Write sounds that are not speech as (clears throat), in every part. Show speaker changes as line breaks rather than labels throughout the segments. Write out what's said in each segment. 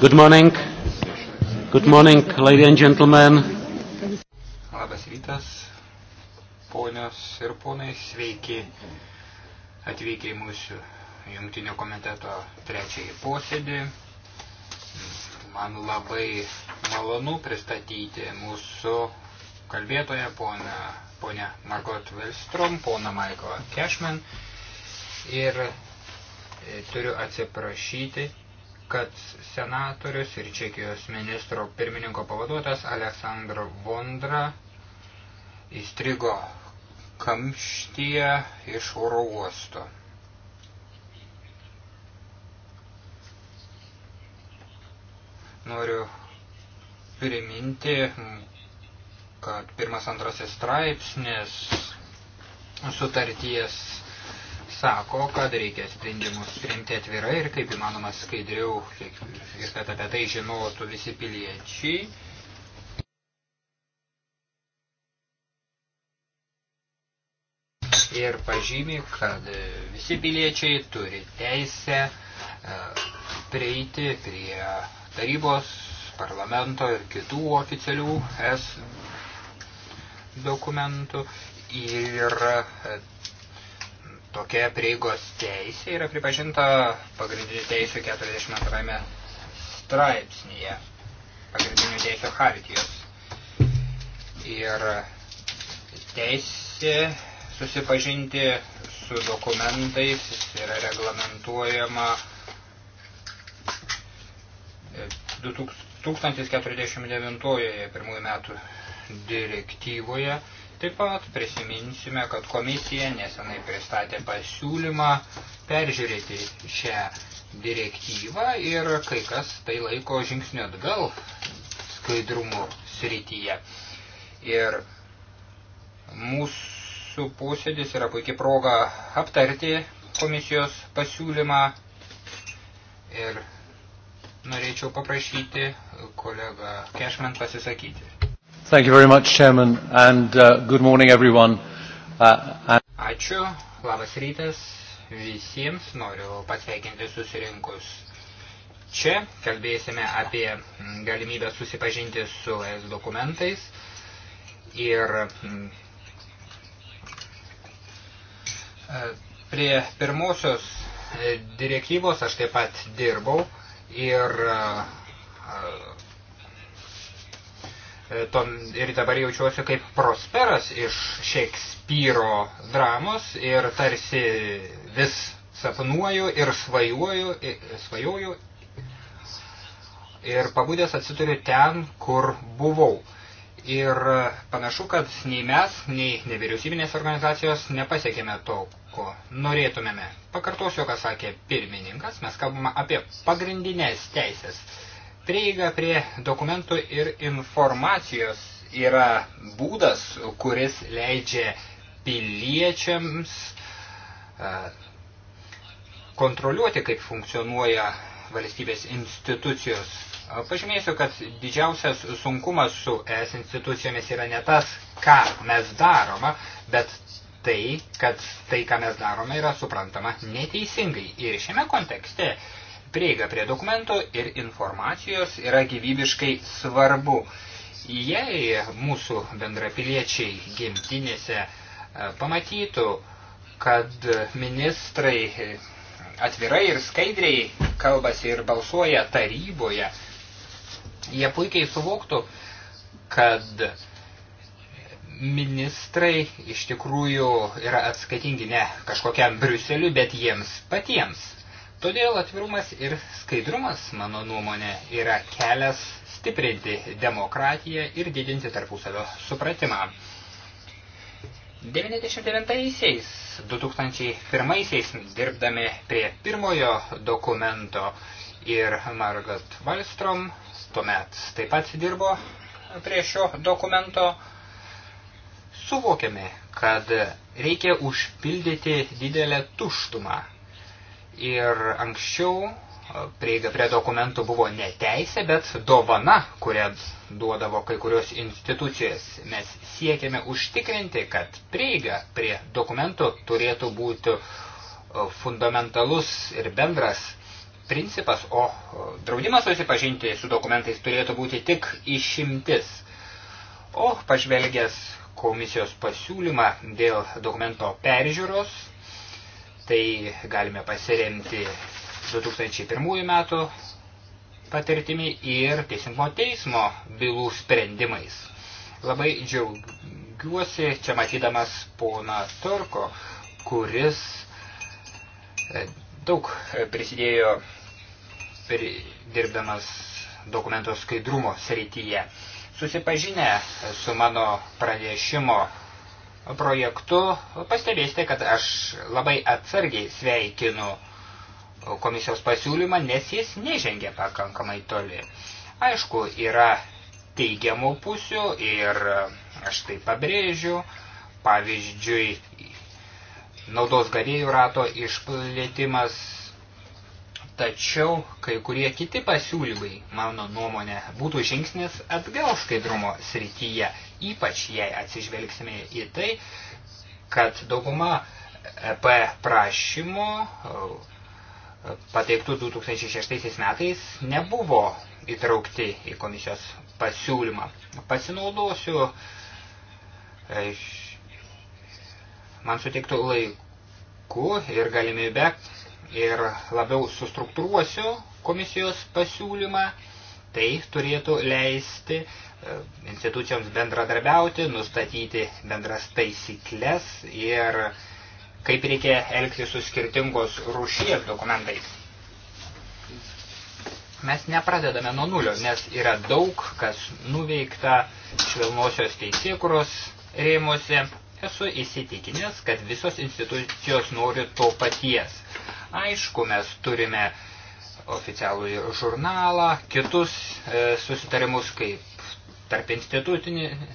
Good morning. Good morning, ladies and gentlemen.
Labas rytas, ponios ir ponai, sveiki atvykę į mūsų jungtinio komiteto trečiąjį posėdį. Man labai malonu pristatyti mūsų kalbėtoją, ponę, ponę Margot Velstrom, poną Michaelą Cashman. Ir e, turiu atsiprašyti kad senatorius ir Čekijos ministro pirmininko pavaduotas Aleksandr Vondra įstrigo kamštyje iš oro uosto. Noriu priminti, kad pirmas antrasis straipsnis sutarties sako, kad reikia sprendimus priimti atvirai ir kaip įmanoma skaidriau ir kad apie tai žinotų visi piliečiai. Ir pažymi, kad visi piliečiai turi teisę e, prieiti prie tarybos, parlamento ir kitų oficialių S dokumentų ir tokia prieigos teisė yra pripažinta pagrindinių teisų 42 straipsnėje, pagrindinių teisų hartijos. Ir teisė susipažinti su dokumentais yra reglamentuojama 2049 pirmųjų metų direktyvoje Taip pat prisiminsime, kad komisija nesenai pristatė pasiūlymą peržiūrėti šią direktyvą ir kai kas tai laiko žingsniu atgal skaidrumo srityje. Ir mūsų posėdis yra puikia proga aptarti komisijos pasiūlymą ir norėčiau paprašyti kolegą Kešman pasisakyti.
Thank you very much, Chairman, and uh, good morning, everyone. Uh, and...
Ačiū, labas rytas visiems, noriu pasveikinti susirinkus čia. Kalbėsime apie mm, galimybę susipažinti su ES dokumentais ir mm, e, prie pirmosios e, direktyvos aš taip pat dirbau ir e, E, tom, ir dabar jaučiuosi kaip prosperas iš Šekspyro dramos ir tarsi vis sapnuoju ir svajuoju, e, svajoju ir pabudęs atsiduriu ten, kur buvau. Ir panašu, kad nei mes, nei nevyriausybinės organizacijos nepasiekėme to, ko norėtumėme. Pakartosiu, ką sakė pirmininkas, mes kalbame apie pagrindinės teisės. Prieiga prie dokumentų ir informacijos yra būdas, kuris leidžia piliečiams e, kontroliuoti, kaip funkcionuoja valstybės institucijos. Pažymėsiu, kad didžiausias sunkumas su ES institucijomis yra ne tas, ką mes daroma, bet tai, kad tai, ką mes darome, yra suprantama neteisingai. Ir šiame kontekste Prieiga prie dokumentų ir informacijos yra gyvybiškai svarbu. Jei mūsų bendrapiliečiai gimtinėse e, pamatytų, kad ministrai atvirai ir skaidriai kalbasi ir balsuoja taryboje, jie puikiai suvoktų, kad ministrai iš tikrųjų yra atskaitingi ne kažkokiam Briuseliu, bet jiems patiems. Todėl atvirumas ir skaidrumas, mano nuomonė, yra kelias stiprinti demokratiją ir didinti tarpusavio supratimą. 99-aisiais, 2001-aisiais dirbdami prie pirmojo dokumento ir Margot Wallstrom, tuomet taip pat dirbo prie šio dokumento, suvokėme, kad reikia užpildyti didelę tuštumą Ir anksčiau e, prieiga prie dokumentų buvo neteisė, bet dovana, kurią duodavo kai kurios institucijos. Mes siekiame užtikrinti, kad prieiga prie dokumentų turėtų būti e, fundamentalus ir bendras principas, o e, draudimas susipažinti su dokumentais turėtų būti tik išimtis. O pažvelgęs komisijos pasiūlymą dėl dokumento peržiūros, Tai galime pasiremti 2001 metų patirtimi ir teisingumo teismo bylų sprendimais. Labai džiaugiuosi čia matydamas pona Turko, kuris e, daug e, prisidėjo dirbdamas dokumento skaidrumo srityje. Susipažinę su mano pranešimo projektu, pastebėsite, kad aš labai atsargiai sveikinu komisijos pasiūlymą, nes jis nežengia pakankamai toli. Aišku, yra teigiamų pusių ir aš tai pabrėžiu, pavyzdžiui, naudos gavėjų rato išplėtimas, tačiau kai kurie kiti pasiūlymai, mano nuomonė, būtų žingsnis atgal skaidrumo srityje – ypač jei atsižvelgsime į tai, kad dauguma EP prašymų pateiktų 2006 metais nebuvo įtraukti į komisijos pasiūlymą. Pasinaudosiu e, man suteiktų laiku ir galimybę ir labiau sustruktūruosiu komisijos pasiūlymą. Tai turėtų leisti E, institucijoms bendradarbiauti, nustatyti bendras taisyklės ir kaip reikia elgti su skirtingos rūšies dokumentais. Mes nepradedame nuo nulio, nes yra daug, kas nuveikta švelnosios teisėkuros rėmuose. Esu įsitikinęs, kad visos institucijos nori to paties. Aišku, mes turime oficialų žurnalą, kitus e, susitarimus kaip tarp,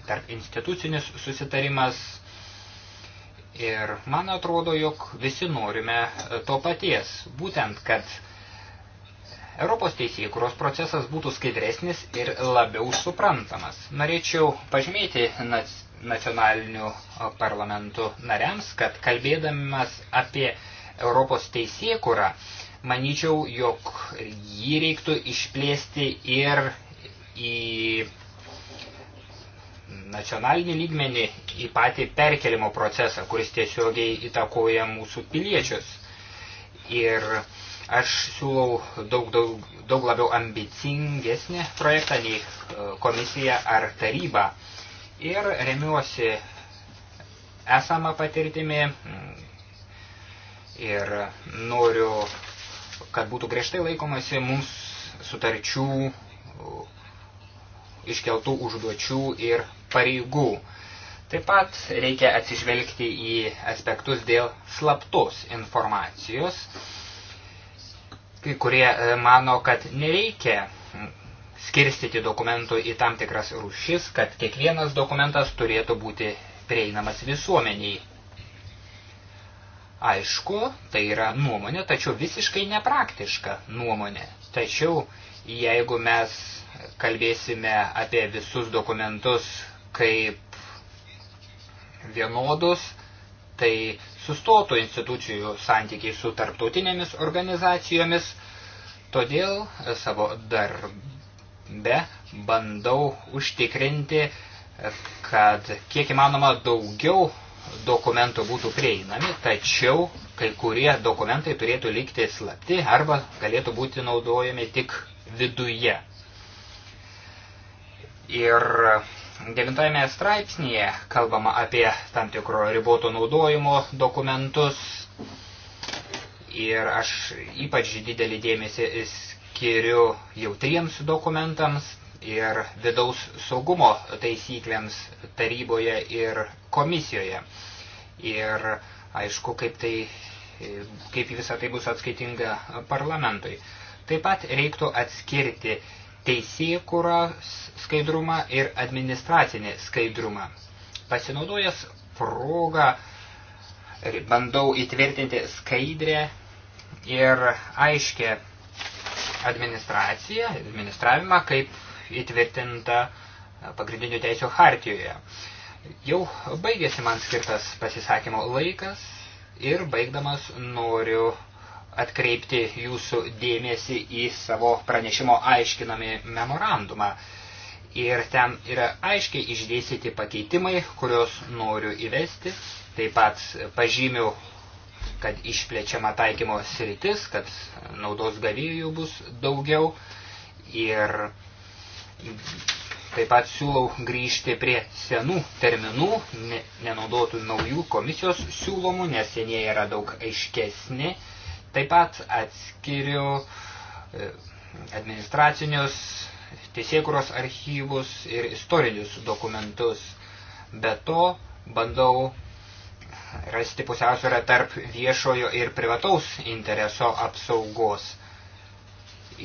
tarp institucinis susitarimas. Ir man atrodo, jog visi norime e, to paties. Būtent, kad Europos teisėjų, kurios procesas būtų skaidresnis ir labiau suprantamas. Norėčiau pažymėti nacionalinių e, parlamentų nariams, kad kalbėdamas apie Europos teisėkurą, manyčiau, jog jį reiktų išplėsti ir į nacionalinį lygmenį į patį perkelimo procesą, kuris tiesiogiai įtakoja mūsų piliečius. Ir aš siūlau daug, daug, daug labiau ambicingesnį projektą nei e, komisija ar taryba. Ir remiuosi esamą patirtimį mm, ir noriu, kad būtų griežtai laikomasi mums sutarčių iškeltų užduočių ir pareigų. Taip pat reikia atsižvelgti į aspektus dėl slaptos informacijos. Kai kurie e, mano, kad nereikia skirstyti dokumentų į tam tikras rūšis, kad kiekvienas dokumentas turėtų būti prieinamas visuomeniai. Aišku, tai yra nuomonė, tačiau visiškai nepraktiška nuomonė. Tačiau jeigu mes kalbėsime apie visus dokumentus kaip vienodus, tai sustotų institucijų santykiai su tarptautinėmis organizacijomis, todėl savo darbe bandau užtikrinti, kad kiek įmanoma daugiau dokumentų būtų prieinami, tačiau kai kurie dokumentai turėtų likti slapti arba galėtų būti naudojami tik viduje. Ir devintajame straipsnėje kalbama apie tam tikro riboto naudojimo dokumentus. Ir aš ypač didelį dėmesį skiriu jautriems dokumentams ir vidaus saugumo taisyklėms taryboje ir komisijoje. Ir aišku, kaip, tai, kaip visa tai bus atskaitinga parlamentui. Taip pat reiktų atskirti teisėkūros skaidrumą ir administracinį skaidrumą. Pasinaudojęs progą, bandau įtvirtinti skaidrę ir aiškę administraciją, administravimą, kaip įtvirtinta pagrindinių teisų hartijoje. Jau baigėsi man skirtas pasisakymo laikas ir baigdamas noriu atkreipti jūsų dėmesį į savo pranešimo aiškinami memorandumą. Ir ten yra aiškiai išdėstyti pakeitimai, kuriuos noriu įvesti. Taip pat pažymiu, kad išplečiama taikymo sritis, kad naudos gavėjų bus daugiau. Ir taip pat siūlau grįžti prie senų terminų, nenaudotų naujų komisijos siūlomų, nes senieji yra daug aiškesni. Taip pat atskiriu e, administracinius, teisėkuros archyvus ir istorinius dokumentus. Be to, bandau rasti pusiausvyrą tarp viešojo ir privataus intereso apsaugos.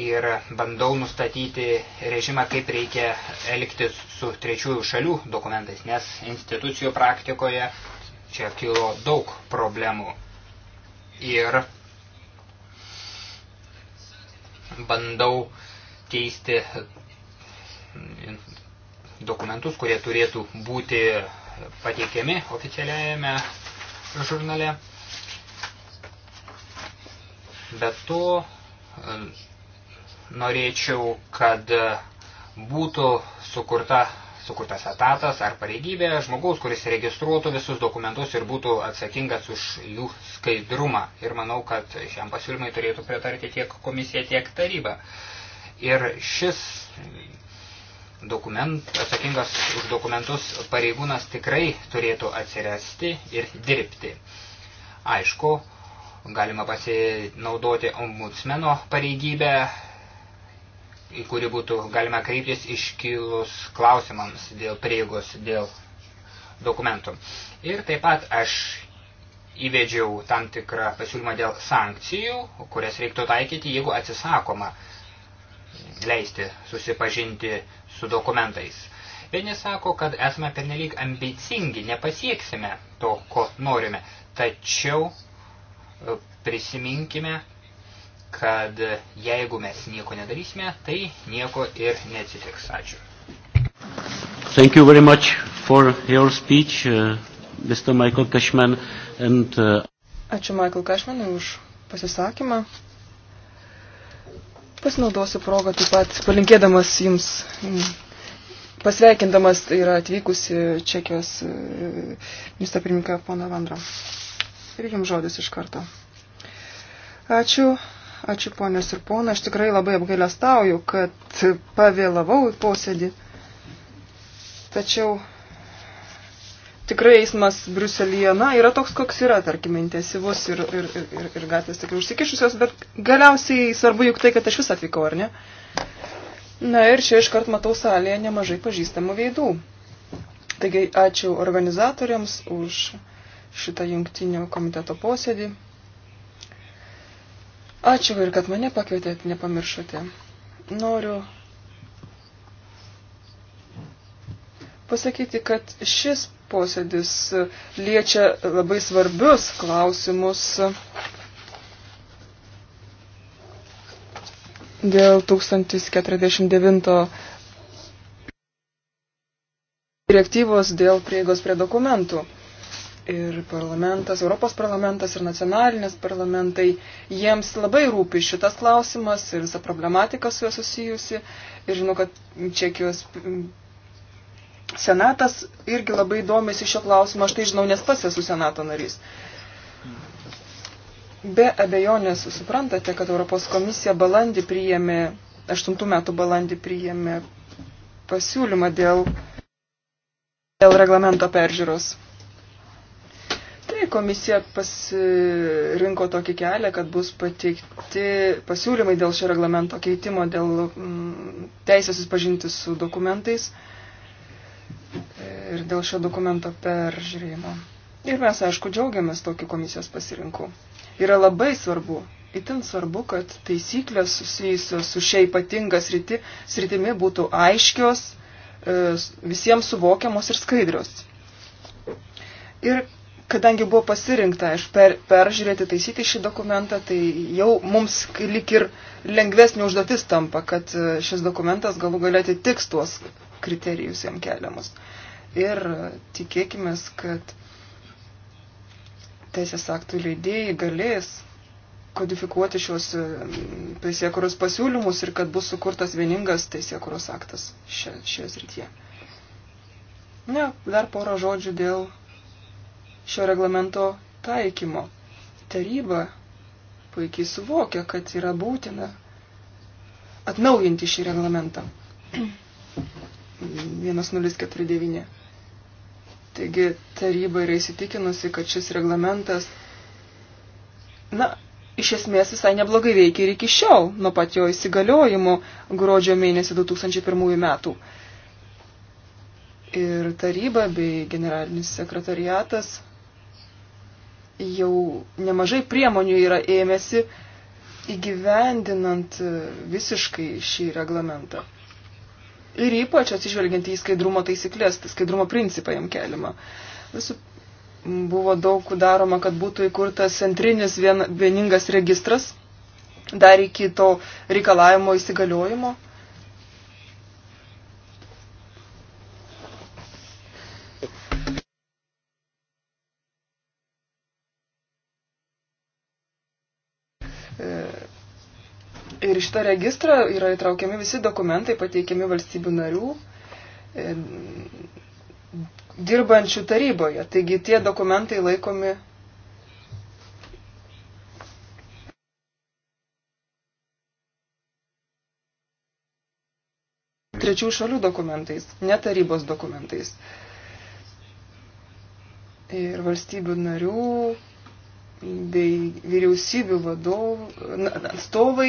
Ir bandau nustatyti režimą, kaip reikia elgtis su trečiųjų šalių dokumentais, nes institucijų praktikoje čia kilo daug problemų. Ir bandau keisti dokumentus, kurie turėtų būti pateikiami oficialiajame žurnale. Be to norėčiau, kad būtų sukurta sukurtas etatas ar pareigybė žmogaus, kuris registruotų visus dokumentus ir būtų atsakingas už jų skaidrumą. Ir manau, kad šiam pasiūlymai turėtų pritarti tiek komisija, tiek taryba. Ir šis dokument, atsakingas už dokumentus pareigūnas tikrai turėtų atsirasti ir dirbti. Aišku, galima pasinaudoti ombudsmeno pareigybę į kurį būtų galima kreiptis iškilus klausimams dėl prieigos, dėl dokumentų. Ir taip pat aš įvedžiau tam tikrą pasiūlymą dėl sankcijų, kurias reiktų taikyti, jeigu atsisakoma leisti susipažinti su dokumentais. Vieni sako, kad esame pernelyg ambicingi, nepasieksime to, ko norime. Tačiau e, prisiminkime, kad jeigu mes nieko nedarysime, tai nieko ir neatsitiks. Ačiū.
Thank you very much for your speech, uh, Mr. Michael Cashman. And, uh...
Ačiū Michael Cashmanui
už pasisakymą. Pasinaudosiu progą taip pat palinkėdamas jums, pasveikindamas tai yra atvykusi Čekijos uh, ministra pirmininką poną Vandrą. Ir jums žodis iš karto. Ačiū, Ačiū ponios ir ponai, aš tikrai labai apgailestauju, kad pavėlavau į posėdį. Tačiau tikrai eismas Bruselėje, na, yra toks, koks yra, tarkim, intensyvus ir, ir, ir, ir gatvės tikrai užsikišusios, bet galiausiai svarbu juk tai, kad aš vis atvykau, ar ne? Na ir čia iškart matau salėje nemažai pažįstamų veidų. Taigi ačiū organizatoriams už šitą jungtinio komiteto posėdį. Ačiū ir kad mane pakvietėt, nepamiršote. Noriu pasakyti, kad šis posėdis liečia labai svarbius klausimus dėl 1049 direktyvos dėl prieigos prie dokumentų ir parlamentas, Europos parlamentas ir nacionalinės parlamentai, jiems labai rūpi šitas klausimas ir visa problematika su juo susijusi. Ir žinau, kad Čekijos senatas irgi labai domisi šio klausimo, aš tai žinau, nes pats esu senato narys. Be abejonės suprantate, kad Europos komisija balandį priėmė, 8 metų balandį priėmė pasiūlymą dėl, dėl reglamento peržiūros komisija pasirinko tokį kelią, kad bus pateikti pasiūlymai dėl šio reglamento keitimo, dėl mm, teisės susipažinti su dokumentais ir dėl šio dokumento peržiūrėjimo. Ir mes, aišku, džiaugiamės tokiu komisijos pasirinku. Yra labai svarbu, itin svarbu, kad taisyklės susijusios su šia ypatinga sriti, sritimi būtų aiškios, e, visiems suvokiamos ir skaidrios. Ir kadangi buvo pasirinkta, aš per, peržiūrėti, taisyti šį dokumentą, tai jau mums lik ir lengvesnė užduotis tampa, kad e, šis dokumentas galų galėti tiks tuos kriterijus jam keliamus. Ir e, tikėkime, kad teisės aktų leidėjai galės kodifikuoti šios e, teisėkuros pasiūlymus ir kad bus sukurtas vieningas teisėkuros aktas šioje srityje. Ne, dar porą žodžių dėl šio reglamento taikymo. Taryba puikiai suvokia, kad yra būtina atnaujinti šį reglamentą. 1049. (clears throat) Taigi taryba yra įsitikinusi, kad šis reglamentas, na, iš esmės visai neblogai veikia ir iki šiol, nuo pat jo įsigaliojimo gruodžio mėnesį 2001 metų. Ir taryba bei generalinis sekretariatas jau nemažai priemonių yra ėmėsi įgyvendinant e, visiškai šį reglamentą. Ir ypač atsižvelgiant į skaidrumo taisyklės, tai skaidrumo principą jam keliamą. Visų buvo daug daroma, kad būtų įkurtas centrinis vien, vieningas registras dar iki to reikalavimo įsigaliojimo. Ir šitą registrą yra įtraukiami visi dokumentai pateikiami valstybių narių e, dirbančių taryboje. Taigi tie dokumentai laikomi. Trečių šalių dokumentais, ne tarybos dokumentais. Ir valstybių narių bei vyriausybių vadovų, atstovai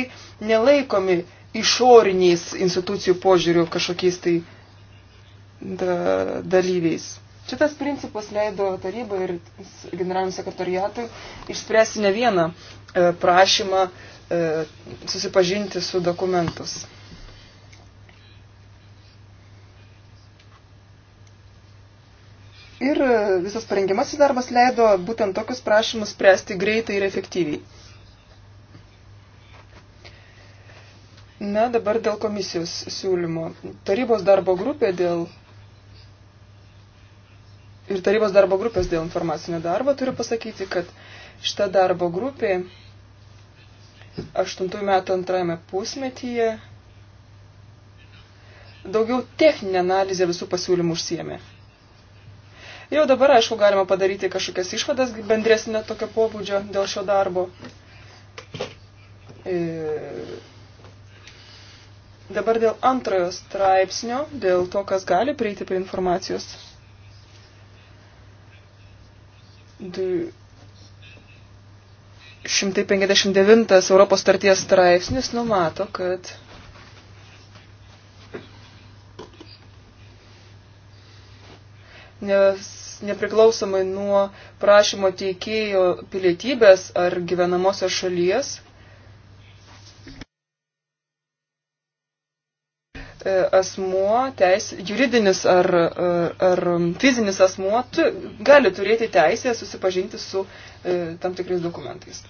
nelaikomi išoriniais institucijų požiūrių kažkokiais tai da, dalyviais. Šitas principas leido tarybai ir generaliniam sekretoriatui išspręsti ne vieną e, prašymą e, susipažinti su dokumentus. Ir e, visas parengiamasis darbas leido būtent tokius prašymus spręsti greitai ir efektyviai. Na, dabar dėl komisijos siūlymo. Tarybos darbo grupė dėl. Ir tarybos darbo grupės dėl informacinio darbo turiu pasakyti, kad šita darbo grupė 8 metų antrajame pusmetyje daugiau techninę analizę visų pasiūlymų užsiemė. Jau dabar, aišku, galima padaryti kažkokias išvadas bendresnė tokio pobūdžio dėl šio darbo. E... Dabar dėl antrojo straipsnio, dėl to, kas gali prieiti prie informacijos. Du... 159 Europos starties straipsnis numato, kad nes nepriklausomai nuo prašymo teikėjo pilietybės ar gyvenamosios šalies, e, asmuo, teis, juridinis ar, ar, e, ar fizinis asmuo tu, gali turėti teisę susipažinti su e, tam tikrais dokumentais.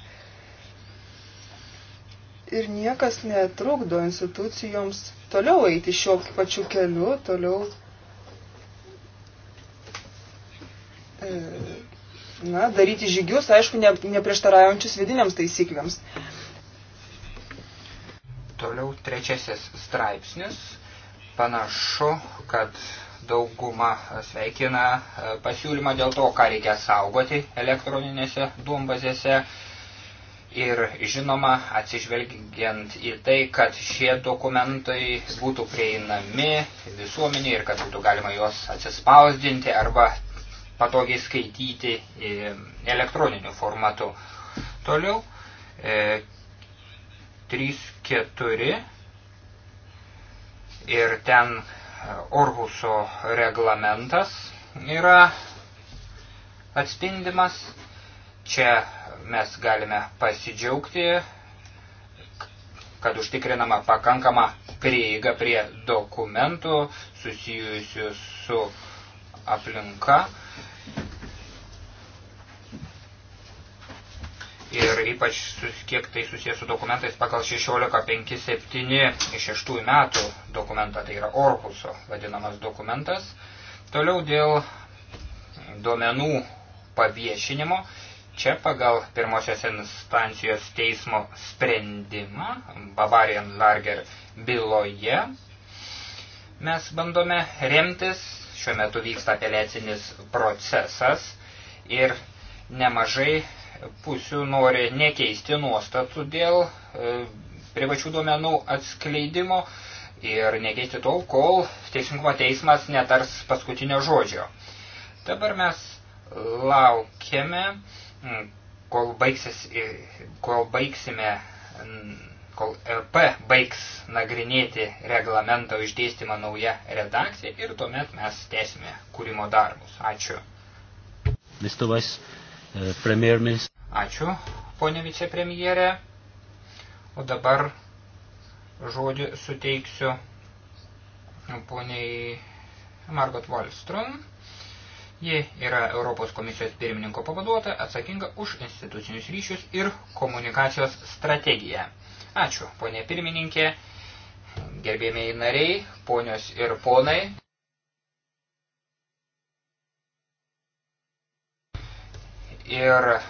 Ir niekas netrukdo institucijoms toliau eiti šiuo pačiu keliu, toliau E, na, daryti žygius, aišku, ne, neprieštaraujančius vidiniams
taisyklėms. Toliau trečiasis straipsnis. Panašu, kad dauguma sveikina e, pasiūlymą dėl to, ką reikia saugoti elektroninėse duombazėse. Ir žinoma, atsižvelgiant į tai, kad šie dokumentai būtų prieinami visuomeniai ir kad būtų galima juos atsispausdinti arba patogiai skaityti e, elektroniniu formatu. Toliau 3.4 e, ir ten e, Orhuso reglamentas yra atspindimas. Čia mes galime pasidžiaugti, kad užtikrinama pakankama prieiga prie dokumentų susijusių su aplinka. ir ypač kiek tai susijęs su dokumentais pagal 1657 iš 6 metų dokumentą, tai yra Orpuso vadinamas dokumentas. Toliau dėl duomenų paviešinimo. Čia pagal pirmosios instancijos teismo sprendimą Bavarian Larger byloje mes bandome remtis, šiuo metu vyksta apeliacinis procesas ir nemažai pusių nori nekeisti nuostatų dėl e, privačių duomenų atskleidimo ir nekeisti tol, kol Teisingumo teismas netars paskutinio žodžio. Dabar mes laukiame, kol, baigsis, kol baigsime, kol EP baigs nagrinėti reglamento išdėstymą nauja redakcija ir tuomet mes tęsime kūrimo darbus. Ačiū.
Mr. Vice, uh, Premier Minister.
Ačiū, ponė vicepremjerė. O dabar žodį suteiksiu poniai Margot Wallström. Ji yra Europos komisijos pirmininko pavaduota, atsakinga už institucinius ryšius ir komunikacijos strategiją. Ačiū, ponė pirmininkė, gerbėmiai nariai, ponios ir ponai. Ir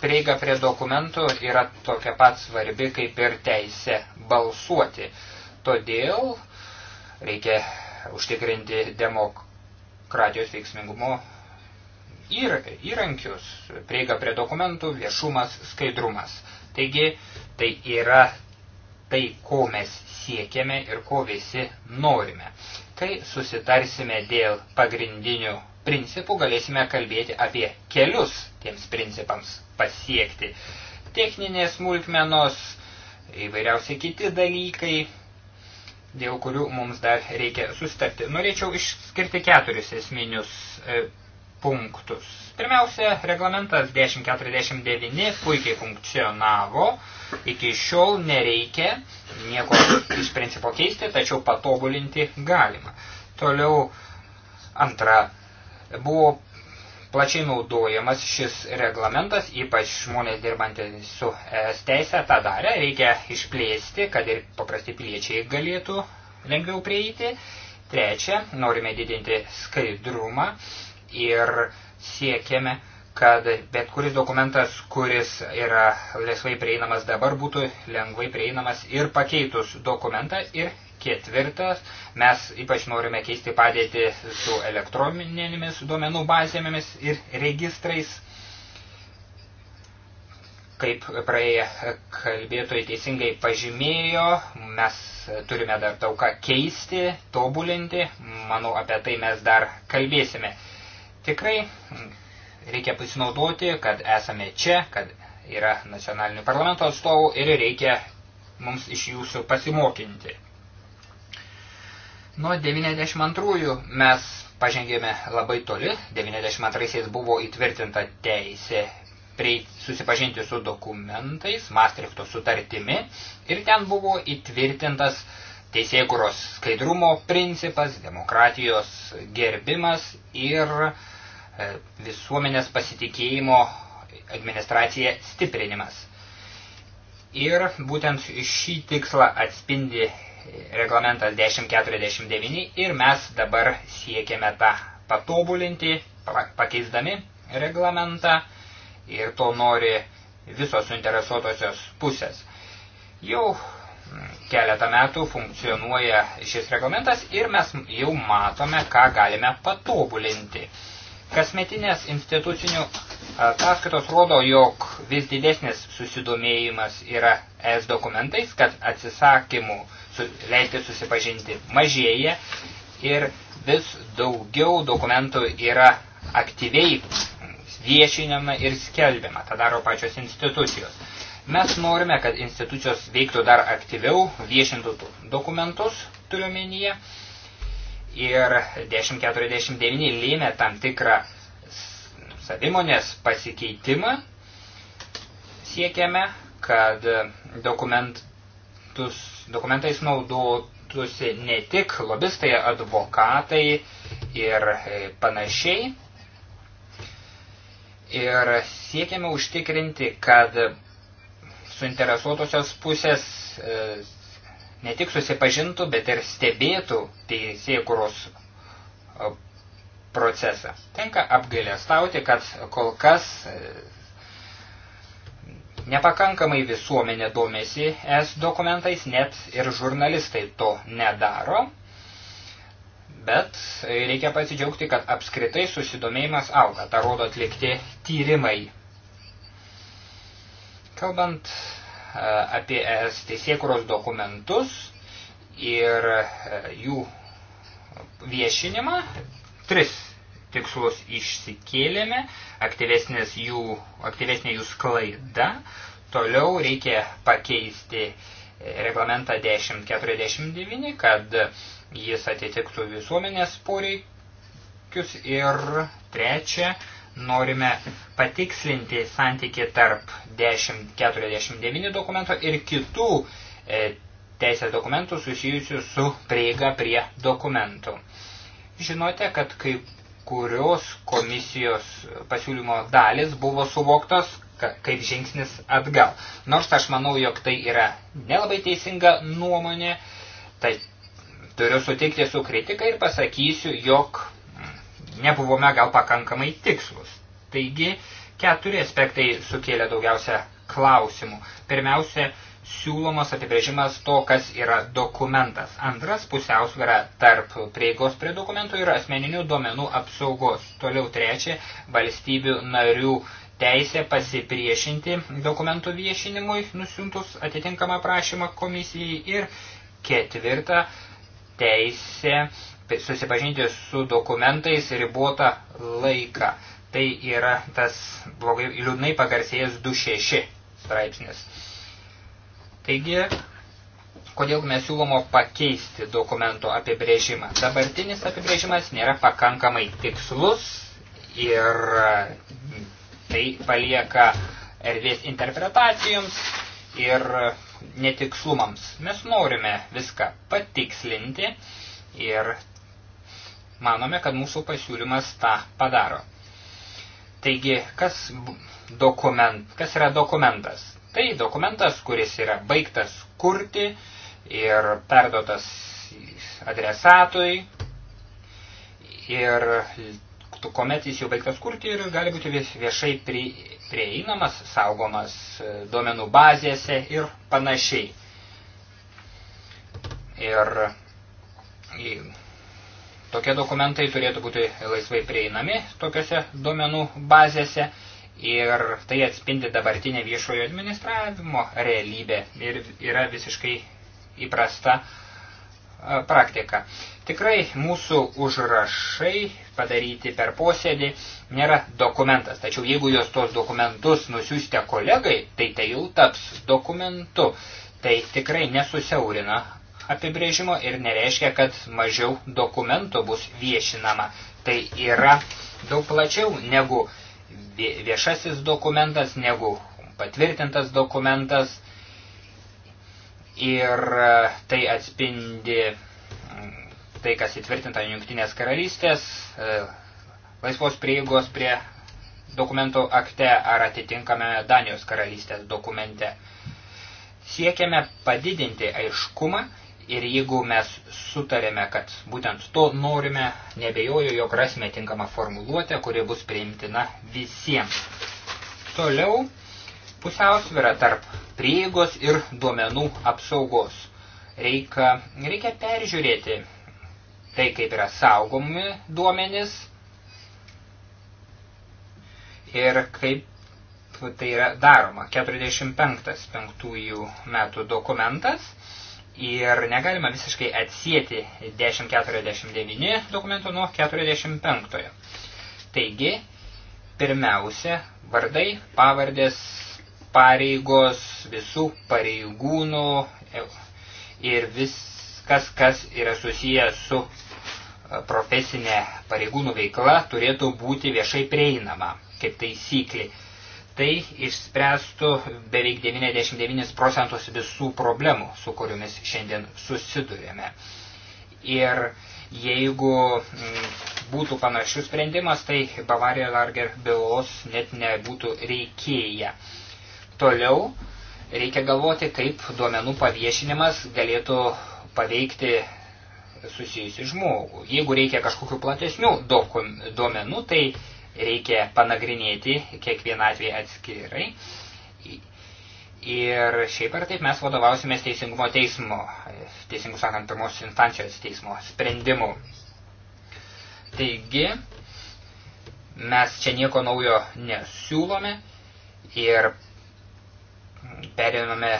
prieiga prie dokumentų yra tokia pat svarbi kaip ir teisė balsuoti. Todėl reikia užtikrinti demokratijos veiksmingumo ir, įrankius, prieiga prie dokumentų, viešumas, skaidrumas. Taigi tai yra tai, ko mes siekiame ir ko visi norime. Kai susitarsime dėl pagrindinių principų galėsime kalbėti apie kelius tiems principams pasiekti. Techninės smulkmenos, įvairiausiai kiti dalykai, dėl kurių mums dar reikia sustarti. Norėčiau išskirti keturis esminius e, punktus. Pirmiausia, reglamentas 1049 puikiai funkcionavo, iki šiol nereikia nieko iš principo keisti, tačiau patobulinti galima. Toliau antra Buvo plačiai naudojamas šis reglamentas, ypač žmonės dirbantys su ES teisė tą darę, reikia išplėsti, kad ir paprasti piliečiai galėtų lengviau prieiti. Trečia, norime didinti skaidrumą ir siekiame, kad bet kuris dokumentas, kuris yra laisvai prieinamas dabar, būtų lengvai prieinamas ir pakeitus dokumentą. Ir Ketvirtas, mes ypač norime keisti padėtį su elektroninėmis duomenų bazėmis ir registrais. Kaip praėję kalbėtojai teisingai pažymėjo, mes turime dar daug ką keisti, tobulinti, manau apie tai mes dar kalbėsime. Tikrai reikia pasinaudoti, kad esame čia, kad yra nacionalinių parlamento atstovų ir reikia mums iš jūsų pasimokinti. Nuo 92 mes pažengėme labai toli. 92-aisiais buvo įtvirtinta teisė susipažinti su dokumentais, Maastrichto sutartimi ir ten buvo įtvirtintas teisėkuros skaidrumo principas, demokratijos gerbimas ir e, visuomenės pasitikėjimo administracija stiprinimas. Ir būtent šį tikslą atspindi reglamentas 1049 ir mes dabar siekiame tą patobulinti, pakeisdami reglamentą ir to nori visos suinteresuotosios pusės. Jau mm, keletą metų funkcionuoja šis reglamentas ir mes jau matome, ką galime patobulinti. Kasmetinės institucinių Ataskaitos rodo, jog vis didesnis susidomėjimas yra ES dokumentais, kad atsisakymų su, leisti susipažinti mažėja ir vis daugiau dokumentų yra aktyviai viešinama ir skelbiama. Ta daro pačios institucijos. Mes norime, kad institucijos veiktų dar aktyviau, viešintų dokumentus, turiuomenyje. Ir 1049 lėmė tam tikrą savimonės pasikeitimą. Siekiame, kad dokumentus, dokumentais naudotųsi ne tik lobistai, advokatai ir e, panašiai. Ir siekiame užtikrinti, kad suinteresuotosios pusės e, ne tik susipažintų, bet ir stebėtų teisėkuros procesą. Tenka apgailestauti, kad kol kas e, nepakankamai visuomenė domėsi es dokumentais, net ir žurnalistai to nedaro. Bet reikia pasidžiaugti, kad apskritai susidomėjimas auga, tą rodo atlikti tyrimai. Kalbant e, apie ES teisėkuros dokumentus ir e, jų viešinimą, tris tikslus išsikėlėme, jų, aktyvesnė jų sklaida, toliau reikia pakeisti e, reglamentą 1049, kad jis atitiktų visuomenės poreikius ir trečia, norime patikslinti santykį tarp 1049 dokumento ir kitų e, teisės dokumentų susijusių su prieiga prie dokumentų žinote, kad kai kurios komisijos pasiūlymo dalis buvo suvoktos kaip žingsnis atgal. Nors aš manau, jog tai yra nelabai teisinga nuomonė, tai turiu sutikti su kritika ir pasakysiu, jog mm, nebuvome gal pakankamai tikslus. Taigi, keturi aspektai sukėlė daugiausia klausimų. Pirmiausia, siūlomas apibrėžimas to, kas yra dokumentas. Antras pusiausvėra tarp prieigos prie dokumentų ir asmeninių duomenų apsaugos. Toliau trečia valstybių narių teisė pasipriešinti dokumentų viešinimui, nusiuntus atitinkamą prašymą komisijai ir ketvirta teisė susipažinti su dokumentais ribotą laiką. Tai yra tas blogai liūdnai pagarsėjęs 26 straipsnis. Taigi, kodėl mes siūlomo pakeisti dokumento apibrėžimą. Dabartinis apibrėžimas nėra pakankamai tikslus ir tai palieka erdvės interpretacijoms ir netikslumams. Mes norime viską patikslinti ir manome, kad mūsų pasiūlymas tą padaro. Taigi, kas, dokument, kas yra dokumentas? Tai dokumentas, kuris yra baigtas kurti ir perduotas adresatui ir kuomet jis jau baigtas kurti ir gali būti viešai prieinamas, saugomas e, duomenų bazėse ir panašiai. Ir e, tokie dokumentai turėtų būti laisvai prieinami tokiuose duomenų bazėse ir tai atspindi dabartinę viešojo administravimo realybę ir yra visiškai įprasta e, praktika. Tikrai mūsų užrašai padaryti per posėdį nėra dokumentas, tačiau jeigu jūs tos dokumentus nusiųsite kolegai, tai tai jau taps dokumentu. Tai tikrai nesusiaurina apibrėžimo ir nereiškia, kad mažiau dokumentų bus viešinama. Tai yra daug plačiau negu viešasis dokumentas negu patvirtintas dokumentas ir e, tai atspindi mm, tai, kas įtvirtinta Jungtinės karalystės e, laisvos prieigos prie dokumentų akte ar atitinkame Danijos karalystės dokumente. Siekiame padidinti aiškumą Ir jeigu mes sutarėme, kad būtent to norime, nebejoju, jog rasime tinkamą formuluotę, kuri bus priimtina visiems. Toliau pusiausvyrą tarp prieigos ir duomenų apsaugos. Reikia, reikia peržiūrėti tai, kaip yra saugomi duomenys ir kaip tai yra daroma. 45 penktųjų metų dokumentas – Ir negalima visiškai atsijėti 1049 dokumento nuo 45. Taigi, pirmiausia, vardai, pavardės, pareigos visų pareigūnų e, ir viskas, kas yra susijęs su e, profesinė pareigūnų veikla, turėtų būti viešai prieinama kaip taisyklė. Tai išspręstų beveik 99 procentus visų problemų, su kuriomis šiandien susidurėme. Ir jeigu mm, būtų panašių sprendimas, tai Bavarija Larger bylos net nebūtų reikėję. Toliau reikia galvoti, kaip duomenų paviešinimas galėtų paveikti susijusi žmogų. Jeigu reikia kažkokių platesnių duomenų, tai reikia panagrinėti kiekvieną atvejį atskirai. Ir šiaip ar taip mes vadovausimės teisingumo teismo, teisingų sakant, pirmos instancijos teismo sprendimu. Taigi, mes čia nieko naujo nesiūlome ir periname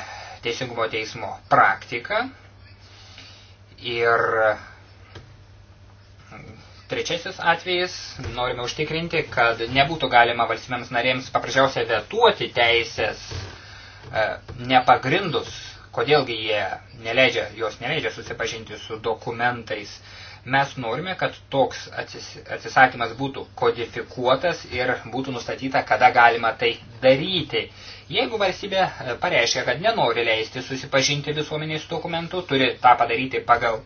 teisingumo teismo praktiką ir Trečiasis atvejis, norime užtikrinti, kad nebūtų galima valstybėms narėms paprasčiausiai vetuoti teisės e, nepagrindus, kodėlgi jie neleidžia, jos neleidžia susipažinti su dokumentais. Mes norime, kad toks atsisakymas būtų kodifikuotas ir būtų nustatyta, kada galima tai daryti. Jeigu valstybė e, pareiškia, kad nenori leisti susipažinti visuomeniais dokumentų, turi tą padaryti pagal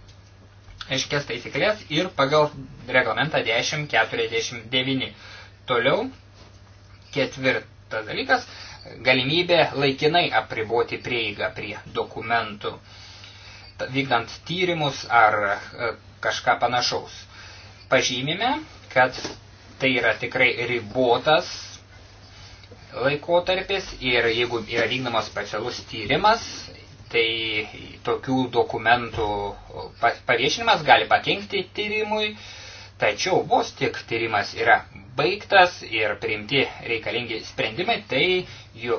aiškias taisyklės ir pagal reglamentą 1049. Toliau, ketvirtas dalykas, galimybė laikinai apriboti prieigą prie dokumentų, vykdant tyrimus ar e, kažką panašaus. Pažymime, kad tai yra tikrai ribotas laikotarpis ir jeigu yra vykdomas specialus tyrimas tai tokių dokumentų paviešinimas gali pakenkti tyrimui, tačiau vos tik tyrimas yra baigtas ir priimti reikalingi sprendimai, tai, jų,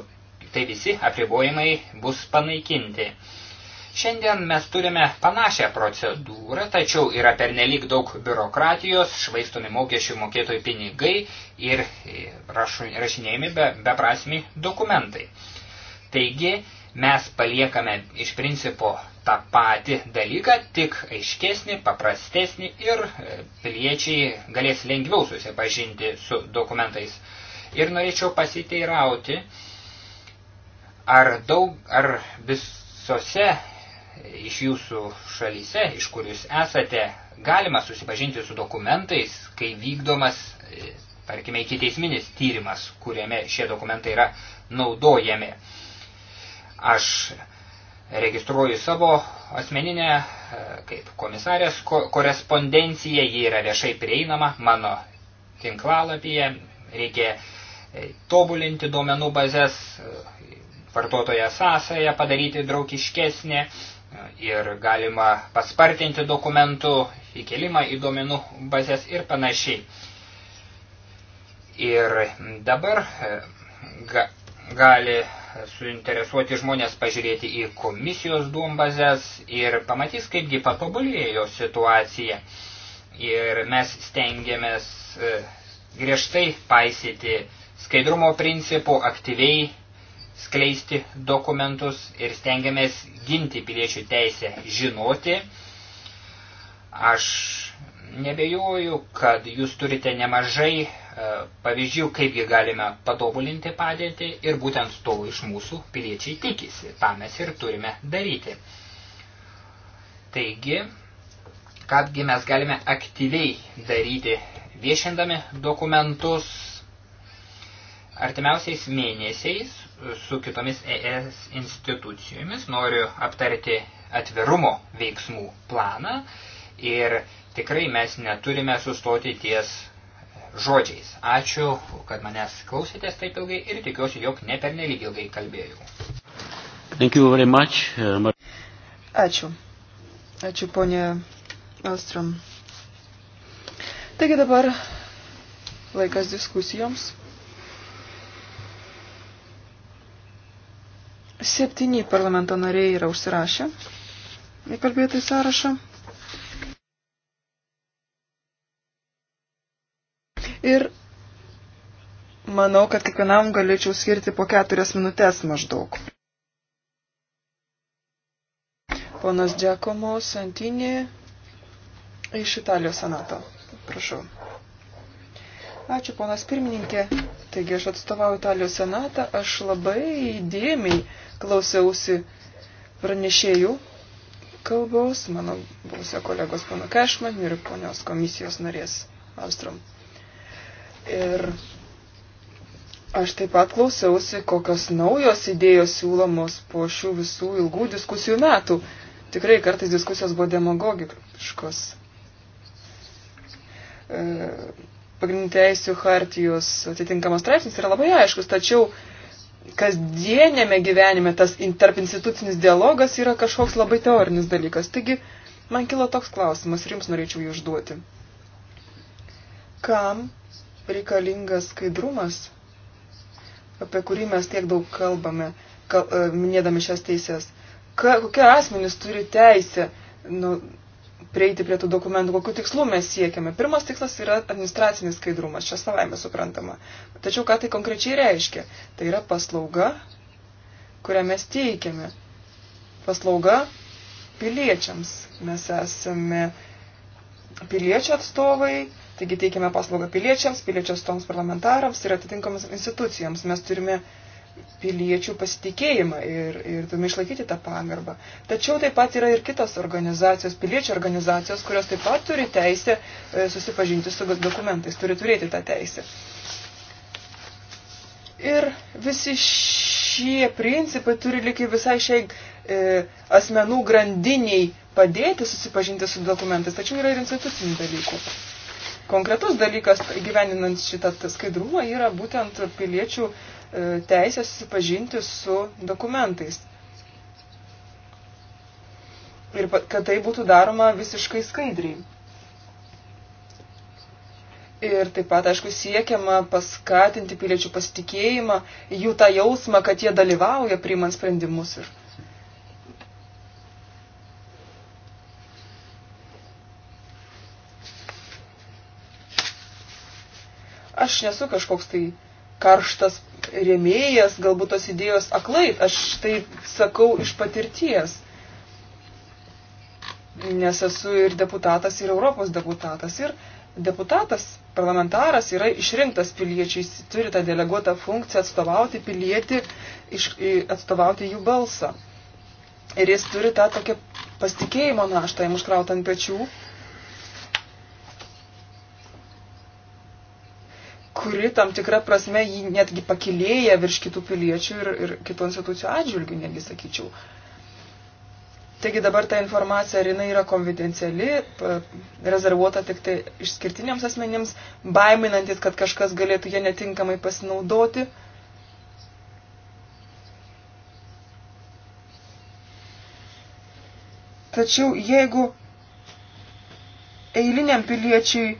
tai visi apribojimai bus panaikinti. Šiandien mes turime panašią procedūrą, tačiau yra pernelyg daug biurokratijos, švaistomi mokesčių mokėtojų pinigai ir rašinėjami beprasmi be, be dokumentai. Taigi, mes paliekame iš principo tą patį dalyką, tik aiškesnį, paprastesnį ir e, piliečiai galės lengviau susipažinti su dokumentais. Ir norėčiau pasiteirauti, ar, daug, ar visose iš jūsų šalyse, iš kur jūs esate, galima susipažinti su dokumentais, kai vykdomas, e, tarkime, iki teisminis tyrimas, kuriame šie dokumentai yra naudojami. Aš registruoju savo asmeninę e, kaip komisarės korespondenciją, ji yra viešai prieinama mano tinklalapyje, reikia e, tobulinti duomenų bazės, e, vartotoje sąsąją padaryti draugiškesnė ir galima paspartinti dokumentų įkelimą į duomenų bazės ir panašiai. Ir dabar ga, gali suinteresuoti žmonės pažiūrėti į komisijos duombazes ir pamatys, kaipgi patobulėjo situacija. Ir mes stengiamės e, griežtai paisyti skaidrumo principų, aktyviai skleisti dokumentus ir stengiamės ginti piliečių teisę žinoti. Aš nebejoju, kad jūs turite nemažai e, pavyzdžių, kaipgi galime patobulinti padėtį ir būtent to iš mūsų piliečiai tikisi. Ta mes ir turime daryti. Taigi, kadgi mes galime aktyviai daryti viešindami dokumentus artimiausiais mėnesiais su kitomis ES institucijomis noriu aptarti atvirumo veiksmų planą ir tikrai mes neturime sustoti ties žodžiais. Ačiū, kad manęs klausėtės taip ilgai ir tikiuosi, jog ne per nelyg ilgai kalbėjau.
Thank you very much. Uh, Ačiū.
Ačiū, ponė Elstrom. Taigi dabar laikas diskusijoms. Septyni parlamento nariai yra užsirašę į kalbėtojų sąrašą. Ir manau, kad kiekvienam galėčiau skirti po keturias minutės maždaug. Ponas Giacomo Santinė iš Italijos senato. Prašau. Ačiū, ponas pirmininkė. Taigi aš atstovauju Italijos senatą. Aš labai įdėmiai klausiausi pranešėjų kalbos, mano buvusio kolegos pono Kešman ir ponios komisijos narės Alstrom. Ir Aš taip pat klausiausi, kokios naujos idėjos siūlomos po šių visų ilgų diskusijų metų. Tikrai kartais diskusijos buvo demagogiškos. E, pagrindinių teisų hartijos atitinkamas straipsnis yra labai aiškus, tačiau kasdienėme gyvenime tas tarp institucinis dialogas yra kažkoks labai teorinis dalykas. Taigi, man kilo toks klausimas ir jums norėčiau jį užduoti. Kam reikalingas skaidrumas, apie kurį mes tiek daug kalbame, kal, e, minėdami šias teisės. Ka, kokie asmenys turi teisę nu, prieiti prie tų dokumentų, kokiu tikslu mes siekiame. Pirmas tikslas yra administracinis skaidrumas, čia savaime suprantama. Tačiau ką tai konkrečiai reiškia? Tai yra paslauga, kurią mes teikiame. Paslauga piliečiams. Mes esame piliečių atstovai, Taigi teikiame paslaugą piliečiams, piliečios toms parlamentarams ir atitinkamas institucijoms. Mes turime piliečių pasitikėjimą ir, ir turime išlaikyti tą pagarbą. Tačiau taip pat yra ir kitos organizacijos, piliečių organizacijos, kurios taip pat turi teisę e, susipažinti su dokumentais, turi turėti tą teisę. Ir visi šie principai turi likai visai šiai e, asmenų grandiniai padėti susipažinti su dokumentais, tačiau yra ir institucinių dalykų konkretus dalykas gyveninant šitą skaidrumą yra būtent piliečių e, teisė susipažinti su dokumentais. Ir kad tai būtų daroma visiškai skaidriai. Ir taip pat, aišku, siekiama paskatinti piliečių pasitikėjimą, jų tą jausmą, kad jie dalyvauja priimant sprendimus ir aš nesu kažkoks tai karštas rėmėjas, galbūt tos idėjos aklai, aš tai sakau iš patirties. Nes esu ir deputatas, ir Europos deputatas, ir deputatas, parlamentaras yra išrinktas piliečiai, jis turi tą deleguotą funkciją atstovauti pilietį, iš, atstovauti jų balsą. Ir jis turi tą tokią pasitikėjimo naštą jam užkrautą ant pečių. kuri tam tikrą prasme jį netgi pakilėja virš kitų piliečių ir, ir kitų institucijų atžvilgių, netgi sakyčiau. Taigi dabar ta informacija, ar jinai yra konfidenciali, rezervuota tik tai išskirtiniams asmenims, baiminantis, kad kažkas galėtų ją netinkamai pasinaudoti. Tačiau jeigu eiliniam piliečiui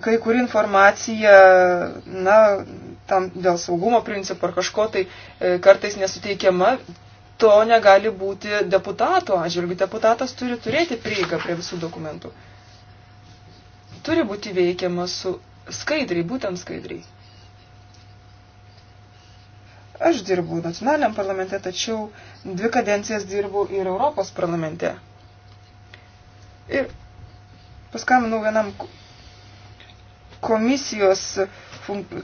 kai kur informacija, na, tam dėl saugumo principų ar kažko tai e, kartais nesuteikiama, to negali būti deputato atžvilgiu. Deputatas turi turėti prieigą prie visų dokumentų. Turi būti veikiama su skaidriai, būtent skaidriai. Aš dirbu nacionaliniam parlamente, tačiau dvi kadencijas dirbu ir Europos parlamente. Ir paskambinau vienam komisijos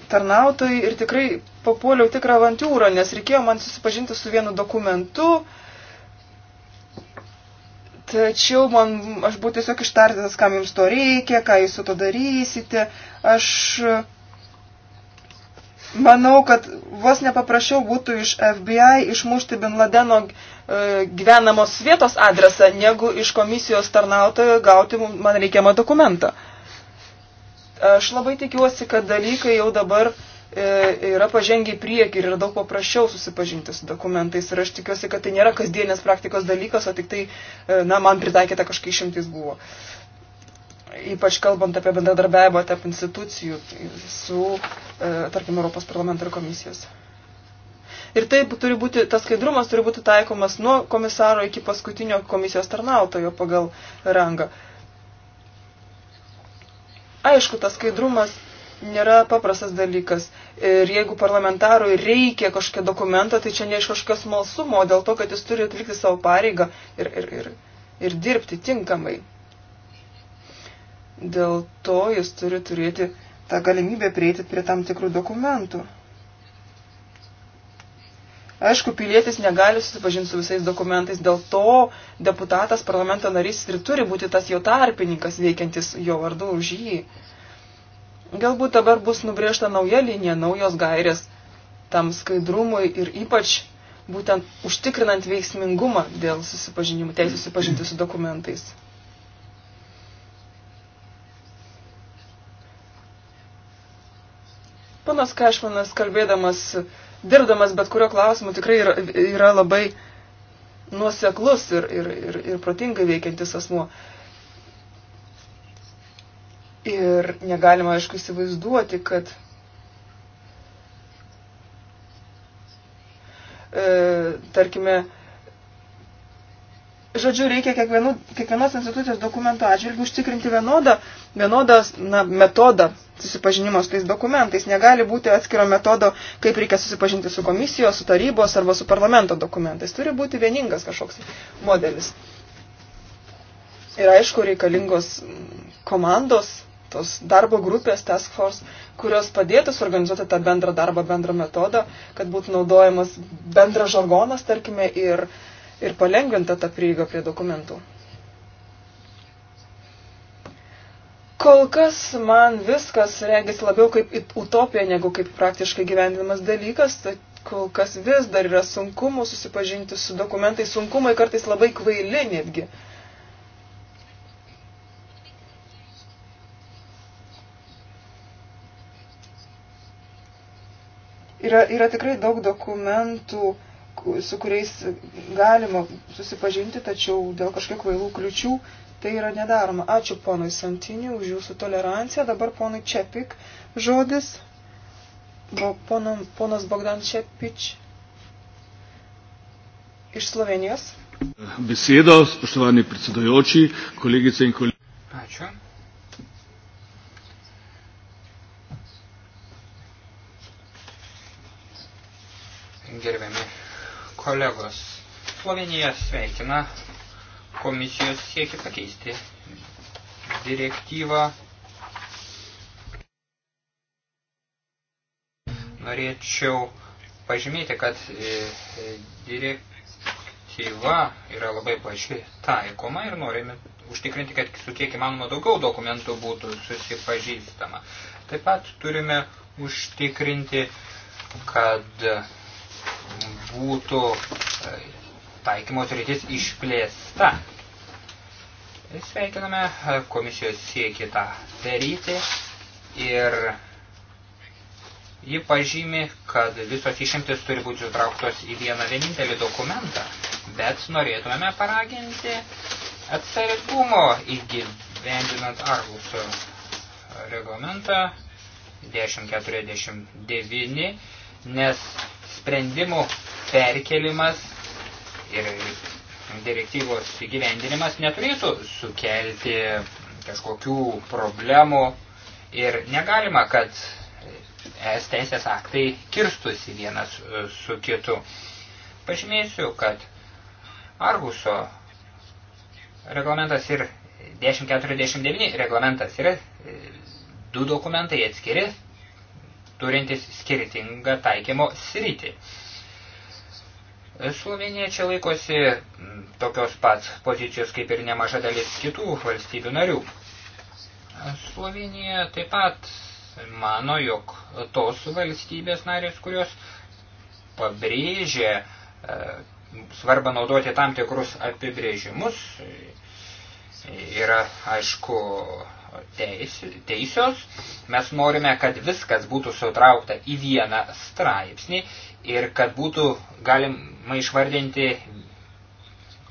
tarnautojai ir tikrai papuoliau tikrą avantūrą, nes reikėjo man susipažinti su vienu dokumentu. Tačiau man, aš buvau tiesiog ištardytas, kam jums to reikia, ką jūs su to darysite. Aš manau, kad vos nepaprašiau būtų iš FBI išmušti Bin Ladeno e, gyvenamos vietos adresą, negu iš komisijos tarnautojo gauti man reikiamą dokumentą. Uh, Aš labai tikiuosi, kad dalykai jau dabar e, yra pažengiai prieki ir yra daug paprasčiau susipažinti su dokumentais. Ir aš tikiuosi, kad tai nėra kasdienės praktikos dalykas, o tik tai, e, na, man pritaikyta kažkaip šimtis buvo. Ypač kalbant apie bendradarbiavimą tarp institucijų tai su, e, tarkim, Europos parlamento ir komisijos. Ir taip turi būti, tas skaidrumas turi būti taikomas nuo komisaro iki paskutinio komisijos tarnautojo pagal rangą. Uh, Aišku, tas skaidrumas nėra paprastas dalykas. Ir jeigu parlamentarui reikia kažkokio dokumento, tai čia ne iš kažkokio smalsumo, dėl to, kad jis turi atlikti savo pareigą ir, ir, ir, ir dirbti tinkamai. Dėl to jis turi turėti tą galimybę prieiti prie tam tikrų dokumentų. Aišku, pilietis negali susipažinti su visais dokumentais, dėl to deputatas, parlamento narys ir turi būti tas jo tarpininkas veikiantis jo vardu už jį. Galbūt dabar bus nubriežta nauja linija, naujos gairės tam skaidrumui ir ypač būtent užtikrinant veiksmingumą dėl susipažinimų, teisų susipažinti su dokumentais. Panas Kašmanas, kalbėdamas dirbdamas bet kurio klausimu tikrai yra, yra labai nuoseklus ir, ir, ir, ir protingai veikiantis asmuo. Ir negalima, aišku, įsivaizduoti, kad e, tarkime, Žodžiu, reikia kiekvienų, kiekvienos institucijos dokumento atžvilgių užtikrinti vienodą, vienodas na, metodą susipažinimo su tais dokumentais. Negali būti atskiro metodo, kaip reikia susipažinti su komisijos, su tarybos arba su parlamento dokumentais. Turi būti vieningas kažkoks modelis. Ir aišku, reikalingos komandos, tos darbo grupės, task force, kurios padėtų suorganizuoti tą bendrą darbą, bendrą metodą, kad būtų naudojamas bendras žargonas, tarkime, ir uh, ir palengvinta ta prieiga prie dokumentų. Kol kas man viskas regis labiau kaip utopija negu kaip praktiškai gyvendinamas dalykas, tad kol kas vis dar yra sunkumų susipažinti su dokumentai, sunkumai kartais labai kvaili netgi. Yra, yra tikrai daug dokumentų, su kuriais galima susipažinti, tačiau dėl kažkiek kvailų kliučių tai yra nedaroma. Ačiū ponui Santiniu už jūsų toleranciją. Dabar ponui Čepik žodis. Bo, pono, ponas Bogdan Čepič iš Slovenijos.
Besedo, spoštovani predsedojoči, kolegice in kolegi.
Ačiū. gerbiami Kolegos, Slovenija sveikina komisijos siekį pakeisti direktyvą. Norėčiau pažymėti, kad e, e, direktyva yra labai plačiai taikoma ir norime užtikrinti, kad su kiek įmanoma daugiau dokumentų būtų susipažįstama. Taip pat turime užtikrinti, kad būtų e, taikymos rytis išplėsta. Sveikiname komisijos siekį tą daryti ir ji pažymi, kad visos išimtis turi būti sutrauktos į vieną vienintelį dokumentą, bet norėtumėme paraginti atsargumo įgyvendinant Arguso reglamentą 1049, nes sprendimų perkelimas ir direktyvos įgyvendinimas neturėtų sukelti kažkokių problemų ir negalima, kad es teisės aktai kirstusi vienas su kitu. Pažymėsiu, kad Arguso reglamentas ir 1049 reglamentas yra e, du dokumentai atskiri, turintis skirtingą taikymo sritį. Slovenija čia laikosi tokios pat pozicijos kaip ir nemaža dalis kitų valstybių narių. Slovenija taip pat mano, jog tos valstybės narės, kurios pabrėžė e, svarbą naudoti tam tikrus apibrėžimus, yra aišku teis, teisios. Mes norime, kad viskas būtų sutraukta į vieną straipsnį ir kad būtų galima išvardinti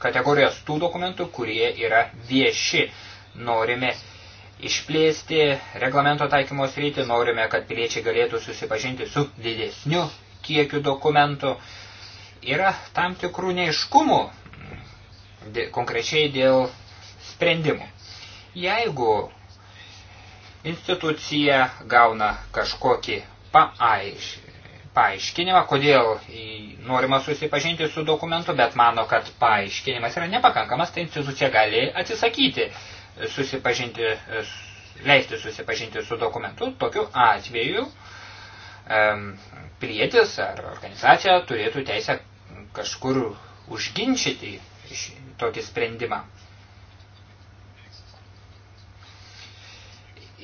kategorijas tų dokumentų, kurie yra vieši. Norime išplėsti reglamento taikymo sritį, norime, kad piliečiai galėtų susipažinti su didesniu kiekiu dokumentų. Yra tam tikrų neiškumų, konkrečiai dėl sprendimų. Jeigu institucija gauna kažkokį paaiš, paaiškinimą, kodėl norima susipažinti su dokumentu, bet mano, kad paaiškinimas yra nepakankamas, tai institucija gali atsisakyti susipažinti, leisti susipažinti su dokumentu. Tokiu atveju pilietis ar organizacija turėtų teisę kažkur užginčyti tokį sprendimą.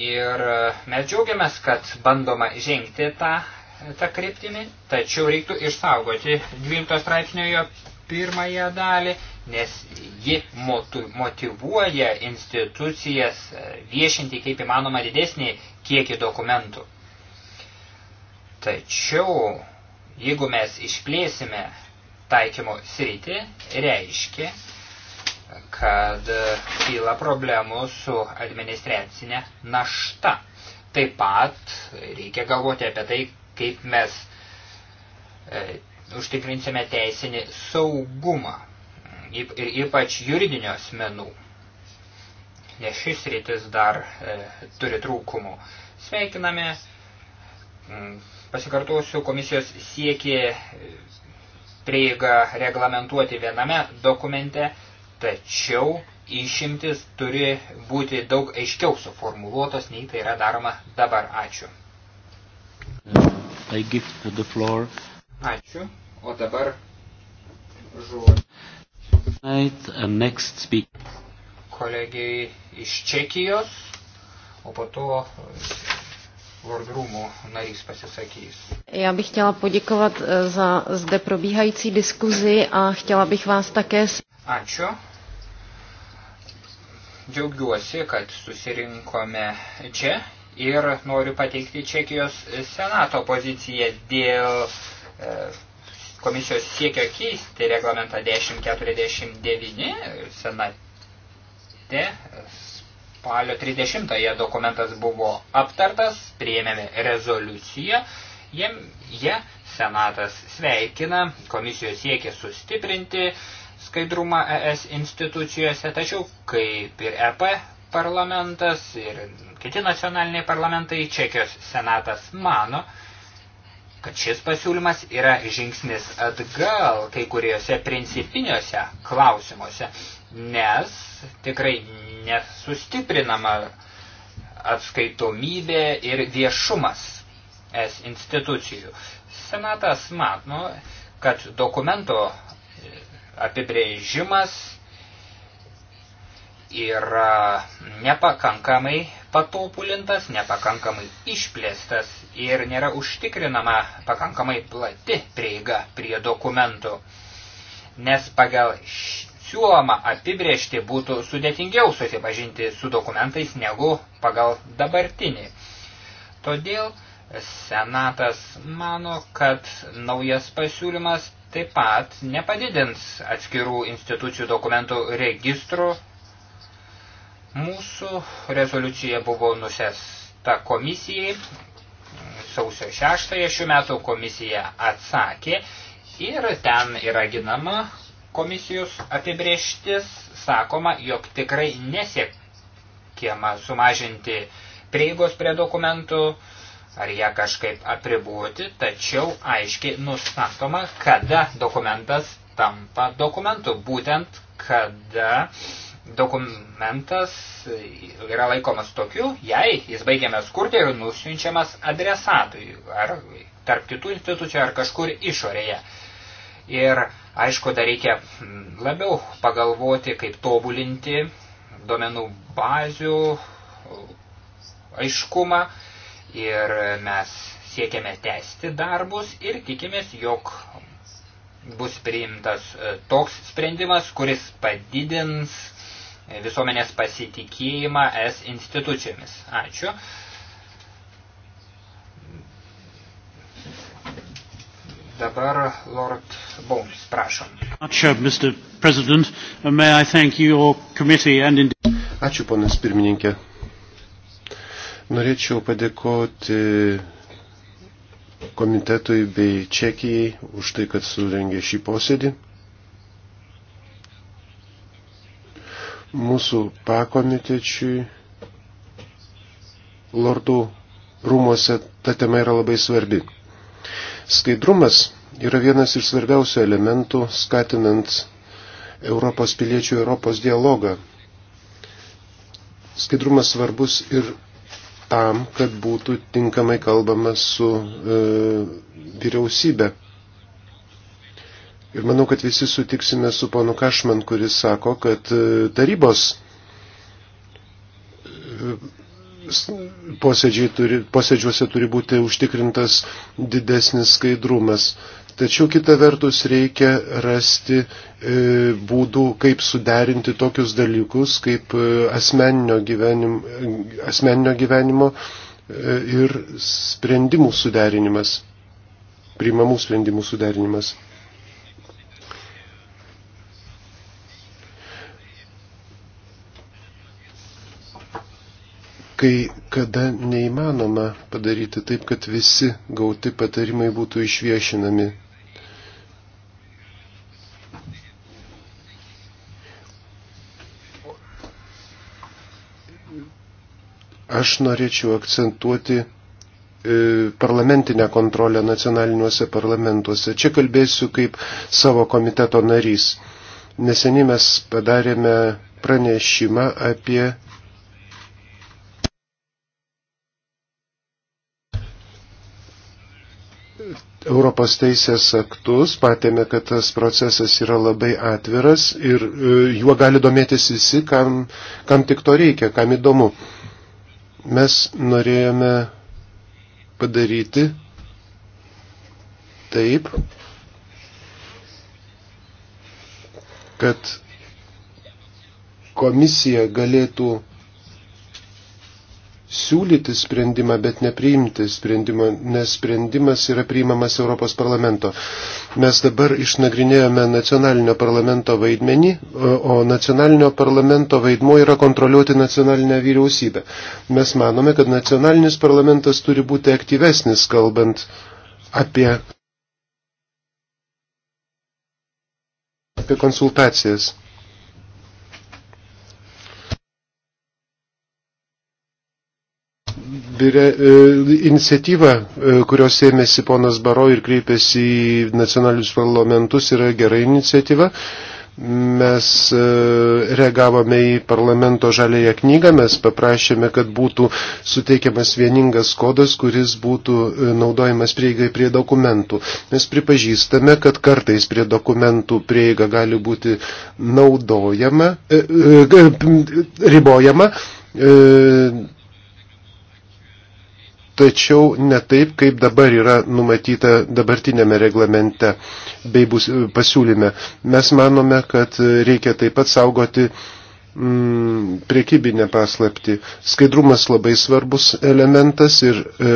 Ir e, mes džiaugiamės, kad bandoma žengti tą tą kryptimį, tačiau reiktų išsaugoti 12 straipsniojo pirmąją dalį, nes ji motivuoja institucijas e, viešinti kaip įmanoma didesnį kiekį dokumentų. Tačiau, jeigu mes išplėsime taikymo sritį, reiškia, kad e, kyla problemų su administracinė našta. Taip pat reikia galvoti apie tai, kaip mes e, užtikrinsime teisinį saugumą ir ypač juridinio asmenų, nes šis rytis dar e, turi trūkumų. Sveikiname, pasikartosiu, komisijos siekė e, prieigą reglamentuoti viename dokumente, tačiau išimtis turi būti daug aiškiau suformuluotos, nei tai yra daroma dabar. Ačiū.
I give the floor.
Ačiū. O dabar žodžiu.
Next speaker.
Kolegijai iš Čekijos, o po to Wordroomu narys pasisakys.
Já bych chtěla poděkovat e, za zde probíhající diskuzi a chtěla bych vás také...
Ačiū. Džiaugiuosi, kad susirinkome čia ir noriu pateikti Čekijos senato poziciją dėl e, komisijos siekio keisti reglamentą 1049 senate. Spalio 30-ąją dokumentas buvo aptartas, priėmėme rezoliuciją. Jiem, jie senatas sveikina, komisijos siekia sustiprinti skaidrumą ES institucijose, tačiau kaip ir EP parlamentas ir kiti nacionaliniai parlamentai, Čekijos senatas mano, kad šis pasiūlymas yra žingsnis atgal kai kuriuose principiniuose klausimuose, nes tikrai nesustiprinama atskaitomybė ir viešumas es institucijų. Senatas matno, kad dokumento apibrėžimas yra nepakankamai patobulintas, nepakankamai išplėstas ir nėra užtikrinama pakankamai plati prieiga prie dokumentų. Nes pagal siūloma apibriežti būtų sudėtingiau susipažinti su dokumentais negu pagal dabartinį. Todėl Senatas mano, kad naujas pasiūlymas taip pat nepadidins atskirų institucijų dokumentų registrų Mūsų rezoliucija buvo nusesta komisijai. Sausio 6 šių metų komisija atsakė ir ten yra ginama komisijos apibrieštis. Sakoma, jog tikrai nesiekiama sumažinti prieigos prie dokumentų ar ją kažkaip apribuoti, tačiau aiškiai nustatoma, kada dokumentas tampa dokumentu. Būtent kada uh, dokumentas yra laikomas tokiu, jei jis baigiamas kurti ir nusiunčiamas adresatui ar tarp kitų institucijų ar kažkur išorėje. Ir aišku, dar reikia labiau pagalvoti, kaip tobulinti duomenų bazių aiškumą ir mes siekiame tęsti darbus ir tikimės, jog bus priimtas toks sprendimas, kuris padidins visuomenės pasitikėjimą es institucijomis. Ačiū. Dabar Lord Bones, prašom.
Ačiū, Mr. President. Uh, may I thank your committee and indeed... Ačiū, ponas pirmininkė. Norėčiau padėkoti komitetui bei Čekijai už tai, kad surengė šį posėdį. mūsų pakomitečiui lordų rūmose ta tema yra labai svarbi. Skaidrumas yra vienas iš svarbiausių elementų skatinant Europos piliečių Europos dialogą. Skaidrumas svarbus ir tam, kad būtų tinkamai kalbama su e, vyriausybė. Ir manau, kad visi sutiksime su ponu Kašman, kuris sako, kad e, tarybos e, turi, posėdžiuose turi būti užtikrintas didesnis skaidrumas. Tačiau kita vertus reikia rasti e, būdų, kaip suderinti tokius dalykus, kaip e, asmeninio, gyvenim, asmeninio gyvenimo e, ir sprendimų suderinimas, priimamų sprendimų suderinimas. kai kada neįmanoma padaryti taip, kad visi gauti patarimai būtų išviešinami. Aš norėčiau akcentuoti e, parlamentinę kontrolę nacionaliniuose parlamentuose. Čia kalbėsiu kaip savo komiteto narys. Neseniai mes padarėme pranešimą apie Europos teisės aktus, patėme, kad tas procesas yra labai atviras ir e, juo gali domėtis visi, kam, kam tik to reikia, kam įdomu. Mes norėjome padaryti taip, kad komisija galėtų siūlyti sprendimą, bet nepriimti sprendimą, nes sprendimas yra priimamas Europos parlamento. Mes dabar išnagrinėjome nacionalinio parlamento vaidmenį, o nacionalinio parlamento vaidmo yra kontroliuoti nacionalinę vyriausybę. Mes manome, kad nacionalinis parlamentas turi būti aktyvesnis, kalbant apie, apie konsultacijas. dire, e, iniciatyva, e, kurios ėmėsi ponas Baro ir kreipėsi į nacionalinius parlamentus, yra gera iniciatyva. Mes e, reagavome į parlamento žalėją knygą, mes paprašėme, kad būtų suteikiamas vieningas kodas, kuris būtų naudojamas prieigai prie dokumentų. Mes pripažįstame, kad kartais prie dokumentų prieiga gali būti naudojama, ribojama tačiau ne taip, kaip dabar yra numatyta dabartinėme reglamente bei bus, e, pasiūlyme. Mes manome, kad reikia taip pat saugoti mm, priekybinę paslapti. Skaidrumas labai svarbus elementas ir e,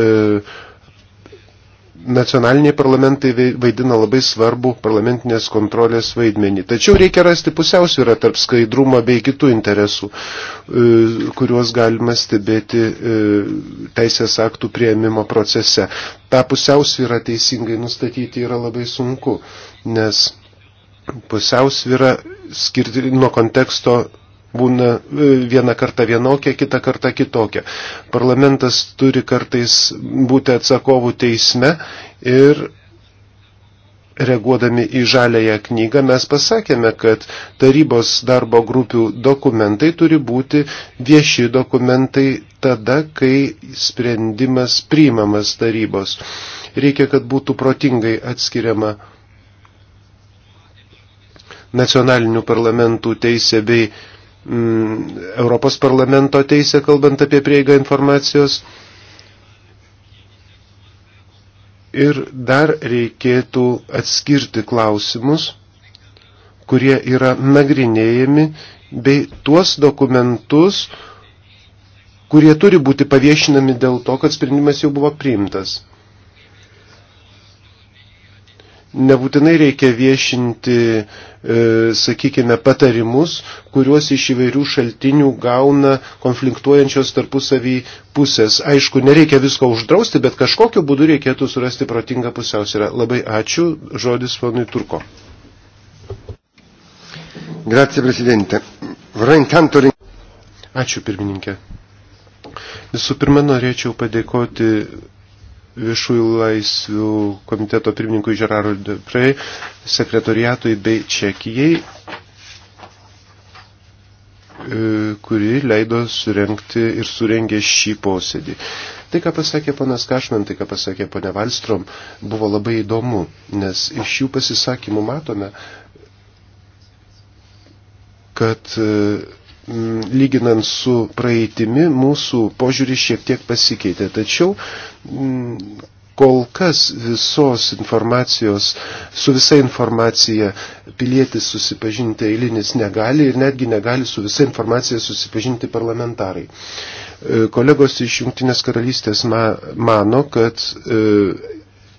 nacionaliniai parlamentai vaidina labai svarbu parlamentinės kontrolės vaidmenį. Tačiau reikia rasti pusiausvyrą tarp skaidrumo bei kitų interesų, e, kuriuos galima stebėti e, teisės aktų prieimimo procese. Ta pusiausvyrą teisingai nustatyti yra labai sunku, nes pusiausvyrą skirti nuo konteksto būna e, vieną kartą vienokia, kitą kartą kitokia. Parlamentas turi kartais būti atsakovų teisme ir reaguodami į žalėją knygą mes pasakėme, kad tarybos darbo grupių dokumentai turi būti vieši dokumentai tada, kai sprendimas priimamas tarybos. Reikia, kad būtų protingai atskiriama nacionalinių parlamentų teisė bei Mm, Europos parlamento teisę, kalbant apie prieigą informacijos. Ir dar reikėtų atskirti klausimus, kurie yra nagrinėjami, bei tuos dokumentus, kurie turi būti paviešinami dėl to, kad sprendimas jau buvo priimtas. Nebūtinai reikia viešinti, e, sakykime, patarimus, kuriuos iš įvairių šaltinių gauna konfliktuojančios tarpusavį pusės. Aišku, nereikia visko uždrausti, bet kažkokiu būdu reikėtų surasti protingą pusiausvyrą. Labai ačiū. Žodis ponui Turko. Grazie, Presidente. Vorrei intanto... Ačiū, pirmininkė. Visų pirma, norėčiau padėkoti viešųjų laisvių komiteto pirmininkui Žerarui Deprei, sekretoriatui bei Čekijai, e, kuri leido surenkti ir surengė šį posėdį. Tai, ką pasakė ponas Kašman, tai, ką pasakė ponė Valstrom, buvo labai įdomu, nes iš jų pasisakymų matome, kad uh, Mm, lyginant su praeitimi, mūsų požiūris šiek tiek pasikeitė. Tačiau mm, kol kas visos informacijos, su visa informacija pilietis susipažinti eilinis negali ir netgi negali su visa informacija susipažinti parlamentarai. E, kolegos iš Junktinės karalystės mano, kad e,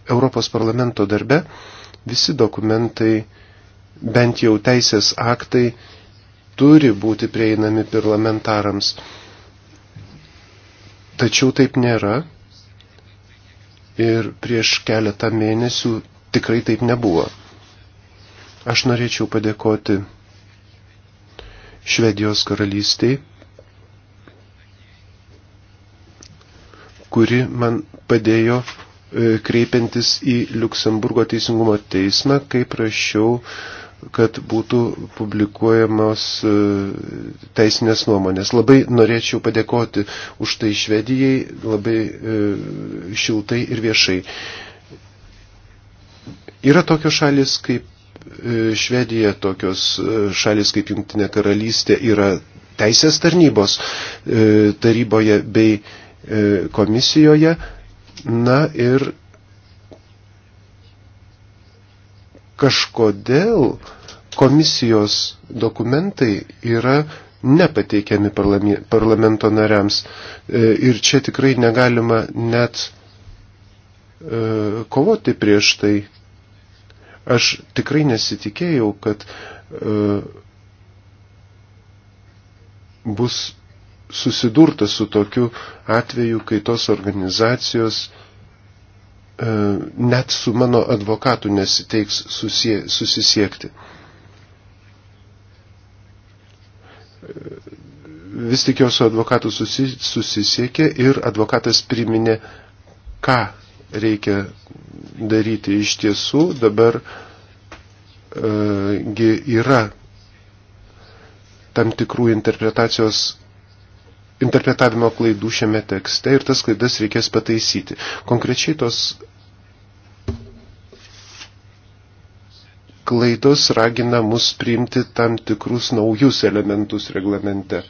Europos parlamento darbe visi dokumentai, bent jau teisės aktai, turi būti prieinami parlamentarams. Tačiau taip nėra ir prieš keletą mėnesių tikrai taip nebuvo. Aš norėčiau padėkoti Švedijos karalystiai, kuri man padėjo e, kreipiantis į Luksemburgo teisingumo teismą, kai prašiau kad būtų publikuojamos e, teisinės nuomonės. Labai norėčiau padėkoti už tai Švedijai, labai e, šiltai ir viešai. Yra tokios šalis kaip e, Švedija, tokios šalis kaip Junktinė karalystė, yra teisės tarnybos taryboje bei komisijoje. Na ir Kažkodėl komisijos dokumentai yra nepateikiami parlamento nariams. E, ir čia tikrai negalima net e, kovoti prieš tai. Aš tikrai nesitikėjau, kad e, bus susidurta su tokiu atveju, kai tos organizacijos E, net su mano advokatu nesiteiks susie, susisiekti. E, vis tik jau su advokatu susi, susisiekė ir advokatas priminė, ką reikia daryti iš tiesų. Dabar e, yra tam tikrų interpretacijos interpretavimo klaidų šiame tekste ir tas klaidas reikės pataisyti. Konkrečiai tos klaidos ragina mus priimti tam tikrus naujus elementus reglamente.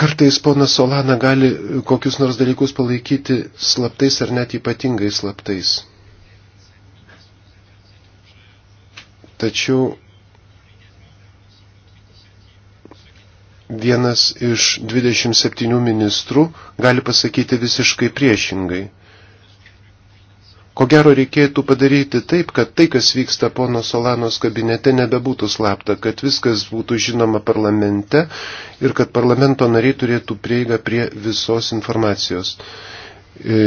Kartais ponas Solana gali kokius nors dalykus palaikyti slaptais ar net ypatingai slaptais. Tačiau vienas iš 27 ministrų gali pasakyti visiškai priešingai. Ko gero reikėtų padaryti taip, kad tai, kas vyksta pono Solanos kabinete, nebebūtų slapta, kad viskas būtų žinoma parlamente ir kad parlamento nariai turėtų prieigą prie visos informacijos. E,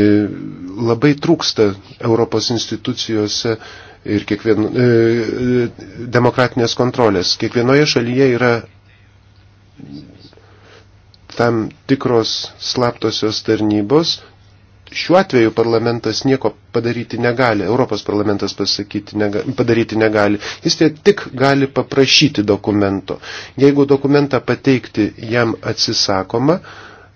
labai trūksta Europos institucijose ir kiekvien, e, demokratinės kontrolės. Kiekvienoje šalyje yra tam tikros slaptosios tarnybos, šiuo atveju parlamentas nieko padaryti negali, Europos parlamentas pasakyti negali, padaryti negali. Jis tik gali paprašyti dokumento. Jeigu dokumentą pateikti jam atsisakoma,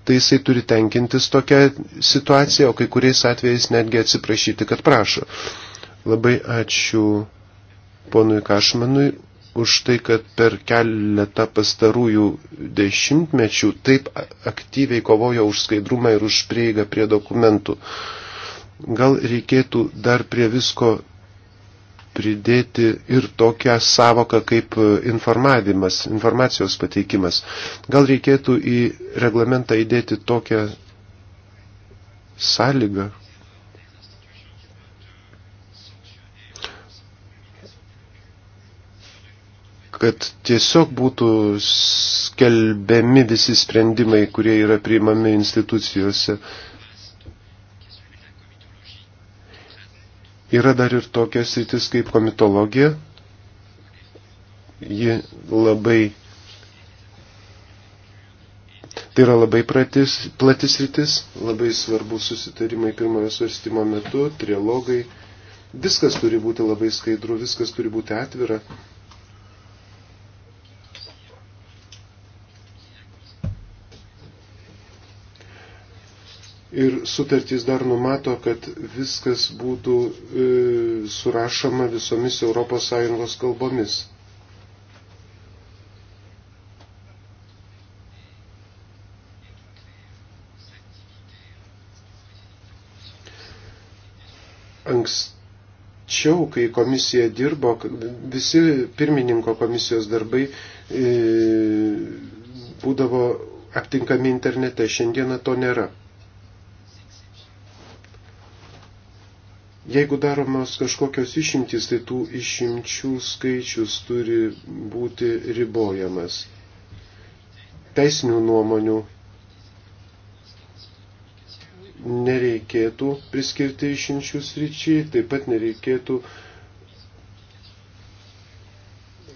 tai jisai turi tenkintis tokią situaciją, o kai kuriais atvejais netgi atsiprašyti, kad prašo. Labai ačiū ponui Kašmanui už tai, kad per keletą pastarųjų dešimtmečių taip aktyviai kovojo už skaidrumą ir už prieigą prie dokumentų. Gal reikėtų dar prie visko pridėti ir tokią savoką kaip informavimas, informacijos pateikimas. Gal reikėtų į reglamentą įdėti tokią sąlygą, kad tiesiog būtų skelbiami visi sprendimai, kurie yra priimami institucijose. Yra dar ir tokias rytis kaip komitologija. Ji labai. Tai yra labai pratis, platis rytis, labai svarbus susitarimai pirmojo svarstymo metu, trilogai. Viskas turi būti labai skaidru, viskas turi būti atvira. ir sutartys dar numato, kad viskas būtų e, surašoma visomis ES kalbomis. Anksčiau, kai komisija dirbo, visi pirmininko komisijos darbai e, būdavo aptinkami internete, šiandieną to nėra. Jeigu daromos kažkokios išimtys, tai tų išimčių skaičius turi būti ribojamas. Teisinių nuomonių nereikėtų priskirti išimčių sričiai, taip pat nereikėtų uh,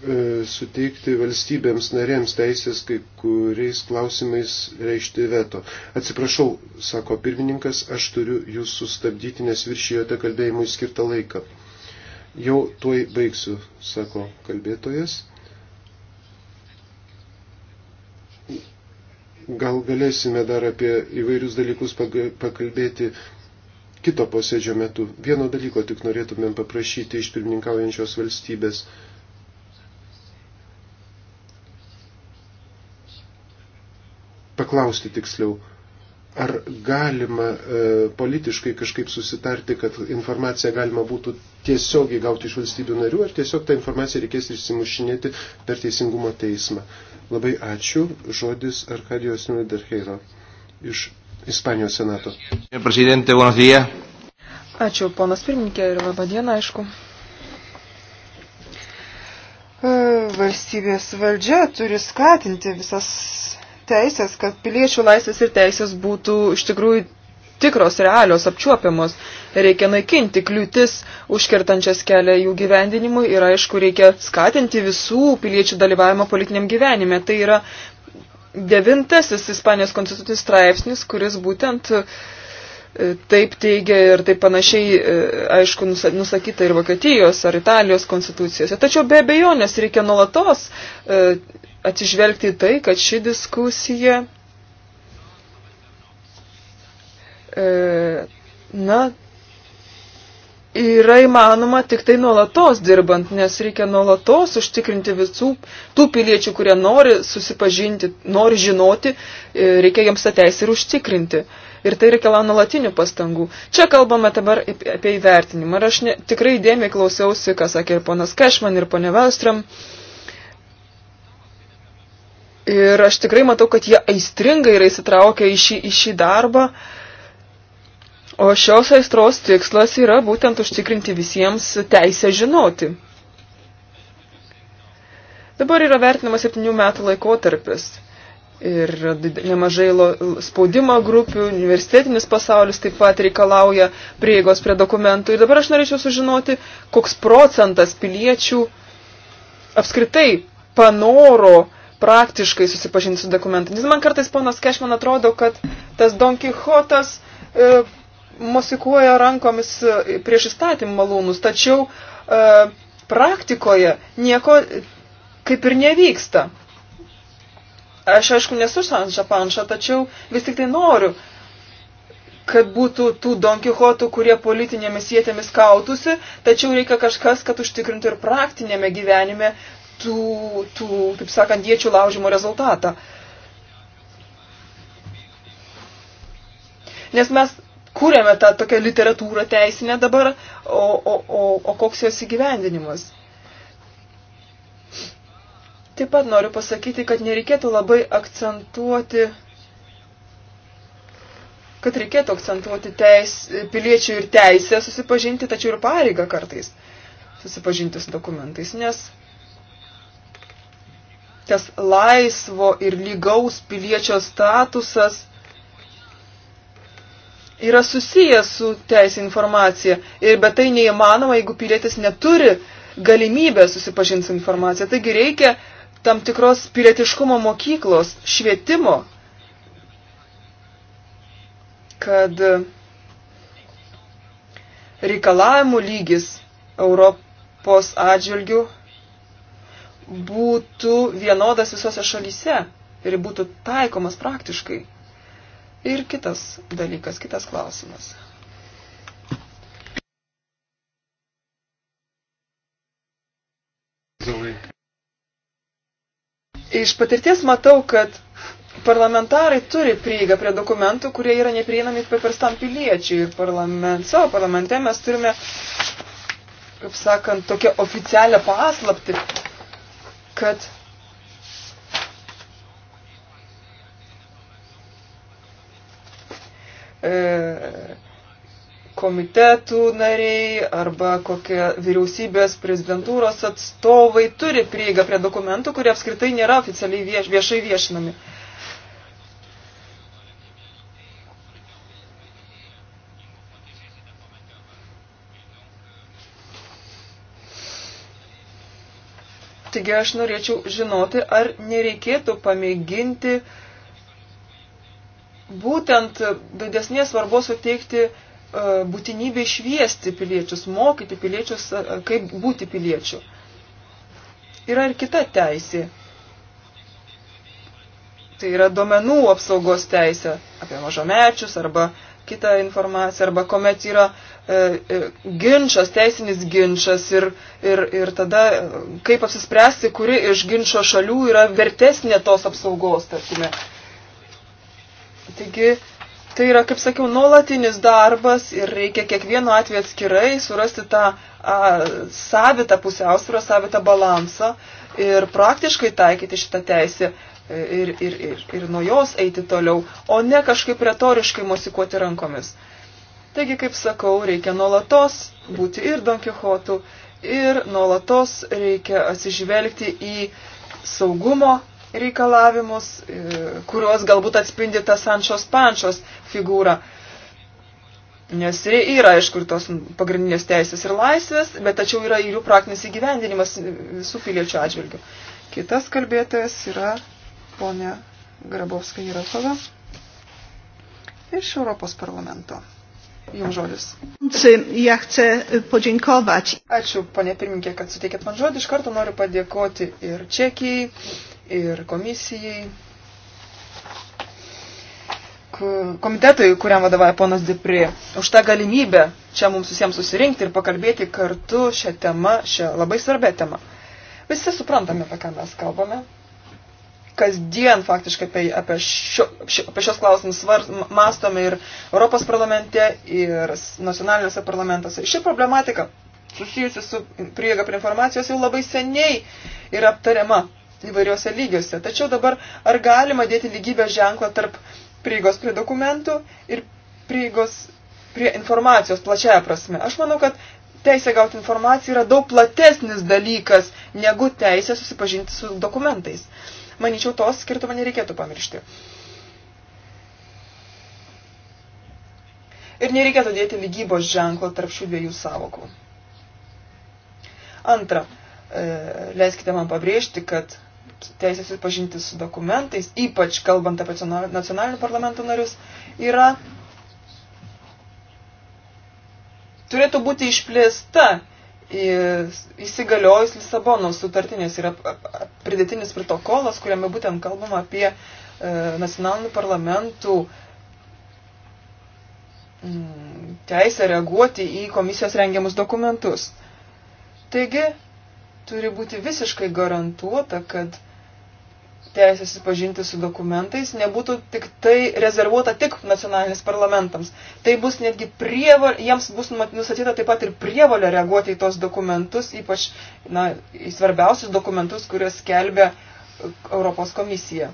E, suteikti valstybėms narėms teisės kai kuriais klausimais reišti veto. Atsiprašau, sako pirmininkas, aš turiu jūs sustabdyti, nes viršijote kalbėjimui skirtą laiką. Jau tuoj baigsiu, sako kalbėtojas. Gal galėsime dar apie įvairius dalykus pakalbėti kito posėdžio metu. Vieno dalyko tik norėtumėm paprašyti iš pirmininkaujančios valstybės paklausti tiksliau, ar galima e, politiškai kažkaip susitarti, kad informaciją galima būtų tiesiogiai gauti iš valstybių narių, ar tiesiog tą informaciją reikės išsimušinėti per teisingumo teismą. Labai ačiū. Žodis Arkadijos Nuiderheiro iš Ispanijos senato.
Ačiū, ponas pirmininkė, ir laba diena, aišku. E, valstybės valdžia turi skatinti visas teisės, kad piliečių laisvės ir teisės būtų iš tikrųjų tikros, realios, apčiuopiamos. Reikia naikinti kliūtis, užkertančias kelią jų gyvendinimui ir aišku, reikia skatinti visų piliečių dalyvavimą politiniam gyvenime. Tai yra devintasis Ispanijos konstitucijos straipsnis, kuris būtent e, taip teigia ir taip panašiai, e, aišku, nusakyta ir Vokietijos ar Italijos konstitucijose. Tačiau be abejonės reikia nuolatos e, atsižvelgti į tai, kad ši diskusija, e, na, yra įmanoma tik tai nuolatos dirbant, nes reikia nuolatos užtikrinti visų tų piliečių, kurie nori susipažinti, nori žinoti, e, reikia jiems tą teisę ir užtikrinti. Ir tai reikalauja nuolatinių pastangų. Čia kalbame dabar apie įvertinimą. Ir aš ne, tikrai dėmiai klausiausi, ką sakė ir ponas Kešman, ir ponė Velstram. Uh, Ir aš tikrai matau, kad jie aistringai yra įsitraukę į šį, į šį darbą. O šios aistros tikslas yra būtent užtikrinti visiems teisę žinoti. Dabar yra vertinamas septynių metų laikotarpis. Ir nemažai spaudimo grupių, universitetinis pasaulis taip pat reikalauja prieigos prie dokumentų. Ir dabar aš norėčiau sužinoti, koks procentas piliečių apskritai panoro praktiškai susipažinti su dokumentais. Man kartais ponas Kešman atrodo, kad tas Don Kichotas e, mosikuoja rankomis e, prieš įstatymą malūnus, tačiau e, praktikoje nieko e, kaip ir nevyksta. Aš aišku nesu Sančia Panša, tačiau vis tik tai noriu, kad būtų tų donkihotų, kurie politinėmis jėtėmis kautusi, tačiau reikia kažkas, kad užtikrintų ir praktinėme gyvenime tų, tų taip sakant, diečių laužimo rezultatą. Nes mes kūrėme tą tokią literatūrą teisinę dabar, o, o, o, o koks jos įgyvendinimas. Taip pat noriu pasakyti, kad nereikėtų labai akcentuoti, kad reikėtų akcentuoti teis, piliečių ir teisę susipažinti, tačiau ir pareigą kartais susipažinti su dokumentais, nes tas laisvo ir lygaus piliečio statusas yra susijęs su teisė informacija. Ir bet tai neįmanoma, jeigu pilietis neturi galimybę susipažinti su informacija. Taigi reikia tam tikros pilietiškumo mokyklos, švietimo, kad reikalavimų lygis Europos atžvilgių būtų vienodas visose šalyse ir būtų taikomas praktiškai. Ir kitas dalykas, kitas klausimas. Iš patirties matau, kad parlamentarai turi prieigą prie dokumentų, kurie yra neprieinami paprastam piliečiui. Ir parlament, savo parlamente mes turime, kaip sakant, tokią oficialią paslapti, kad e, komitetų nariai arba kokie vyriausybės prezidentūros atstovai turi prieigą prie dokumentų, kurie apskritai nėra oficialiai vieš, viešai viešinami. Uh, Taigi aš norėčiau žinoti, ar nereikėtų pamėginti būtent didesnės svarbos suteikti e, būtinybė šviesti piliečius, mokyti piliečius, e, kaip būti piliečiu. Yra ir kita teisė. Tai yra domenų apsaugos teisė apie mažomečius arba kitą informaciją, arba kuomet yra uh, E, e, ginčas, teisinis ginčas ir, ir, ir tada e, kaip apsispręsti, kuri iš ginčio šalių yra vertesnė tos apsaugos, tarkime. Taigi, tai yra, kaip sakiau, nuolatinis darbas ir reikia kiekvieno atveju atskirai surasti tą a, savitą pusiausvyrą, savitą balansą ir praktiškai taikyti šitą teisę ir, ir, ir, ir nuo jos eiti toliau, o ne kažkaip retoriškai mosikuoti rankomis. Taigi, kaip sakau, reikia nuolatos būti ir Don Kichotu, ir nuolatos reikia atsižvelgti į saugumo reikalavimus, e, kuriuos galbūt atspindi tas Sančios Pančios figūra. Nes yra, aišku, ir tos pagrindinės teisės ir laisvės, bet tačiau yra ir jų praktinis įgyvendinimas visų piliečių atžvilgių. Kitas kalbėtojas yra ponia Grabovska Jirasova iš Europos parlamento. Jums žodis. Ačiū, ponė pirmininkė, kad suteikėt man žodį. Iš karto noriu padėkoti ir Čekijai, ir komisijai, komitetui, kuriam vadovauja ponas Dipri, už tą galimybę čia mums visiems susirinkti ir pakalbėti kartu šią temą, šią labai svarbę temą. Visi suprantame, apie ką mes kalbame kasdien faktiškai apie, apie, šio, šio, apie šios klausimus svar, mastome ir Europos parlamente, ir nacionaliniuose parlamentuose. Ši problematika susijusi su prieiga prie informacijos jau labai seniai yra aptariama įvairiuose lygiuose. Tačiau dabar ar galima dėti lygybės ženklą tarp prieigos prie dokumentų ir prieigos prie informacijos plačiaja prasme? Aš manau, kad teisė gauti informaciją yra daug platesnis dalykas negu teisė susipažinti su dokumentais. Uh, manyčiau, to skirtumo nereikėtų pamiršti. Ir nereikėtų dėti lygybos ženklo tarp šių dviejų savokų. Antra, e, leiskite man pabrėžti, kad teisė susipažinti su dokumentais, ypač kalbant apie nacionalinių parlamento narius, yra turėtų būti išplėsta įsigaliojus Lisabonos sutartinės yra pridėtinis protokolas, kuriame būtent kalbama apie e, nacionalinių parlamentų mm, teisę reaguoti į komisijos rengiamus dokumentus. Taigi, turi būti visiškai garantuota, kad teisę susipažinti su dokumentais nebūtų tik tai rezervuota tik nacionalinis parlamentams. Tai bus netgi prievalė, jiems bus nustatyta taip pat ir prievalė reaguoti į tos dokumentus, ypač na, į svarbiausius dokumentus, kuriuos skelbia e, Europos komisija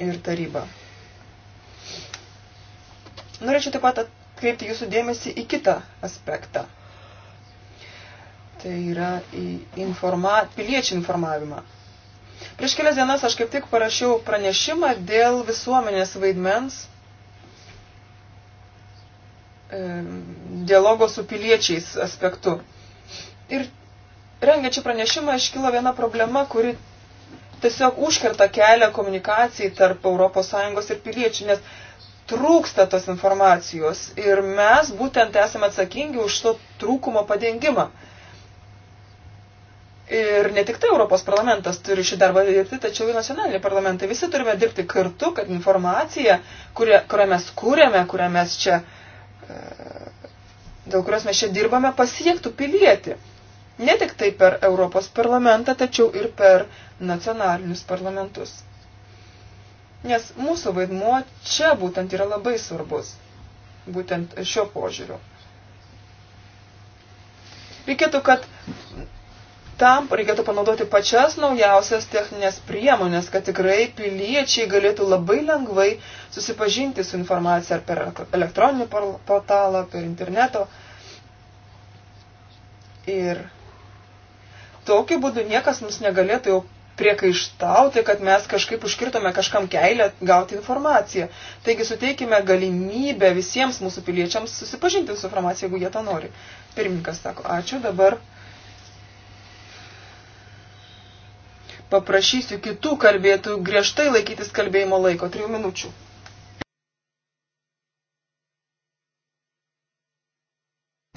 ir taryba. Norėčiau taip pat atkreipti jūsų dėmesį į kitą aspektą. Tai yra į informa piliečių informavimą. Prieš kelias dienas aš kaip tik parašiau pranešimą dėl visuomenės vaidmens e, dialogo su piliečiais aspektu. Ir rengiant šį pranešimą iškilo viena problema, kuri tiesiog užkerta kelią komunikacijai tarp ES ir piliečių, nes trūksta tos informacijos ir mes būtent esame atsakingi už to trūkumo padengimą. Ir ne tik tai Europos parlamentas turi šį darbą dirbti, tačiau ir nacionaliniai parlamentai. Visi turime dirbti kartu, kad informacija, kurią, kurią mes kūrėme, kurią mes čia, e, dėl kurios mes čia dirbame, pasiektų pilietį. Ne tik tai per Europos parlamentą, tačiau ir per nacionalinius parlamentus. Nes mūsų vaidmuo čia būtent yra labai svarbus, būtent šio požiūriu. Reikėtų, kad Tam reikėtų panaudoti pačias naujausias techninės priemonės, kad tikrai piliečiai galėtų labai lengvai susipažinti su informacija ar per elektroninį portalą, per interneto. Ir tokiu būdu niekas mums negalėtų jau priekaištauti, kad mes kažkaip užkirtome kažkam kelią gauti informaciją. Taigi suteikime galimybę visiems mūsų piliečiams susipažinti su informacija, jeigu jie tą nori. Pirmininkas sako, ačiū, dabar paprašysiu kitų kalbėtų griežtai laikytis kalbėjimo laiko. Trijų minučių.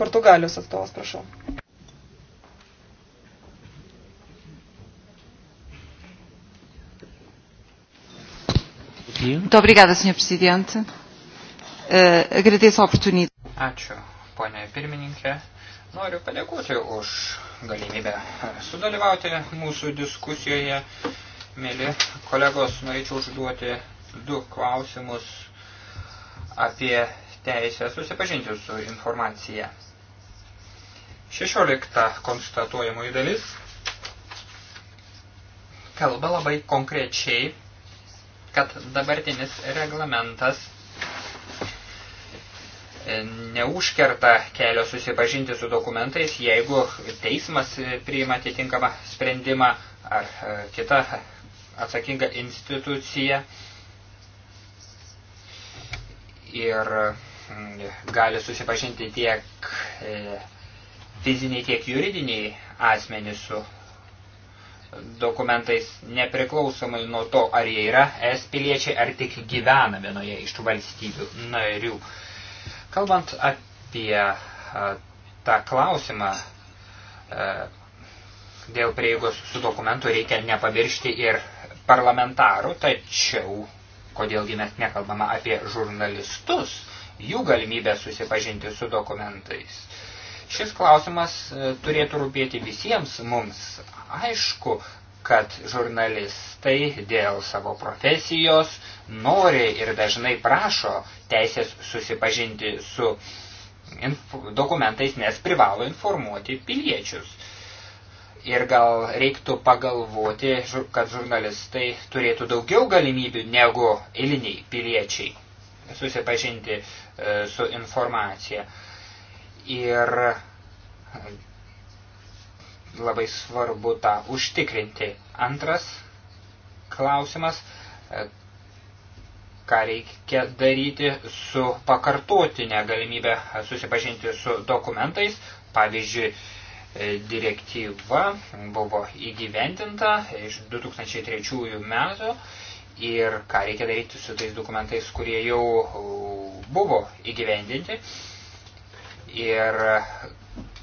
Portugalijos atstovas, prašau. Muito obrigada, Sr. Presidente. Uh, agradeço a oportunidade.
Ačiū, ponia pirmininkė. Noriu padėkoti už galimybę sudalyvauti mūsų diskusijoje. Mėly kolegos, norėčiau užduoti du klausimus apie teisę susipažinti su informacija. 16 konstatuojamoji dalis kalba labai konkrečiai, kad dabartinis reglamentas neužkerta kelio susipažinti su dokumentais, jeigu teismas priima atitinkamą sprendimą ar e, kita atsakinga institucija ir mm, gali susipažinti tiek e, fiziniai, tiek juridiniai asmenys su dokumentais nepriklausomai nuo to, ar jie yra es piliečiai, ar tik gyvena vienoje iš tų valstybių narių. Na, Kalbant apie tą klausimą dėl prieigos su dokumentu, reikia nepamiršti ir parlamentarų, tačiau kodėlgi mes nekalbame apie žurnalistus, jų galimybę susipažinti su dokumentais. Šis klausimas turėtų rūpėti visiems mums. Aišku, kad žurnalistai dėl savo profesijos nori ir dažnai prašo teisės susipažinti su dokumentais, nes privalo informuoti piliečius. Ir gal reiktų pagalvoti, kad žurnalistai turėtų daugiau galimybių negu eiliniai piliečiai susipažinti e, su informacija. Ir labai svarbu tą užtikrinti. Antras klausimas, e, ką reikia daryti su pakartotinė galimybė susipažinti su dokumentais. Pavyzdžiui, e, direktyva buvo įgyvendinta iš 2003 metų ir ką reikia daryti su tais dokumentais, kurie jau buvo įgyvendinti. Ir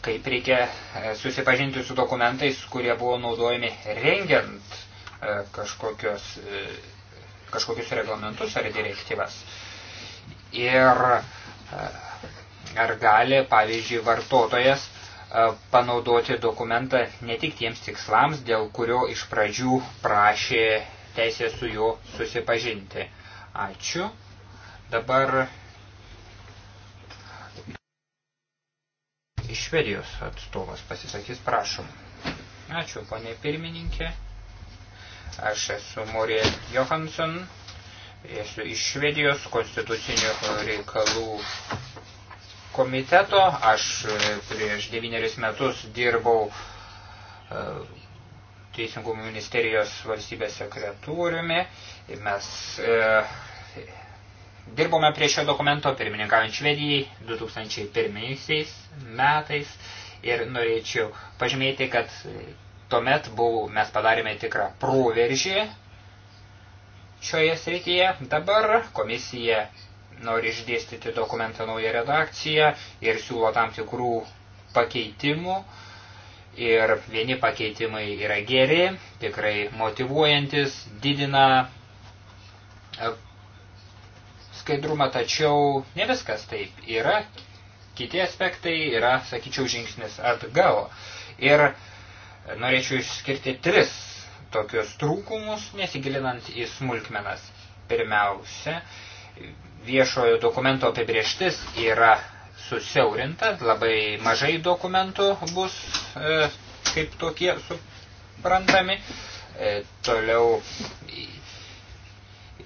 kaip reikia e, susipažinti su dokumentais, kurie buvo naudojami rengiant e, kažkokios, e, kažkokius reglamentus ar direktyvas. Ir ar gali, pavyzdžiui, vartotojas panaudoti dokumentą ne tik tiems tikslams, dėl kurio iš pradžių prašė teisė su juo susipažinti. Ačiū. Dabar iš Švedijos atstovas pasisakys, prašom. Ačiū, ponė pirmininkė. Aš esu Morė Johansson, esu iš Švedijos konstitucinių reikalų komiteto. Aš e, prieš devynerius metus dirbau e, Teisingumo ministerijos valstybės sekretoriumi. Mes e, Dirbome prie šio dokumento pirmininkaujant Švedijai 2001 metais ir norėčiau pažymėti, kad tuomet buvau, mes padarėme tikrą proveržį šioje srityje. Dabar komisija nori išdėstyti dokumentą naują redakciją ir siūlo tam tikrų pakeitimų. Ir vieni pakeitimai yra geri, tikrai motivuojantis, didina skaidrumą, tačiau ne viskas taip yra. Kiti aspektai yra, sakyčiau, žingsnis atgal. Ir norėčiau išskirti tris tokius trūkumus, nesigilinant į smulkmenas. Pirmiausia, viešojo dokumento apibrieštis yra susiaurinta, labai mažai dokumentų bus e, kaip tokie suprantami. E, toliau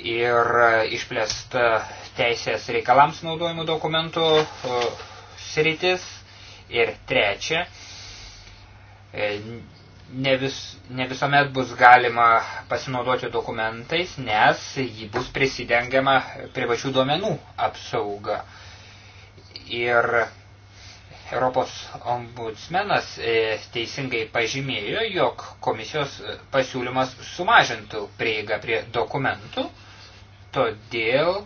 ir išplėsta teisės reikalams naudojimų dokumentų sritis. Ir trečia, e, ne, vis, ne visuomet bus galima pasinaudoti dokumentais, nes jį bus prisidengiama privačių duomenų apsauga. Ir Europos ombudsmenas e, teisingai pažymėjo, jog komisijos pasiūlymas sumažintų prieigą prie dokumentų Todėl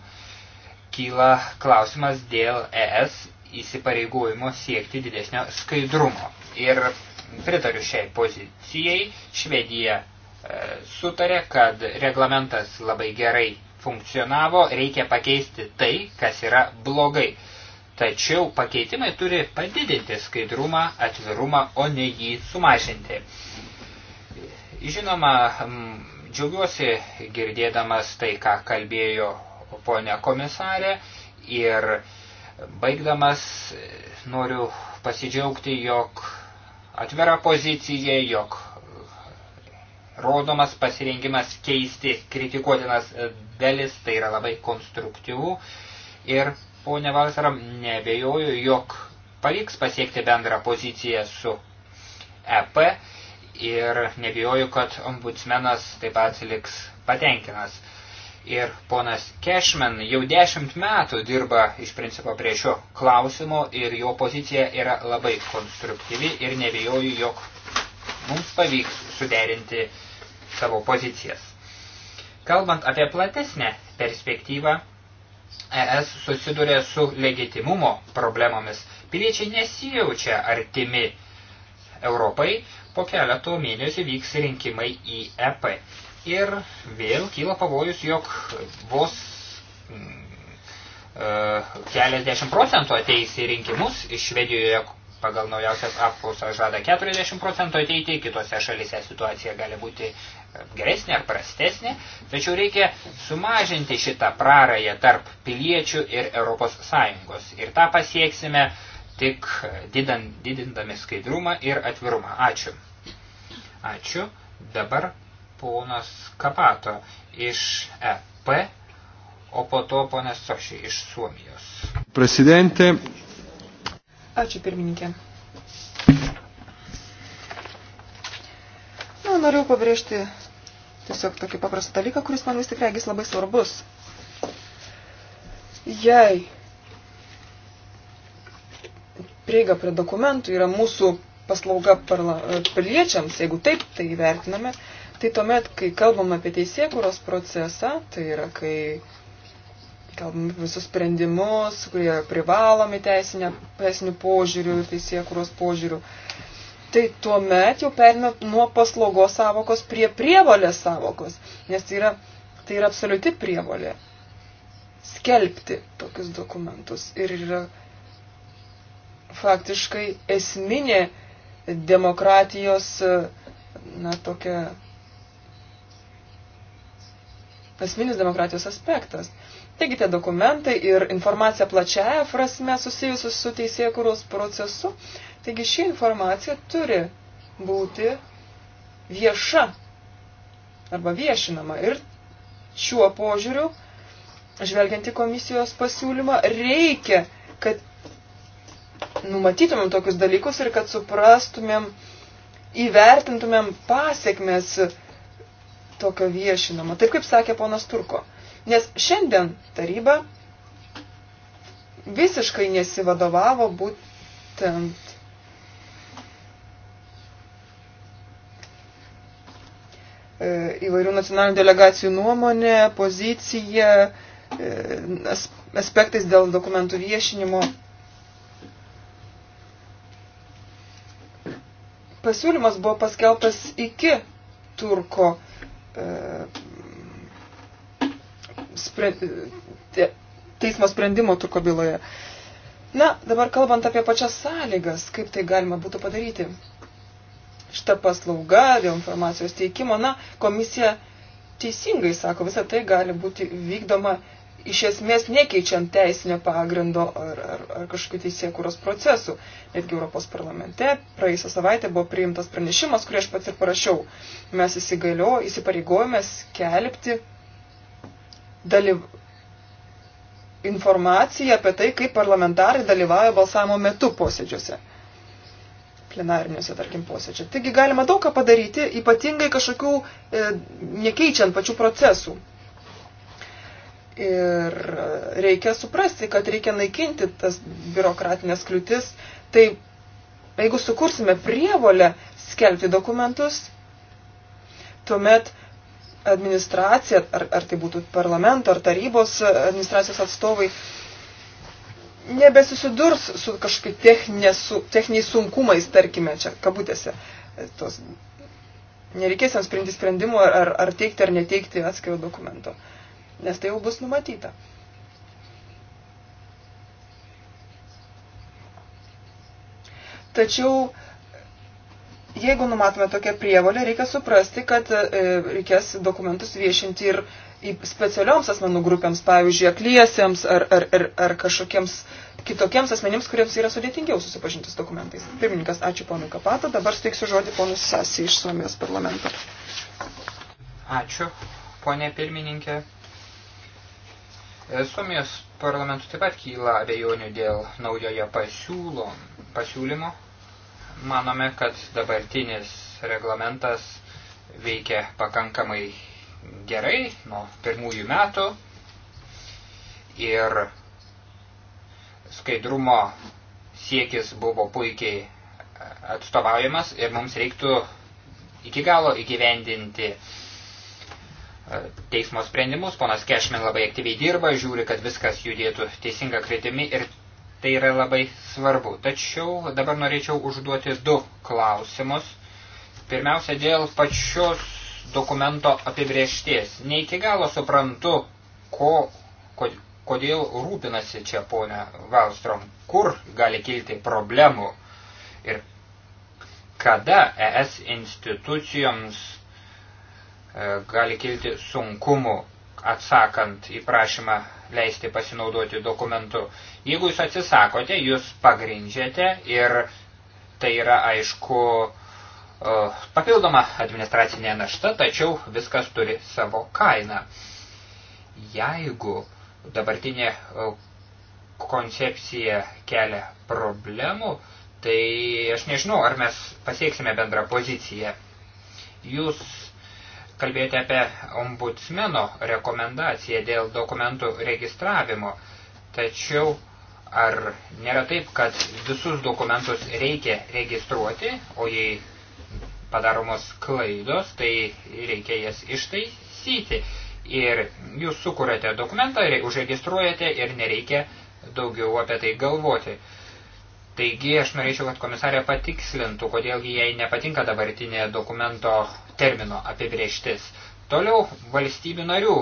kyla klausimas dėl ES įsipareigojimo siekti didesnio skaidrumo. Ir pritariu šiai pozicijai. Švedija e, sutarė, kad reglamentas labai gerai funkcionavo, reikia pakeisti tai, kas yra blogai. Tačiau pakeitimai turi padidinti skaidrumą, atvirumą, o ne jį sumažinti. Žinoma, Džiaugiuosi girdėdamas tai, ką kalbėjo ponia komisarė ir baigdamas noriu pasidžiaugti, jog atvira pozicija, jog rodomas pasirengimas keisti kritikuotinas dalis, tai yra labai konstruktyvu. Ir ponė Valsaram nebejoju, jog pavyks pasiekti bendrą poziciją su EP ir nebijoju, kad ombudsmenas taip pat liks patenkinas. Ir ponas Cashman jau dešimt metų dirba iš principo prie šio klausimo ir jo pozicija yra labai konstruktyvi ir nebijoju, jog mums pavyks suderinti savo pozicijas. Kalbant apie platesnę perspektyvą, ES susiduria su legitimumo problemomis. Piliečiai nesijaučia artimi Europai, po keleto mėnesių vyks rinkimai į EP. Ir vėl kyla pavojus, jog vos mm, e, keliasdešimt procentų ateis į rinkimus, Švedijoje pagal naujausias apklausas žada 40 procentų ateiti, kitose šalise situacija gali būti e, geresnė ar prastesnė, tačiau reikia sumažinti šitą prarąją tarp piliečių ir Europos Sąjungos. Ir tą pasieksime uh, tik didant, didindami skaidrumą ir atvirumą. Ačiū. Ačiū. Dabar ponas Kapato iš EP, o po to ponas Soši iš Suomijos.
Presidente.
Ačiū pirmininkė. Na, noriu pabrėžti tiesiog tokį paprastą dalyką, kuris man vis tik regis labai svarbus. Jei prieiga prie dokumentų yra mūsų paslauga parla, e, piliečiams, jeigu taip tai vertiname, tai tuomet, kai kalbam apie teisėkuros procesą, tai yra, kai kalbam apie visus sprendimus, kurie privalomi teisinė, teisinių požiūrių ir teisėkuros požiūrių, tai tuomet jau perinam nuo paslaugos savokos prie prievolės savokos, nes tai yra, tai yra absoliuti prievolė skelbti tokius dokumentus. Ir yra faktiškai esminė demokratijos, na, tokia, esminis demokratijos aspektas. Taigi tie dokumentai ir informacija plačiaja prasme susijusius su teisėkuros procesu, taigi ši informacija turi būti vieša arba viešinama. Ir šiuo požiūriu, žvelgiant į komisijos pasiūlymą, reikia, kad numatytumėm tokius dalykus ir kad suprastumėm, įvertintumėm pasiekmes tokio viešinimo. Taip kaip sakė ponas Turko. Nes šiandien taryba visiškai nesivadovavo būtent e, įvairių nacionalinių delegacijų nuomonė, pozicija, e, aspektais dėl dokumentų viešinimo pasiūlymas buvo paskeltas iki turko e, spre, te, teismo sprendimo turko byloje. Na, dabar kalbant apie pačias sąlygas, kaip tai galima būtų padaryti. Šita paslauga dėl informacijos teikimo, na, komisija teisingai sako, visa tai gali būti vykdoma iš esmės nekeičiant teisinio pagrindo ar, ar, ar kažkokių teisėkūros procesų. Netgi Europos parlamente praėjusią savaitę buvo priimtas pranešimas, kurį aš pats ir parašiau. Mes įsigalio, įsipareigojame skelbti dalyv... informaciją apie tai, kaip parlamentarai dalyvauja balsavimo metu posėdžiuose plenariniuose, tarkim, posėdžiuose. Taigi galima daug ką padaryti, ypatingai kažkokių, e, nekeičiant pačių procesų. Ir reikia suprasti, kad reikia naikinti tas biurokratinės kliūtis. Tai jeigu sukursime prievolę skelbti dokumentus, tuomet administracija, ar, ar tai būtų parlamento, ar tarybos administracijos atstovai, nebesusidurs su kažkokiais su, techniniais sunkumais, tarkime, čia kabutėse. Tos, nereikės jiems priimti sprendimų, ar, ar, ar teikti ar neteikti atskiro dokumento. Uh, nes tai jau bus numatyta. Tačiau, jeigu numatome tokią prievalę, reikia suprasti, kad e, reikės dokumentus viešinti ir specialioms asmenų grupėms, pavyzdžiui, akliesiems ar, ar, ar, ar kažkokiems kitokiems asmenims, kuriems yra sudėtingiau susipažinti su dokumentais. Pirmininkas, ačiū ponui Kapato, dabar steiksiu žodį ponui Sasi iš Suomijos
parlamento. Ačiū, ponė pirmininkė. Suomijos parlamentų taip pat kyla abejonių dėl naujojo pasiūlo, pasiūlymo. Manome, kad dabartinis reglamentas veikia pakankamai gerai nuo pirmųjų metų ir skaidrumo siekis buvo puikiai atstovaujamas ir mums reiktų iki galo įgyvendinti uh, teismo sprendimus. Ponas Kešmin labai aktyviai dirba, žiūri, kad viskas judėtų teisinga kretimi ir tai yra labai svarbu. Tačiau dabar norėčiau užduoti du klausimus. Pirmiausia, dėl pačios dokumento apibriešties. Ne iki galo suprantu, ko, kodėl rūpinasi čia ponia Valstrom, kur gali kilti problemų ir kada ES institucijoms E, gali kilti sunkumų atsakant į prašymą leisti pasinaudoti dokumentu. Jeigu jūs atsisakote, jūs pagrindžiate ir tai yra aišku e, papildoma administracinė našta, tačiau viskas turi savo kainą. Jeigu dabartinė e, koncepcija kelia problemų, tai aš nežinau, ar mes pasieksime bendrą poziciją. Jūs kalbėti apie ombudsmeno rekomendaciją dėl dokumentų registravimo. Tačiau ar nėra taip, kad visus dokumentus reikia registruoti, o jei padaromos klaidos, tai reikia jas ištaisyti. Ir jūs sukūrėte dokumentą, užregistruojate ir nereikia daugiau apie tai galvoti. Taigi aš norėčiau, kad komisarė patikslintų, kodėlgi jai nepatinka dabartinė dokumento termino apibrieštis. Toliau valstybių narių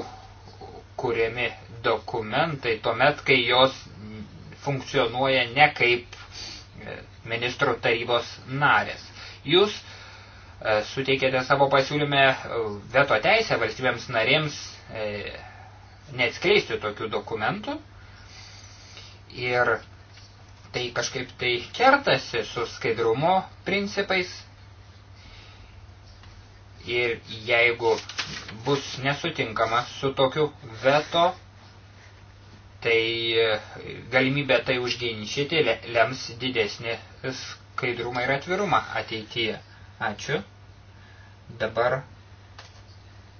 kuriami dokumentai tuomet, kai jos funkcionuoja ne kaip e, ministrų tarybos narės. Jūs e, suteikėte savo pasiūlyme e, veto teisę valstybėms narėms neatskleisti tokių dokumentų ir Tai kažkaip tai kertasi su skaidrumo principais. Ir jeigu bus nesutinkama su tokiu veto, tai e, galimybė tai užginčyti lems didesnį skaidrumą ir atvirumą ateityje. Ačiū. Dabar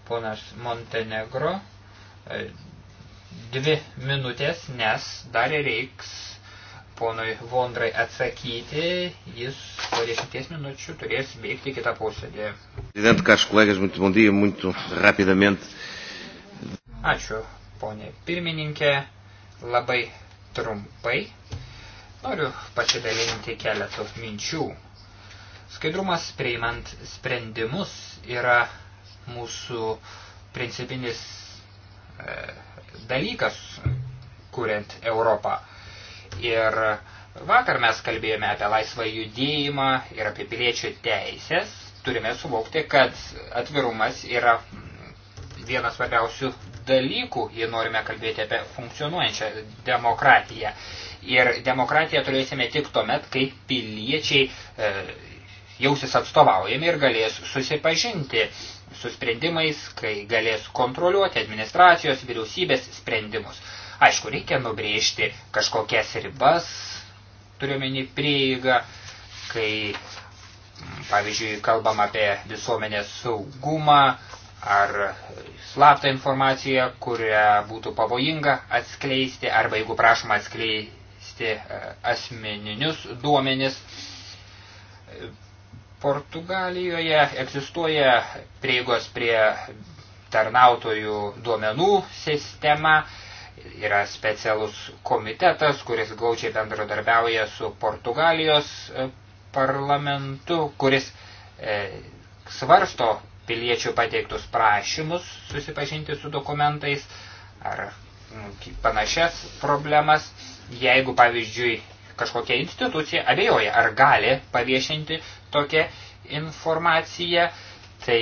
ponas Montenegro e, dvi minutės, nes dar reiks ponui Vondrai atsakyti, jis po dešimties minučių turės bėgti kitą posėdį.
Prezident, kaž kolegas, muito bom dia, muito rapidamente.
Ačiū, ponė pirmininkė, labai trumpai. Noriu pasidalinti keletų minčių. Skaidrumas priimant sprendimus yra mūsų principinis e, dalykas, kuriant Europą. Ir vakar mes kalbėjome apie laisvą judėjimą ir apie piliečių teisės. Turime suvokti, kad atvirumas yra vienas svarbiausių dalykų, jei norime kalbėti apie funkcionuojančią demokratiją. Ir demokratiją turėsime tik tuomet, kai piliečiai e, jausis atstovaujami ir galės susipažinti su sprendimais, kai galės kontroliuoti administracijos, vyriausybės sprendimus. E, Aišku, reikia nubrėžti kažkokias ribas, turiuomenį prieigą, kai, mm, pavyzdžiui, kalbam apie visuomenės saugumą ar slaptą informaciją, kurią būtų pavojinga atskleisti, arba jeigu prašoma atskleisti e, asmeninius duomenis. Portugalijoje egzistuoja prieigos prie tarnautojų duomenų sistema, yra specialus komitetas, kuris glaučiai bendradarbiauja su Portugalijos e, parlamentu, kuris e, svarsto piliečių pateiktus prašymus susipažinti su dokumentais ar panašias problemas, jeigu, pavyzdžiui, kažkokia institucija abejoja, ar gali paviešinti tokią informaciją, tai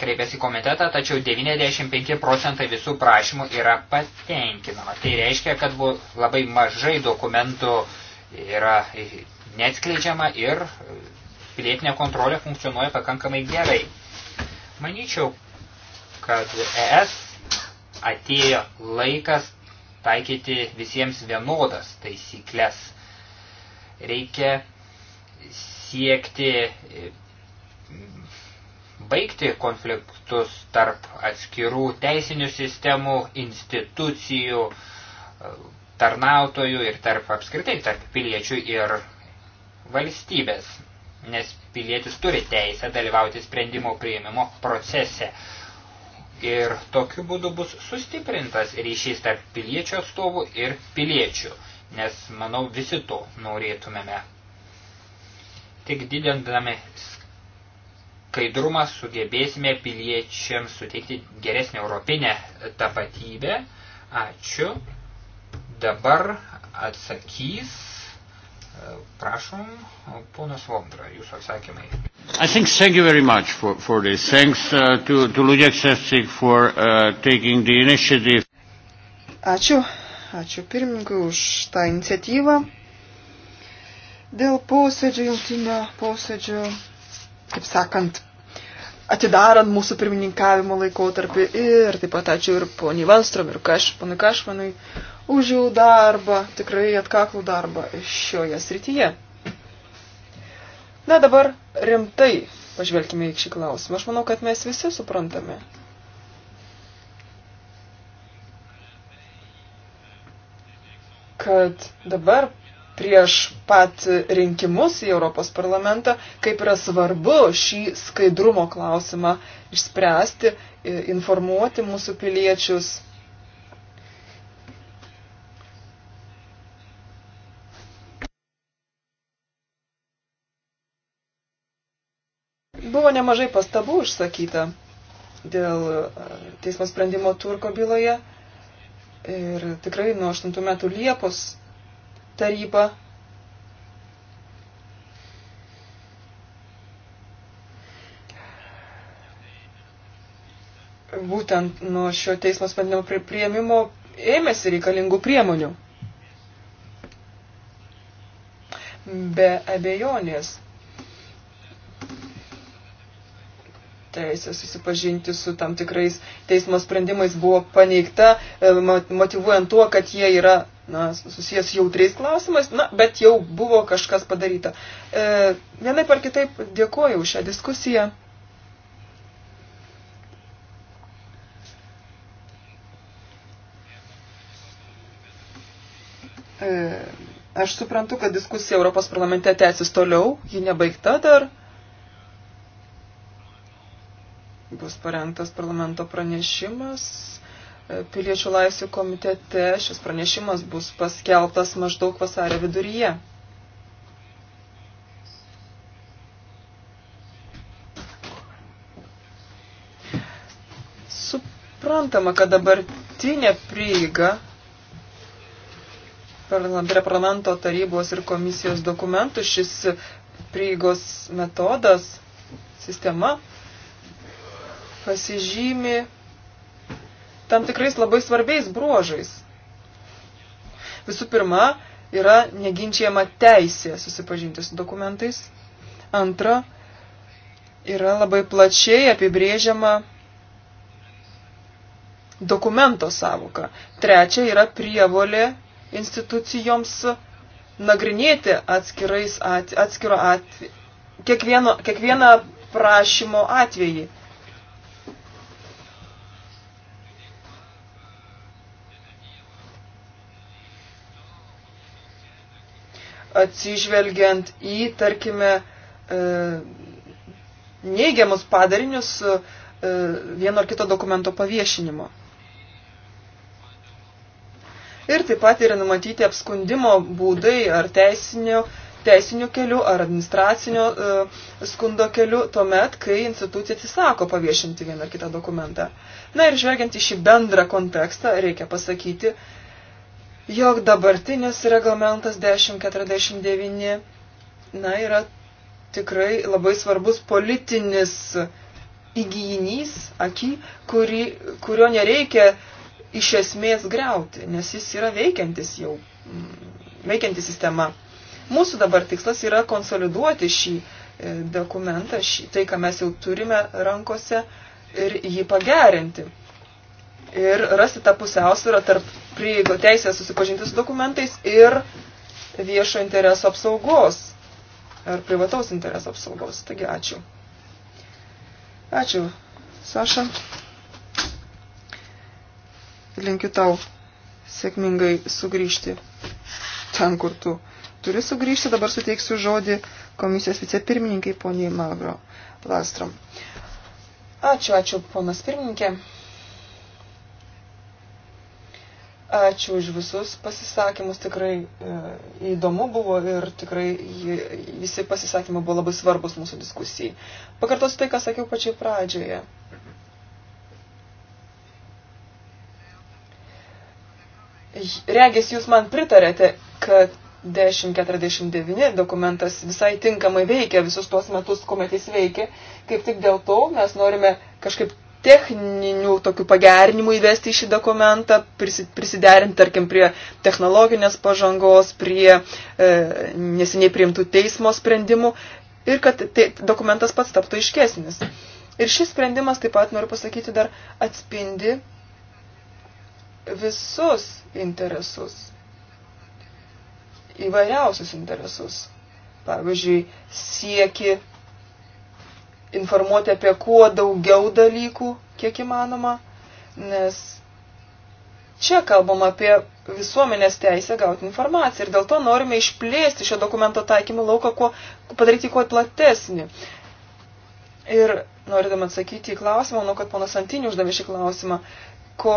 kreipėsi komitetą, tačiau 95 procentai visų prašymų yra patenkinama. Tai reiškia, kad buvo labai mažai dokumentų yra neatskleidžiama ir e, pilietinė kontrolė funkcionuoja pakankamai gerai. Manyčiau, kad ES atėjo laikas taikyti visiems vienodas taisyklės. Reikia siekti e, baigti konfliktus tarp atskirų teisinių sistemų, institucijų, tarnautojų ir tarp apskritai tarp piliečių ir valstybės, nes pilietis turi teisę dalyvauti sprendimo prieimimo procese. Ir tokiu būdu bus sustiprintas ryšys tarp piliečių atstovų ir piliečių, nes, manau, visi to norėtumėme. Tik didindami skaidrumą sugebėsime piliečiams suteikti geresnę europinę tapatybę. Ačiū. Dabar atsakys, e, prašom, ponas Vondra, jūsų atsakymai. I think thank you very much for, for this. Thanks uh, to, to Ludek Sesik for uh, taking the initiative.
Ačiū. Ačiū pirmininkui už tą iniciatyvą. Dėl posėdžio, jungtinio posėdžio kaip sakant, atidarant mūsų pirmininkavimo laikotarpį ir taip pat ačiū ir poniai Valstrom ir kaš, ponui Kašmanui už jų darbą, tikrai atkaklų darbą šioje srityje. Na dabar rimtai pažvelkime į šį klausimą. Aš manau, kad mes visi suprantame. kad dabar prieš pat rinkimus į Europos parlamentą, kaip yra svarbu šį skaidrumo klausimą išspręsti, informuoti mūsų piliečius. Buvo nemažai pastabų išsakyta dėl teismo sprendimo Turko byloje. Ir tikrai nuo 8 metų Liepos taryba. Būtent nuo šio teismo sprendimo prieimimo ėmėsi reikalingų priemonių. Be abejonės. teisė susipažinti su tam tikrais teismo sprendimais buvo paneigta, e, motivuojant tuo, kad jie yra na, susijęs jautriais klausimais, na, bet jau buvo kažkas padaryta. E, vienai par kitaip dėkoju už šią diskusiją. E, aš suprantu, kad diskusija Europos parlamente tęsis toliau, ji nebaigta dar. Bus parengtas parlamento pranešimas piliečių laisvių komitete šis pranešimas bus paskelbtas maždaug vasario viduryje. Suprantama, kad dabartinė prieiga prie parlamento tarybos ir komisijos dokumentų šis prieigos metodas, sistema pasižymi tam tikrais labai svarbiais bruožais. Visų pirma, yra neginčiama teisė susipažinti su dokumentais. Antra, yra labai plačiai apibrėžiama dokumento savoka. Trečia, yra prievolė institucijoms nagrinėti atskirais at, atskiro atveju, kiekvieno, kiekvieną prašymo atvejį. atsižvelgiant į, tarkime, e, neigiamus padarinius e, vieno ar kito dokumento paviešinimo. Ir taip pat yra numatyti apskundimo būdai ar teisinio, teisinio keliu ar administracinio e, skundo keliu tuomet, kai institucija atsisako paviešinti vieną ar kitą dokumentą. Na ir žvelgiant į šį bendrą kontekstą, reikia pasakyti, jog dabartinis reglamentas 1049 na, yra tikrai labai svarbus politinis įgyjinys, aki, kuri, kurio nereikia iš esmės greuti, nes jis yra veikiantis jau, mm, veikianti sistema. Mūsų dabar tikslas yra konsoliduoti šį e, dokumentą, šį, tai, ką mes jau turime rankose ir jį pagerinti ir rasti tą pusiausvyrą tarp prieigo teisės susipažinti su dokumentais ir viešo intereso apsaugos ar privataus intereso apsaugos. Taigi ačiū. Ačiū, Saša. Linkiu tau sėkmingai sugrįžti ten, kur tu turi sugrįžti. Dabar suteiksiu žodį komisijos vicepirmininkai poniai Malgro Lastrom. Ačiū, ačiū, ponas pirmininkė. Ačiū už visus pasisakymus, tikrai e, įdomu buvo ir tikrai visi pasisakymai buvo labai svarbus mūsų diskusijai. Pakartosiu tai, ką sakiau pačiai pradžioje. Regis, jūs man pritarėte, kad 1049 dokumentas visai tinkamai veikia visus tuos metus, kuomet jis veikia. Kaip tik dėl to mes norime kažkaip techninių tokių pagerinimų įvesti į šį dokumentą, prisiderinti, tarkim, prie technologinės pažangos, prie e, neseniai priimtų teismo sprendimų ir kad te, dokumentas pats taptų iškesnis. Ir šis sprendimas taip pat, noriu pasakyti, dar atspindi visus interesus, įvairiausius interesus. Pavyzdžiui, sieki informuoti apie kuo daugiau dalykų, kiek įmanoma, nes čia kalbam apie visuomenės teisę gauti informaciją ir dėl to norime išplėsti šio dokumento taikymų lauką, kuo, padaryti kuo platesnį. Ir norėdam atsakyti į klausimą, manau, kad ponas Antinį uždavė šį klausimą, ko,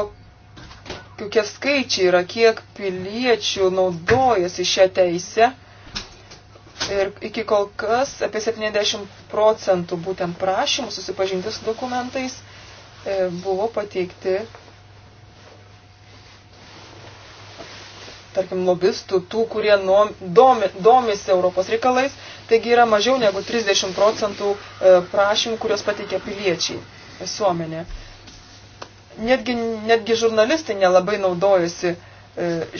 kokie skaičiai yra, kiek piliečių naudojasi šią teisę Ir iki kol kas apie 70 procentų būtent prašymų susipažinti su dokumentais e, buvo pateikti, tarkim, lobistų, tų, kurie domi, domisi Europos reikalais, taigi yra mažiau negu 30 procentų e, prašymų, kurios pateikia piliečiai, visuomenė. Netgi, netgi žurnalistai nelabai naudojasi e,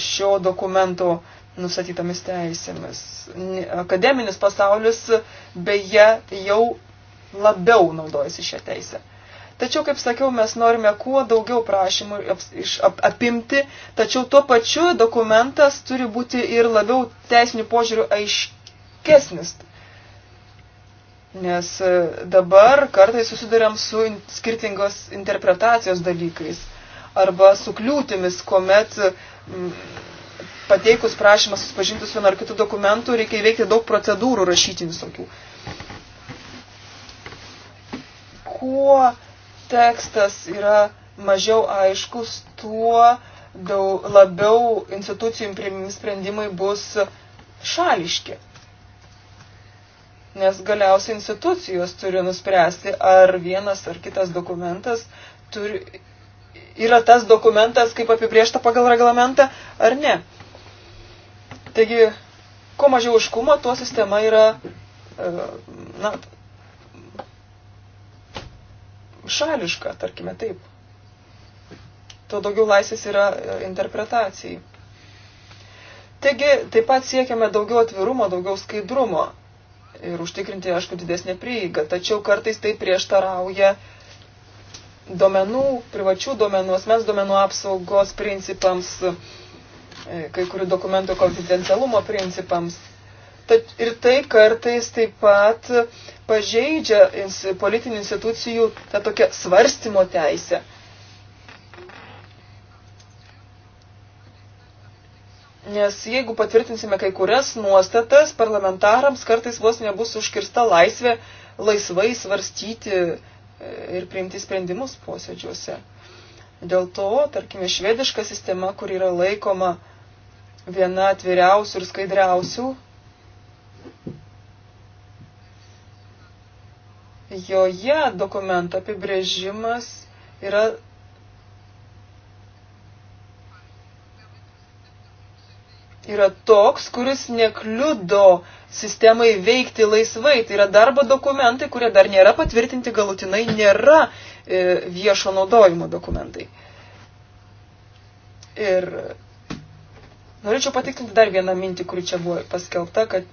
šio dokumento nusatytomis teisėmis. Akademinis pasaulis beje jau labiau naudojasi šią teisę. Tačiau, kaip sakiau, mes norime kuo daugiau prašymų apimti, tačiau tuo pačiu dokumentas turi būti ir labiau teisinių požiūrių aiškesnis. Nes e, dabar kartais susidurėm su skirtingos interpretacijos dalykais arba su kliūtimis, kuomet pateikus prašymą suspažinti su vienu ar kitu dokumentu, reikia įveikti daug procedūrų rašytinių visokių. Kuo tekstas yra mažiau aiškus, tuo daug, labiau institucijų priimimi sprendimai bus šališki. Nes galiausiai institucijos turi nuspręsti, ar vienas ar kitas dokumentas turi yra tas dokumentas, kaip apibriešta pagal reglamentą, ar ne. Taigi, kuo mažiau iškumo, tuo sistema yra e, na, šališka, tarkime taip. Tuo daugiau laisvės yra e, interpretacijai. Taigi, taip pat siekiame daugiau atvirumo, daugiau skaidrumo ir užtikrinti, aišku, didesnę prieigą. Tačiau kartais tai prieštarauja duomenų, privačių duomenų, asmens duomenų apsaugos principams, E, kai kurių dokumentų konfidencialumo principams. Tad ir tai kartais taip pat pažeidžia politinių institucijų tą tokią svarstymo teisę. Nes jeigu patvirtinsime kai kurias nuostatas, parlamentarams kartais vos nebus užkirsta laisvė laisvai svarstyti e, ir priimti sprendimus posėdžiuose. Dėl to, tarkime, švediška sistema, kur yra laikoma uh, viena atviriausių ir skaidriausių. Joje dokumento apibrėžimas yra yra toks, kuris nekliudo sistemai veikti laisvai. Tai yra darbo dokumentai, kurie dar nėra patvirtinti galutinai, nėra e, viešo naudojimo dokumentai. Ir Norėčiau patikinti dar vieną mintį, kuri čia buvo paskelbta, kad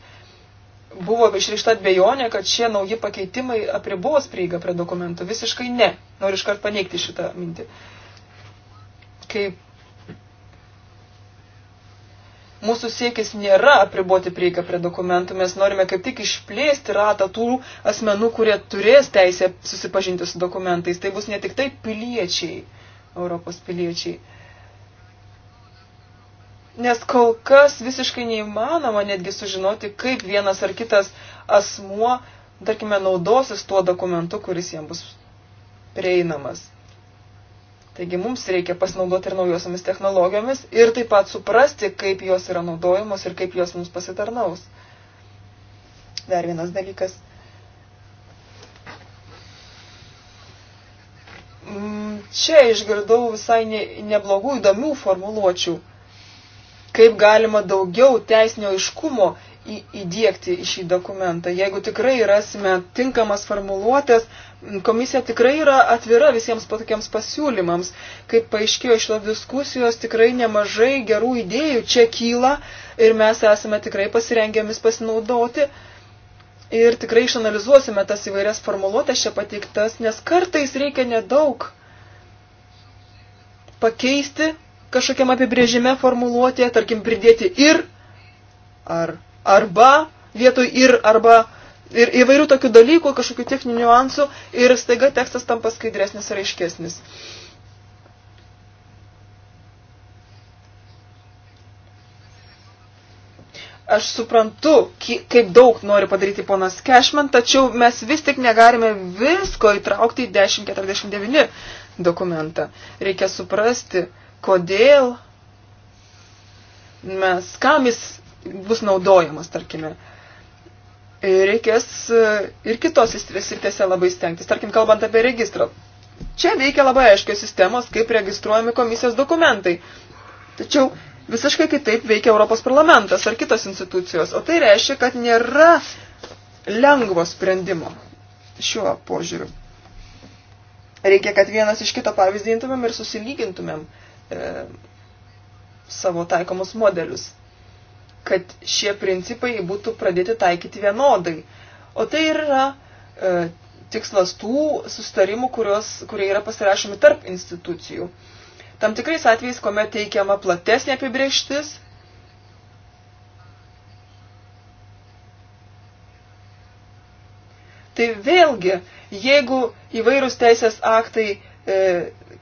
buvo išrišta dviejonė, kad šie nauji pakeitimai apribos prieigą prie dokumentų. Visiškai ne. Noriu iškart paneigti šitą mintį. Kaip mūsų siekis nėra apriboti prieigą prie dokumentų, mes norime kaip tik išplėsti ratą tų asmenų, kurie turės teisę susipažinti su dokumentais. Tai bus ne tik tai piliečiai, Europos piliečiai. Nes kol kas visiškai neįmanoma netgi sužinoti, kaip vienas ar kitas asmuo, tarkime, naudosis tuo dokumentu, kuris jam bus prieinamas. Taigi mums reikia pasinaudoti ir naujosiamis technologijomis ir taip pat suprasti, kaip jos yra naudojamos ir kaip jos mums pasitarnaus. Dar vienas dalykas. Mm, čia išgirdau visai ne, neblogų įdomių formuluočių kaip galima daugiau teisinio iškumo į, įdėkti į šį dokumentą. Jeigu tikrai rasime tinkamas formuluotės, komisija tikrai yra atvira visiems patokiems pasiūlymams. Kaip paaiškėjo iš tos diskusijos, tikrai nemažai gerų idėjų čia kyla ir mes esame tikrai pasirengėmis pasinaudoti. Ir tikrai išanalizuosime tas įvairias formuluotės čia pateiktas, nes kartais reikia nedaug pakeisti kažkokiam apibrėžime formuluotėje, tarkim, pridėti ir, ar, arba, vietoj ir, arba, ir įvairių tokių dalykų, kažkokių techninių niuansų, ir staiga tekstas tampa skaidresnis ar aiškesnis. aš suprantu, kaip daug nori padaryti ponas Cashman, tačiau mes vis tik negalime visko įtraukti į 1049 dokumentą. Reikia suprasti, kodėl mes, kam jis bus naudojamas, tarkime. Ir reikės e, ir kitos sritėse labai stengtis. Tarkim, kalbant apie registrą. Čia veikia labai aiškios sistemos, kaip registruojami komisijos dokumentai. Tačiau visiškai kitaip veikia Europos parlamentas ar kitos institucijos. O tai reiškia, kad nėra lengvo sprendimo šiuo požiūriu. Reikia, kad vienas iš kito pavyzdį imtumėm ir susilygintumėm. Uh, e, savo taikomus modelius, kad šie principai būtų pradėti taikyti vienodai. O tai ir yra e, tikslas tų sustarimų, kurios, kurie yra pasirašomi tarp institucijų. Tam tikrais atvejais, kuomet teikiama platesnė apibrieštis, tai vėlgi, jeigu įvairūs teisės aktai e,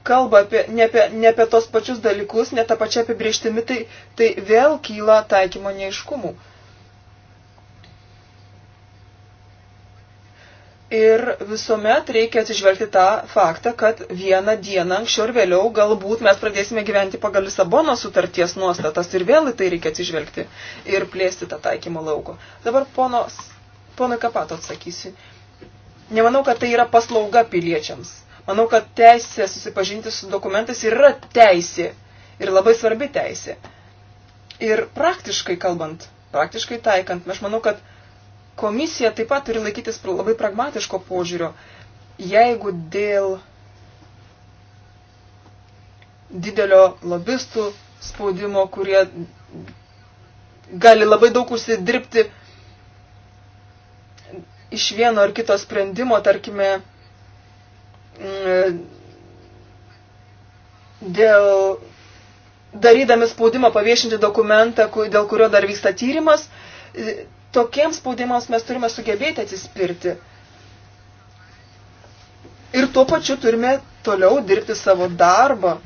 kalba apie, ne, apie, ne apie tos pačius dalykus, ne tą pačią apibrieštimi, tai, tai vėl kyla taikymo neiškumų. Ir visuomet reikia atsižvelgti tą faktą, kad vieną dieną anksčiau ir vėliau galbūt mes pradėsime gyventi pagal Lisabono sutarties nuostatas ir vėl į tai reikia atsižvelgti ir plėsti tą taikymo lauko. Dabar ponos, ponui Kapato atsakysiu. Nemanau, kad tai yra paslauga piliečiams. Manau, kad teisė susipažinti su dokumentais yra teisė ir labai svarbi teisė. Ir praktiškai kalbant, praktiškai taikant, aš manau, kad komisija taip pat turi laikytis labai pragmatiško požiūrio. Jeigu dėl didelio lobistų spaudimo, kurie gali labai daug užsidirbti iš vieno ar kito sprendimo, tarkime, Mm, e, dėl darydami spaudimą paviešinti dokumentą, dėl kurio dar vyksta tyrimas, e, tokiems spaudimams mes turime sugebėti atsispirti. Ir tuo pačiu turime toliau dirbti savo darbą.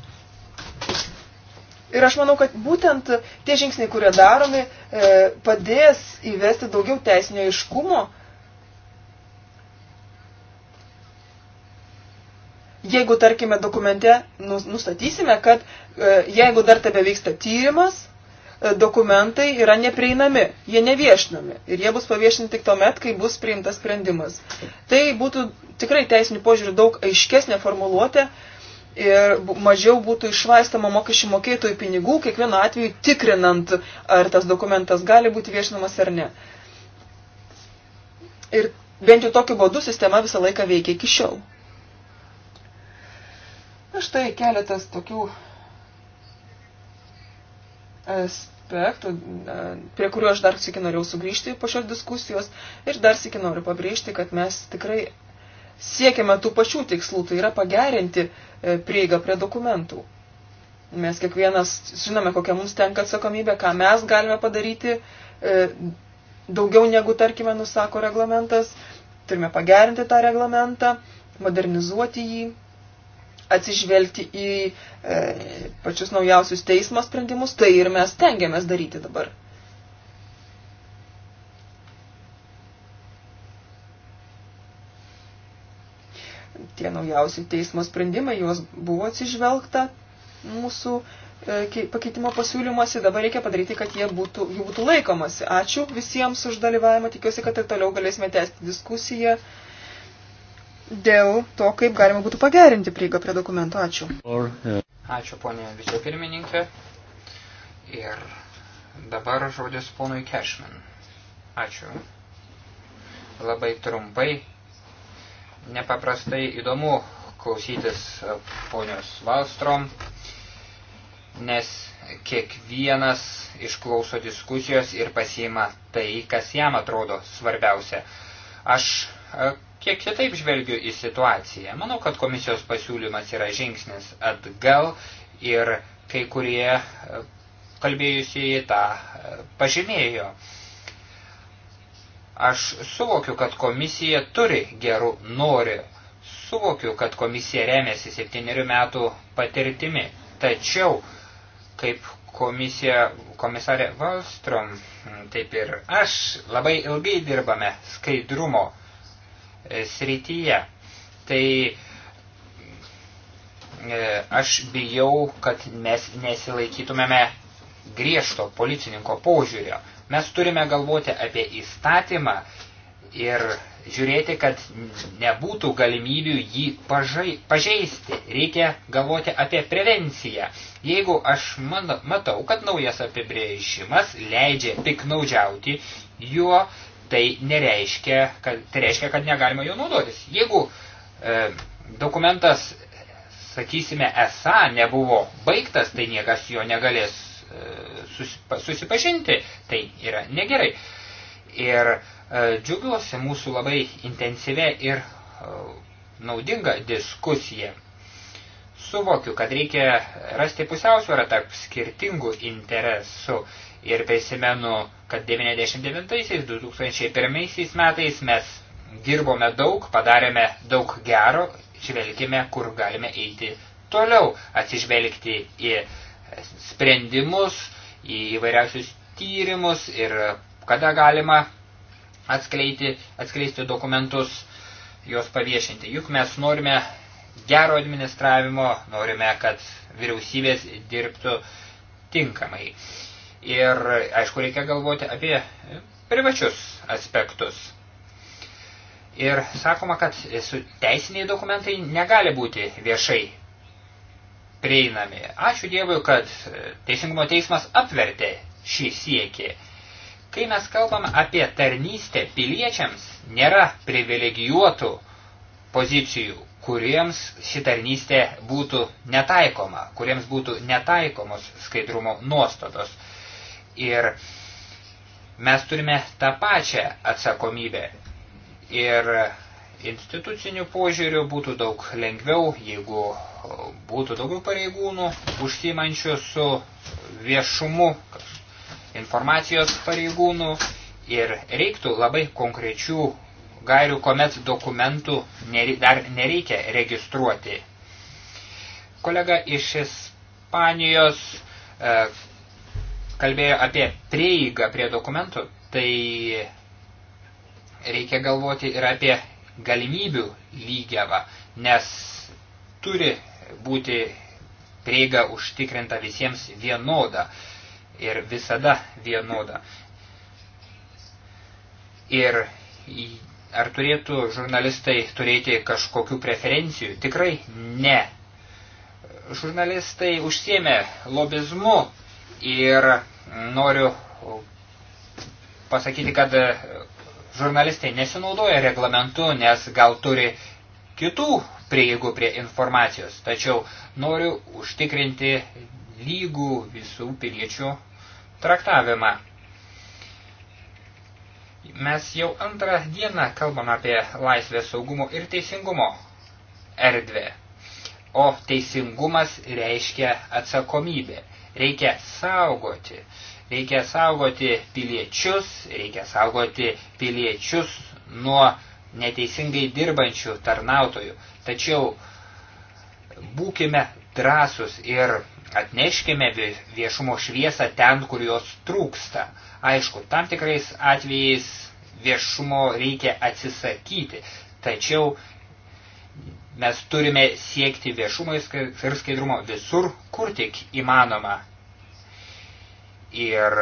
Ir aš manau, kad būtent tie žingsniai, kurie daromi, e, padės įvesti daugiau teisinio iškumo jeigu, tarkime, dokumente nu, nustatysime, kad e, jeigu dar tebe vyksta tyrimas, e, dokumentai yra neprieinami, jie neviešinami ir jie bus paviešinti tik tuomet, kai bus priimtas sprendimas. Tai būtų tikrai teisinių požiūrių daug aiškesnė formuluotė ir mažiau būtų išvaistama mokesčių mokėtojų pinigų, kiekvienu atveju tikrinant, ar tas dokumentas gali būti viešinamas ar ne. Ir bent jau tokiu būdu sistema visą laiką veikia iki šiol. Aš tai keletas tokių aspektų, prie kurių aš dar sėki norėjau sugrįžti po šios diskusijos ir dar sėki noriu pabrėžti, kad mes tikrai siekiame tų pačių tikslų, tai yra pagerinti e, prieigą prie dokumentų. Mes kiekvienas žinome, kokia mums tenka atsakomybė, ką mes galime padaryti e, daugiau negu, tarkime, nusako reglamentas. Turime pagerinti tą reglamentą, modernizuoti jį, atsižvelgti į e, pačius naujausius teismo sprendimus, tai ir mes tengiamės daryti dabar. Tie naujausi teismo sprendimai, juos buvo atsižvelgta mūsų e, pakeitimo pasiūlymuose, dabar reikia padaryti, kad jie būtų, jų būtų laikomasi. Ačiū visiems už dalyvavimą, tikiuosi, kad ir toliau galėsime tęsti diskusiją dėl to, kaip galima būtų pagerinti prieigą prie dokumentų. Ačiū.
Uh,
Ačiū, ponė vicepirmininkė. Ir dabar žodis ponui Cashman. Ačiū. Labai trumpai. Nepaprastai įdomu klausytis ponios Valstrom, nes kiekvienas išklauso diskusijos ir pasiima tai, kas jam atrodo svarbiausia. Aš kiek kitaip žvelgiu į situaciją. Manau, kad komisijos pasiūlymas yra žingsnis atgal ir kai kurie e, kalbėjusieji tą e, pažymėjo. Aš suvokiu, kad komisija turi gerų nori. Suvokiu, kad komisija remiasi septyniarių metų patirtimi. Tačiau, kaip komisija, komisarė Valstrom, taip ir aš labai ilgai dirbame skaidrumo srityje. Tai e, aš bijau, kad mes nesilaikytumėme griežto policininko požiūrio. Mes turime galvoti apie įstatymą ir žiūrėti, kad nebūtų galimybių jį pažai, pažeisti. Reikia galvoti apie prevenciją. Jeigu aš man, matau, kad naujas apibrėžimas leidžia piknaudžiauti juo, tai nereiškia, kad, tai reiškia, kad negalima jo naudotis. Jeigu e, dokumentas, sakysime, esą nebuvo baigtas, tai niekas jo negalės e, susipa, susipažinti. Tai yra negerai. Ir e, džiugiuosi mūsų labai intensyvė ir e, naudinga diskusija. Suvokiu, kad reikia rasti pusiausvyrą tarp skirtingų interesų Ir prisimenu, kad 99-2001 metais mes dirbome daug, padarėme daug gero, žvelgime, kur galime eiti toliau, atsižvelgti į sprendimus, į įvairiausius tyrimus ir kada galima atskleiti, atskleisti dokumentus, juos paviešinti. Juk mes norime gero administravimo, norime, kad vyriausybės dirbtų tinkamai. Ir aišku, reikia galvoti apie privačius aspektus. Ir sakoma, kad teisiniai dokumentai negali būti viešai prieinami. Ačiū Dievui, kad Teisingumo teismas apvertė šį siekį. Kai mes kalbam apie tarnystę piliečiams, nėra privilegijuotų pozicijų, kuriems ši tarnystė būtų netaikoma, kuriems būtų netaikomos skaidrumo nuostatos. Ir mes turime tą pačią atsakomybę. Ir institucinių požiūrių būtų daug lengviau, jeigu būtų daugiau pareigūnų užsimančių su viešumu informacijos pareigūnų ir reiktų labai konkrečių gairių, kuomet dokumentų dar nereikia registruoti. Kolega iš Ispanijos e, kalbėjo apie prieigą prie dokumentų, tai reikia galvoti ir apie galimybių lygiavą, nes turi būti prieiga užtikrinta visiems vienoda ir visada vienoda. Ir ar turėtų žurnalistai turėti kažkokių preferencijų? Tikrai ne. Žurnalistai užsiemė lobizmu Ir noriu pasakyti, kad žurnalistai nesinaudoja reglamentu, nes gal turi kitų prieigų prie informacijos. Tačiau noriu užtikrinti lygų visų piliečių traktavimą. Mes jau antrą dieną kalbam apie laisvę saugumo ir teisingumo erdvę. O teisingumas reiškia atsakomybė reikia saugoti. Reikia saugoti piliečius, reikia saugoti piliečius nuo neteisingai dirbančių tarnautojų. Tačiau būkime drąsus ir atneškime viešumo šviesą ten, kur jos trūksta. Aišku, tam tikrais atvejais viešumo reikia atsisakyti, tačiau Mes turime siekti viešumo ir skaidrumo visur, kur tik įmanoma. Ir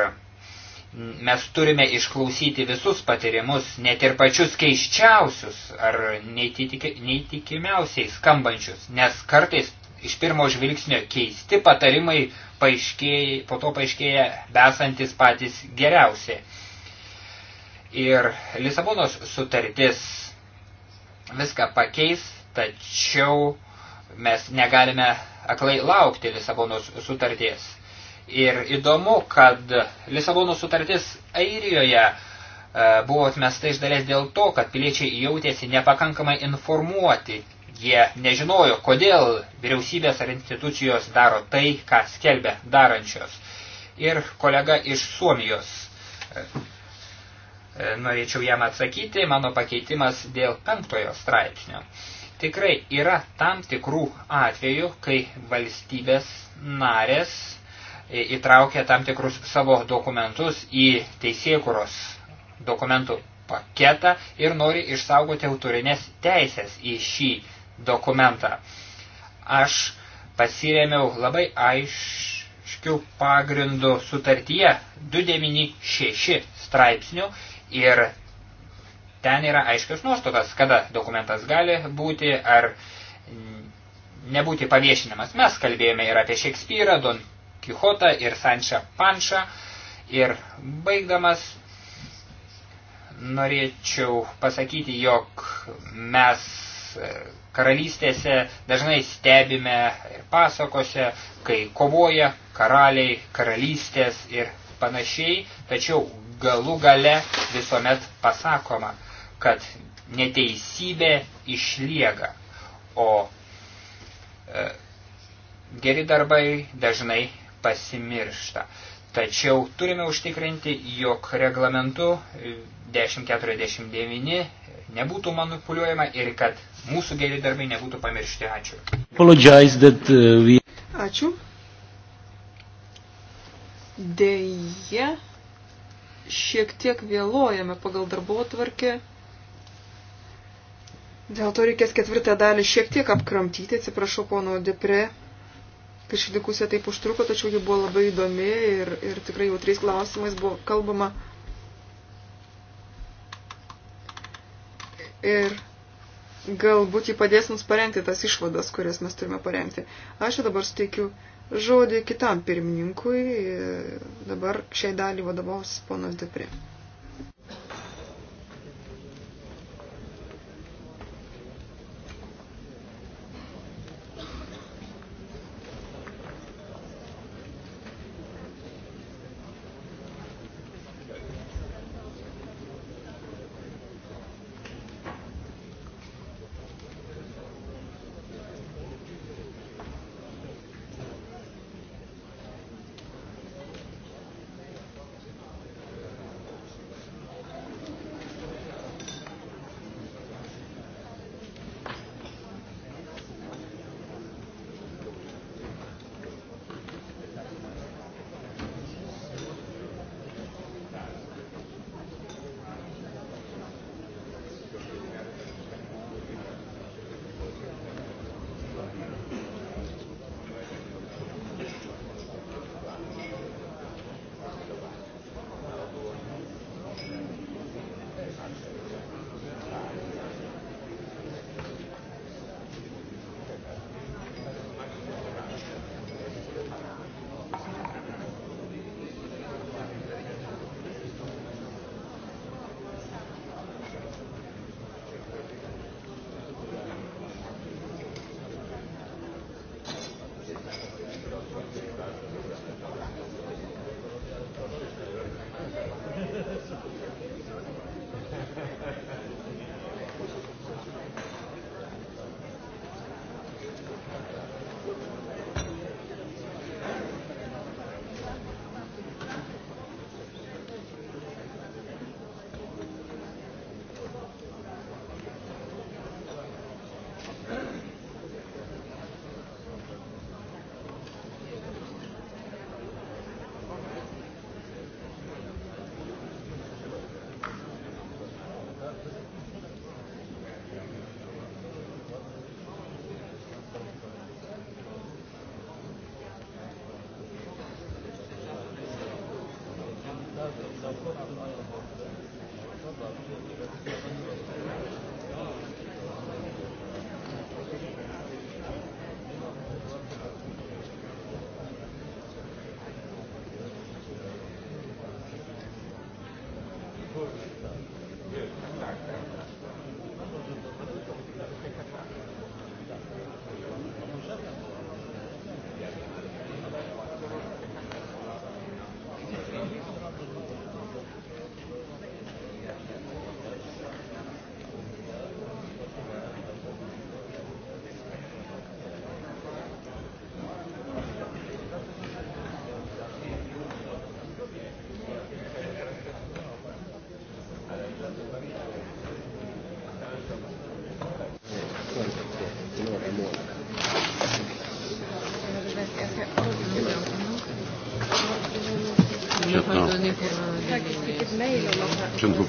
mes turime išklausyti visus patirimus, net ir pačius keiščiausius ar neįtikimiausiai skambančius, nes kartais iš pirmo žvilgsnio keisti patarimai paaiškėja, po to paaiškėja besantis patys geriausi. Ir Lisabonos sutartis viską pakeis, tačiau mes negalime aklai laukti Lisabonos sutarties. Ir įdomu, kad Lisabonos sutartis Airijoje e, buvo atmesta iš dalies dėl to, kad piliečiai jautėsi nepakankamai informuoti. Jie nežinojo, kodėl vyriausybės ar institucijos daro tai, ką skelbia darančios. Ir kolega iš Suomijos, e, e, norėčiau jam atsakyti, mano pakeitimas dėl penktojo straipsnio. Tikrai yra tam tikrų atvejų, kai valstybės narės e, įtraukia tam tikrus savo dokumentus į teisėkuros dokumentų paketą ir nori išsaugoti autorinės teisės į šį dokumentą. Aš pasiremiau labai aiškių pagrindų sutartyje 296 straipsnių ir ten yra aiškios nuostatas, kada dokumentas gali būti ar nebūti paviešinamas. Mes kalbėjome ir apie Šekspyrą, Don Kichotą ir Sančią Panšą. Ir baigdamas norėčiau pasakyti, jog mes e, karalystėse dažnai stebime ir pasakose, kai kovoja karaliai, karalystės ir panašiai, tačiau galų gale visuomet pasakoma – kad neteisybė išlieka, o e, geri darbai dažnai pasimiršta. Tačiau turime užtikrinti, jog reglamentu 1049 nebūtų manipuliuojama ir kad mūsų geri darbai nebūtų pamiršti. Ačiū.
Uh,
Ačiū. Deja, šiek tiek vėluojame pagal darbo tvarkę. Dėl to reikės ketvirtą dalį šiek tiek apkramtyti, atsiprašau pono Depre, kad ši diskusija taip užtruko, tačiau ji buvo labai įdomi ir, ir tikrai jautriais klausimais buvo kalbama. Ir galbūt ji padės mums parengti tas išvadas, kurias mes turime parengti. Aš jau dabar suteikiu žodį kitam pirmininkui, dabar šiai dalį vadovaus ponas Depre.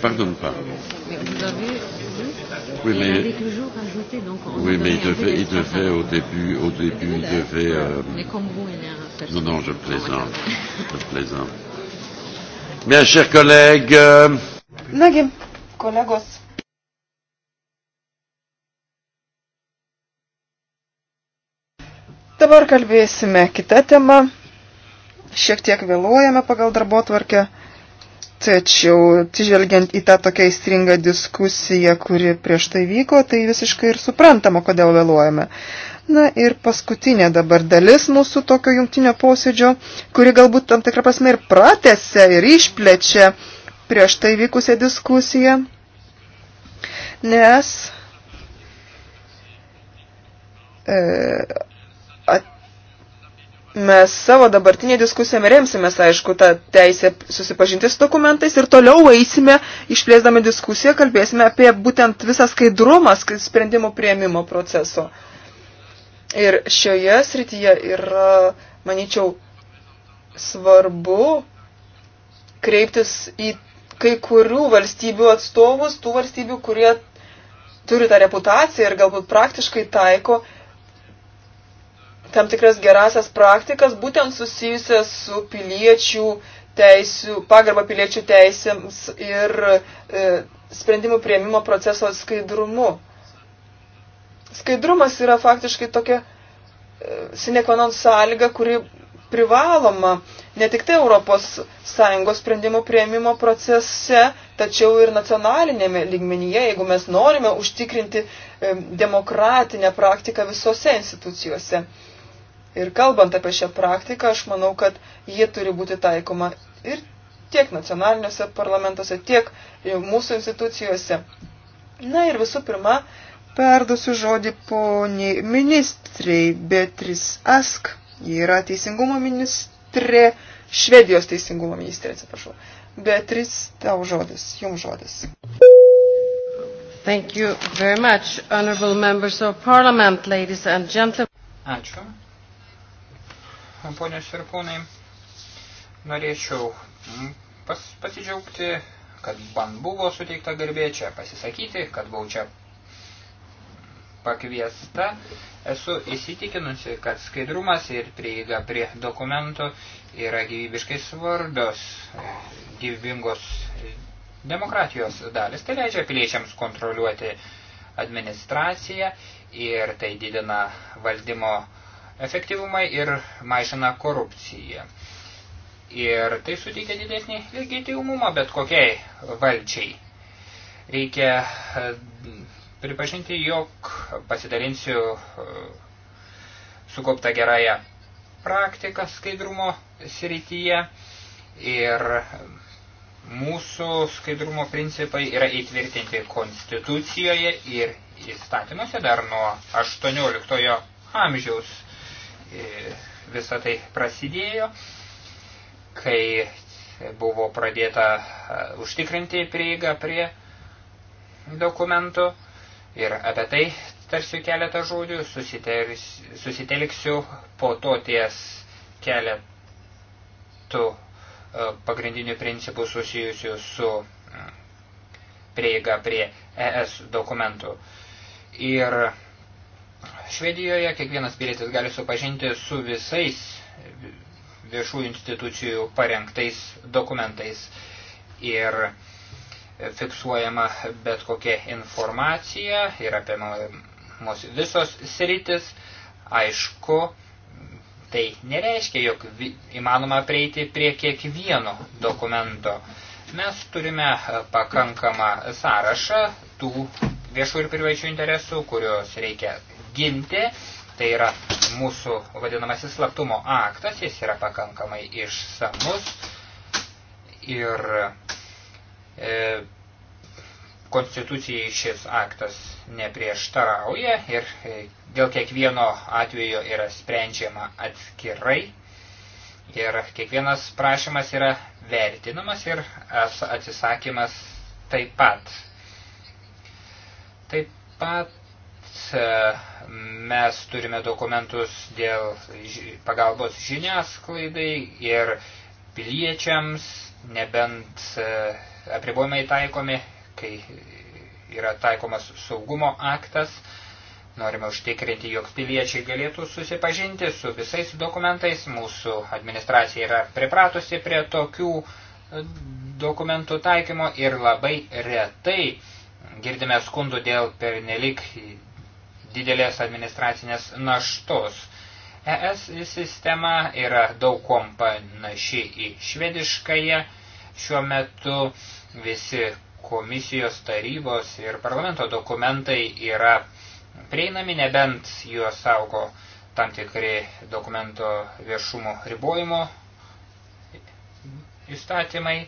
pardonne pas. Mais vous avez vu oui, mais, avait toujours ajouté, donc on oui, mais il devait, il devait au début, au début, il devait. Euh... Mais comme vous, il Non, non, je
plaisante, euh, je plaisante. Bien, chers collègues. Euh... Nagi, kolegos. Dabar kalbėsime kitą temą. Šiek tiek vėluojame pagal darbo tvarkę. Tačiau, atsižvelgiant į tą tokią įstringą diskusiją, kuri prieš tai vyko, tai visiškai ir suprantama, kodėl vėluojame. Na ir paskutinė dabar dalis mūsų tokio jungtinio posėdžio, kuri galbūt tam tikrą prasme ir pratėse ir išplečia prieš tai vykusią diskusiją, nes e, mes savo dabartinė diskusija remsimės, aišku, tą teisę susipažinti su dokumentais ir toliau eisime, išplėsdami diskusiją, kalbėsime apie būtent visą skaidrumą sprendimų prieimimo proceso. Ir šioje srityje yra, manyčiau, svarbu kreiptis į kai kurių valstybių atstovus, tų valstybių, kurie turi tą reputaciją ir galbūt praktiškai taiko tam tikras gerasias praktikas, būtent susijusias su piliečių teisių, pagarba piliečių teisėms ir e, sprendimų prieimimo proceso skaidrumu. Skaidrumas yra faktiškai tokia e, sinekonon sąlyga, kuri privaloma ne tik tai Europos Sąjungos sprendimų prieimimo procese, tačiau ir nacionalinėme lygmenyje, jeigu mes norime užtikrinti e, demokratinę praktiką visose institucijose. Ir kalbant apie šią praktiką, aš manau, kad jie turi būti taikoma ir tiek nacionaliniuose parlamentuose, tiek mūsų institucijose. Na ir visų pirma, perdusiu žodį poniai ministrei Beatrice Ask. Ji yra teisingumo ministrė, Švedijos teisingumo ministrė, atsiprašau. Beatrice, tau žodis, jums žodis. Thank you very much, honorable members of parliament,
ladies and gentlemen. Ačiū, ponios ir ponai. Norėčiau pas, pasidžiaugti, kad man buvo suteikta garbė čia pasisakyti, kad buvau čia pakviesta. Esu įsitikinusi, kad skaidrumas ir prieiga prie dokumentų yra gyvybiškai svarbios e, gyvybingos demokratijos dalis. Tai leidžia piliečiams kontroliuoti administraciją ir tai didina valdymo efektyvumą ir mažina korupciją. Ir tai suteikia didesnį legitimumą bet kokiai valdžiai. Reikia e, pripažinti, jog pasidalinsiu e, sukauptą gerąją praktiką skaidrumo srityje ir mūsų skaidrumo principai yra įtvirtinti konstitucijoje ir įstatymuose dar nuo 18 amžiaus. E, visą tai prasidėjo, kai buvo pradėta e, užtikrinti prieigą prie dokumentų ir apie tai tarsiu keletą žodžių, susitelksiu po to ties keletų e, pagrindinių principų susijusių su prieiga prie ES dokumentų. Ir Švedijoje kiekvienas pilietis gali supažinti su visais viešų institucijų parengtais dokumentais ir fiksuojama bet kokia informacija ir apimamos visos sritis. Aišku, tai nereiškia, jog įmanoma prieiti prie kiekvieno dokumento. Mes turime pakankamą sąrašą tų viešų ir privačių interesų, kurios reikia ginti. Tai yra mūsų vadinamasis slaptumo aktas, jis yra pakankamai išsamus ir e, konstitucijai šis aktas neprieštarauja ir e, dėl kiekvieno atvejo yra sprendžiama atskirai ir kiekvienas prašymas yra vertinamas ir atsisakymas taip pat. Taip pat mes turime dokumentus dėl pagalbos žiniasklaidai ir piliečiams, nebent e, apribojimai taikomi, kai yra taikomas saugumo aktas. Norime užtikrinti, jog piliečiai galėtų susipažinti su visais dokumentais. Mūsų administracija yra pripratusi prie tokių e, dokumentų taikymo ir labai retai girdime skundų dėl pernelik didelės administracinės naštos. ES sistema yra daug kom panaši į švediškąją. Šiuo metu visi komisijos tarybos ir parlamento dokumentai yra prieinami, nebent juos saugo tam tikri dokumento viešumo ribojimo įstatymai.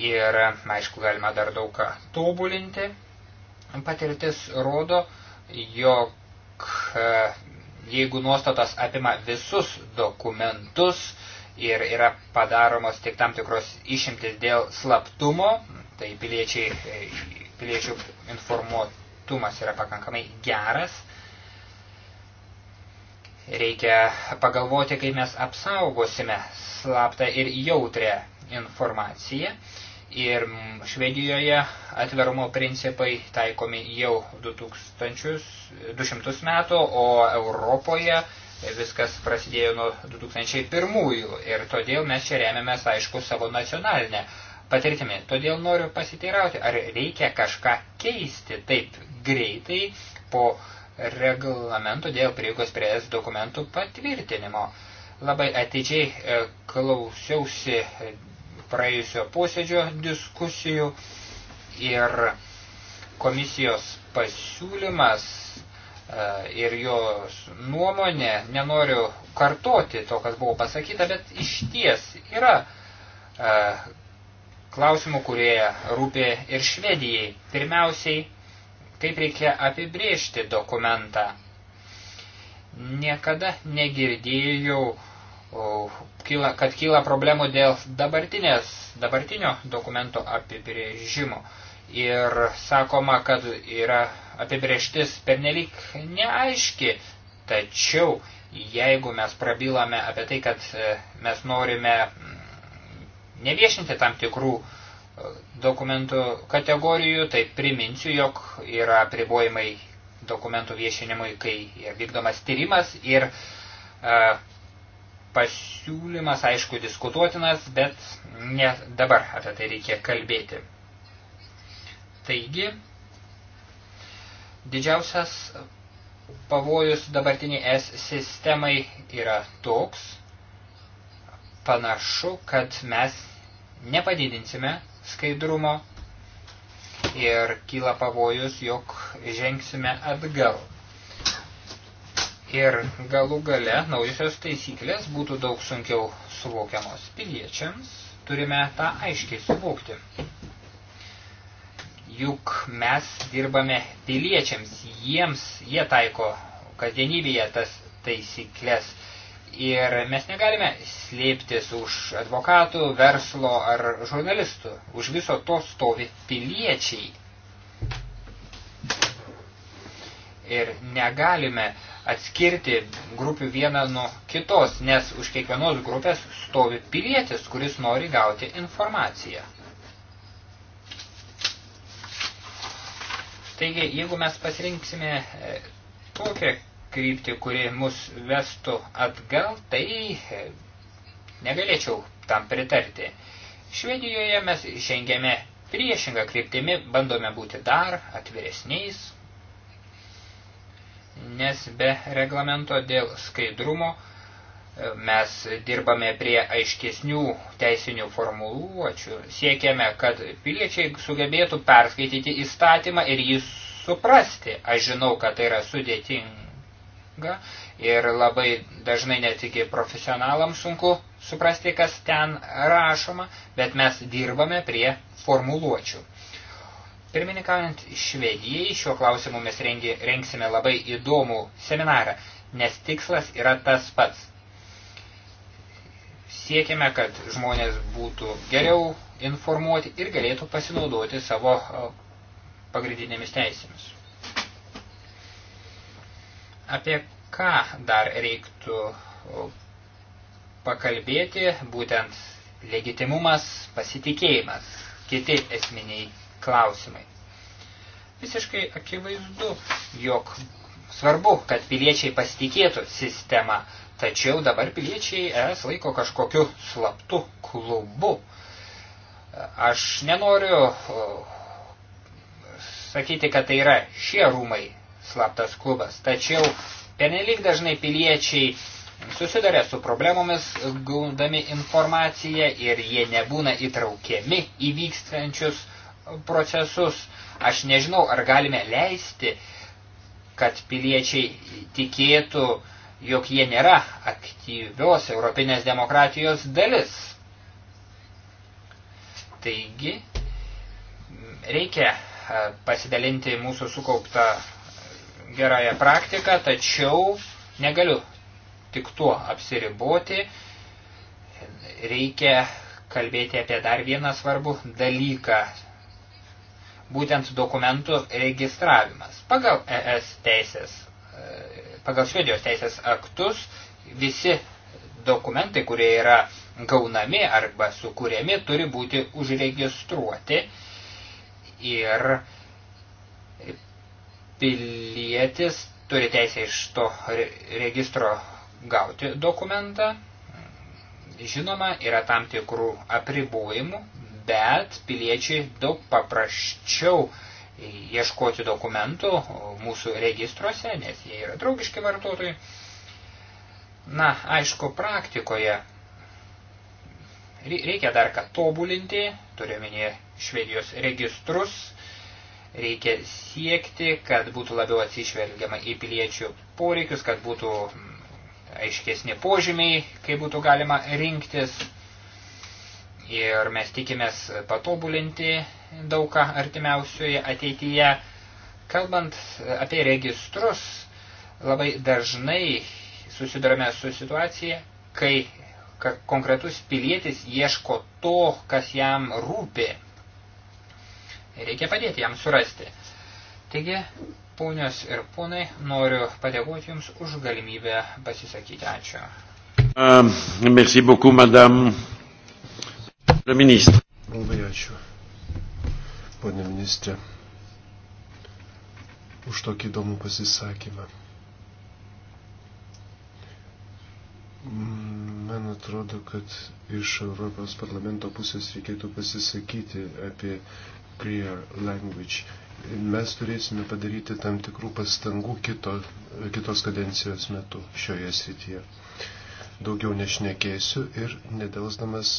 Ir, aišku, galima dar daug ką tobulinti. Patirtis rodo, jog e, jeigu nuostatas apima visus dokumentus ir yra padaromos tik tam tikros išimtis dėl slaptumo, tai piliečiai, e, piliečių informuotumas yra pakankamai geras. Reikia pagalvoti, kaip mes apsaugosime slaptą ir jautrę informaciją ir mm, Švedijoje atverumo principai taikomi jau 2000, 200 metų, o Europoje viskas prasidėjo nuo 2001 ir todėl mes čia remiamės, aišku, savo nacionalinę patirtimį. Todėl noriu pasiteirauti, ar reikia kažką keisti taip greitai po reglamento dėl prieigos prie S dokumentų patvirtinimo. Labai atidžiai e, klausiausi praėjusio posėdžio diskusijų ir komisijos pasiūlymas e, ir jos nuomonė, nenoriu kartoti to, kas buvo pasakyta, bet iš ties yra e, klausimų, kurie rūpė ir Švedijai. Pirmiausiai, kaip reikia apibriežti dokumentą. Niekada negirdėjau uh, kyla, kad kyla problemų dėl dabartinės, dabartinio dokumento apibrėžimo. Ir sakoma, kad yra apibrėžtis pernelyg neaiški, tačiau jeigu mes prabilame apie tai, kad e, mes norime mm, neviešinti tam tikrų e, dokumentų kategorijų, tai priminsiu, jog yra pribojimai dokumentų viešinimui, kai vykdomas tyrimas ir uh, pasiūlymas, aišku, diskutuotinas, bet ne dabar apie tai reikia kalbėti. Taigi, didžiausias pavojus dabartiniai S sistemai yra toks, panašu, kad mes nepadidinsime skaidrumo ir kyla pavojus, jog žengsime atgal ir galų gale naujosios taisyklės būtų daug sunkiau suvokiamos piliečiams, turime tą aiškiai suvokti. Juk mes dirbame piliečiams, jiems jie taiko kasdienybėje tas taisyklės. Ir mes negalime slėptis už advokatų, verslo ar žurnalistų. Už viso to stovi piliečiai. Ir negalime uh, atskirti grupių vieną nuo kitos, nes už kiekvienos grupės stovi pilietis, kuris nori gauti informaciją. Taigi, jeigu mes pasirinksime e, tokią kryptį, kuri mus vestų atgal, tai e, negalėčiau tam pritarti. Švedijoje mes žengėme priešingą kryptimi, bandome būti dar atviresniais, nes be reglamento dėl skaidrumo e, mes dirbame prie aiškesnių teisinių formuluočių, siekiame, kad piliečiai sugebėtų perskaityti įstatymą ir jį suprasti. Aš žinau, kad tai yra sudėtinga ir labai dažnai net iki profesionalams sunku suprasti, kas ten rašoma, bet mes dirbame prie formuluočių. Pirmininkaujant Švedijai šiuo klausimu mes rengi, rengsime labai įdomų seminarą, nes tikslas yra tas pats. Siekime, kad žmonės būtų geriau informuoti ir galėtų pasinaudoti savo pagrindinėmis teisėmis. Apie ką dar reiktų pakalbėti, būtent legitimumas, pasitikėjimas, kiti esminiai klausimai. Visiškai akivaizdu, jog svarbu, kad piliečiai pasitikėtų sistemą, tačiau dabar piliečiai es laiko kažkokiu slaptu klubu. Aš nenoriu uh, sakyti, kad tai yra šie rūmai slaptas klubas, tačiau pernelyg dažnai piliečiai susidarė su problemomis gaudami informaciją ir jie nebūna įtraukiami į vykstančius procesus. Aš nežinau, ar galime leisti, kad piliečiai tikėtų, jog jie nėra aktyvios europinės demokratijos dalis. Taigi, reikia e, pasidalinti mūsų sukauptą gerąją praktiką, tačiau negaliu tik tuo apsiriboti. Reikia kalbėti apie dar vieną svarbų dalyką būtent dokumentų registravimas. Pagal ES teisės, e, pagal Švedijos teisės aktus visi dokumentai, kurie yra gaunami arba sukūrėmi, turi būti užregistruoti ir pilietis turi teisę iš to registro gauti dokumentą. Žinoma, yra tam tikrų apribojimų, bet piliečiai daug paprasčiau ieškoti dokumentų mūsų registruose, nes jie yra draugiški vartotojai. Na, aišku, praktikoje reikia dar ką tobulinti, turiuomenė Švedijos registrus, reikia siekti, kad būtų labiau atsižvelgiama į piliečių poreikius, kad būtų mm, aiškesni požymiai, kai būtų galima rinktis ir mes tikimės patobulinti daugą artimiausioje ateityje. Kalbant apie registrus, labai dažnai susidurame su situacija, kai konkretus pilietis ieško to, kas jam rūpi. Reikia padėti jam surasti. Taigi, ponios ir ponai, noriu padėkoti Jums už galimybę pasisakyti. Ačiū.
Uh, merci beaucoup, madame. Ministrė. Labai ačiū, ponė ministrė, už tokį įdomų pasisakymą. Man atrodo, kad iš Europos parlamento pusės reikėtų pasisakyti apie clear language. Mes turėsime padaryti tam tikrų pastangų kito, kitos kadencijos metu šioje srityje. Daugiau nešnekėsiu ir nedelsdamas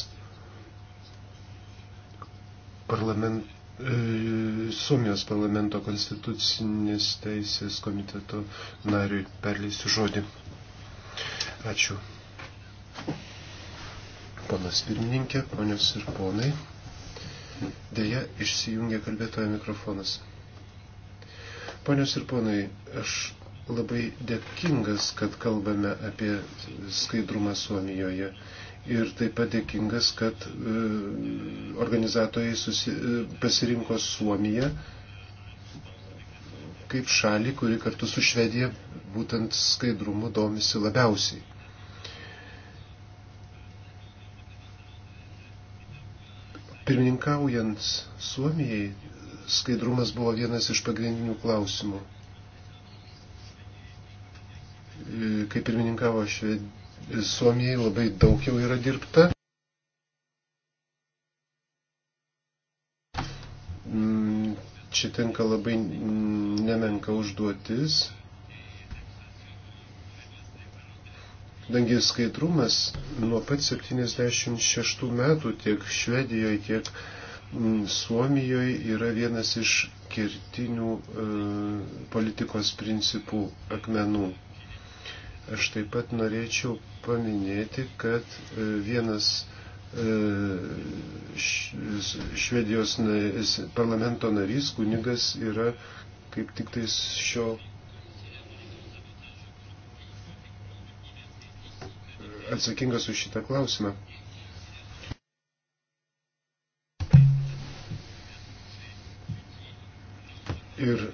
parlament, e, Suomijos parlamento konstitucinės teisės komiteto nariui perleisiu žodį. Ačiū. Panas pirmininkė, ponios ir ponai. Deja, išsijungia kalbėtojo mikrofonas. Ponios ir ponai, aš labai dėkingas, kad kalbame apie skaidrumą Suomijoje ir taip pat dėkingas, kad e, organizatoriai susi, e, pasirinko Suomiją kaip šalį, kuri kartu su Švedija būtent skaidrumu domisi labiausiai. Pirmininkaujant Suomijai, skaidrumas buvo vienas iš pagrindinių klausimų. E, kai pirmininkavo Švedija, Suomijai labai daug jau yra dirbta. Mm, čia tenka labai nemenka užduotis, kadangi skaidrumas nuo pat 76 metų tiek Švedijoje, tiek mm, Suomijoje yra vienas iš kertinių e, politikos principų akmenų. Aš taip pat norėčiau paminėti, kad e, vienas e, Švedijos parlamento narys, kunigas, yra kaip tik tais šio atsakingas už šitą klausimą. Ir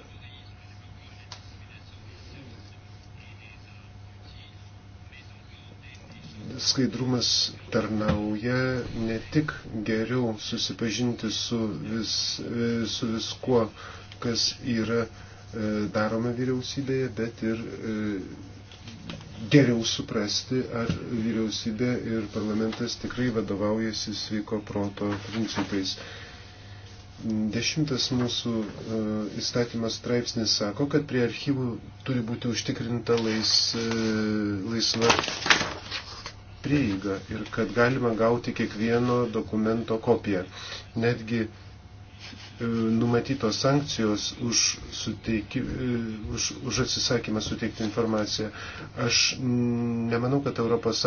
skaidrumas tarnauja ne tik geriau susipažinti su, vis, e, su viskuo, kas yra e, daroma vyriausybėje, bet ir e, geriau suprasti, ar vyriausybė ir parlamentas tikrai vadovaujasi sveiko proto principais. Dešimtas mūsų įstatymas straipsnis sako, kad prie archyvų turi būti užtikrinta lais, laisva prieigą ir kad galima gauti kiekvieno dokumento kopiją. Netgi e, numatytos sankcijos už, suteiki, e, už, už atsisakymą suteikti informaciją. Aš nemanau, kad ES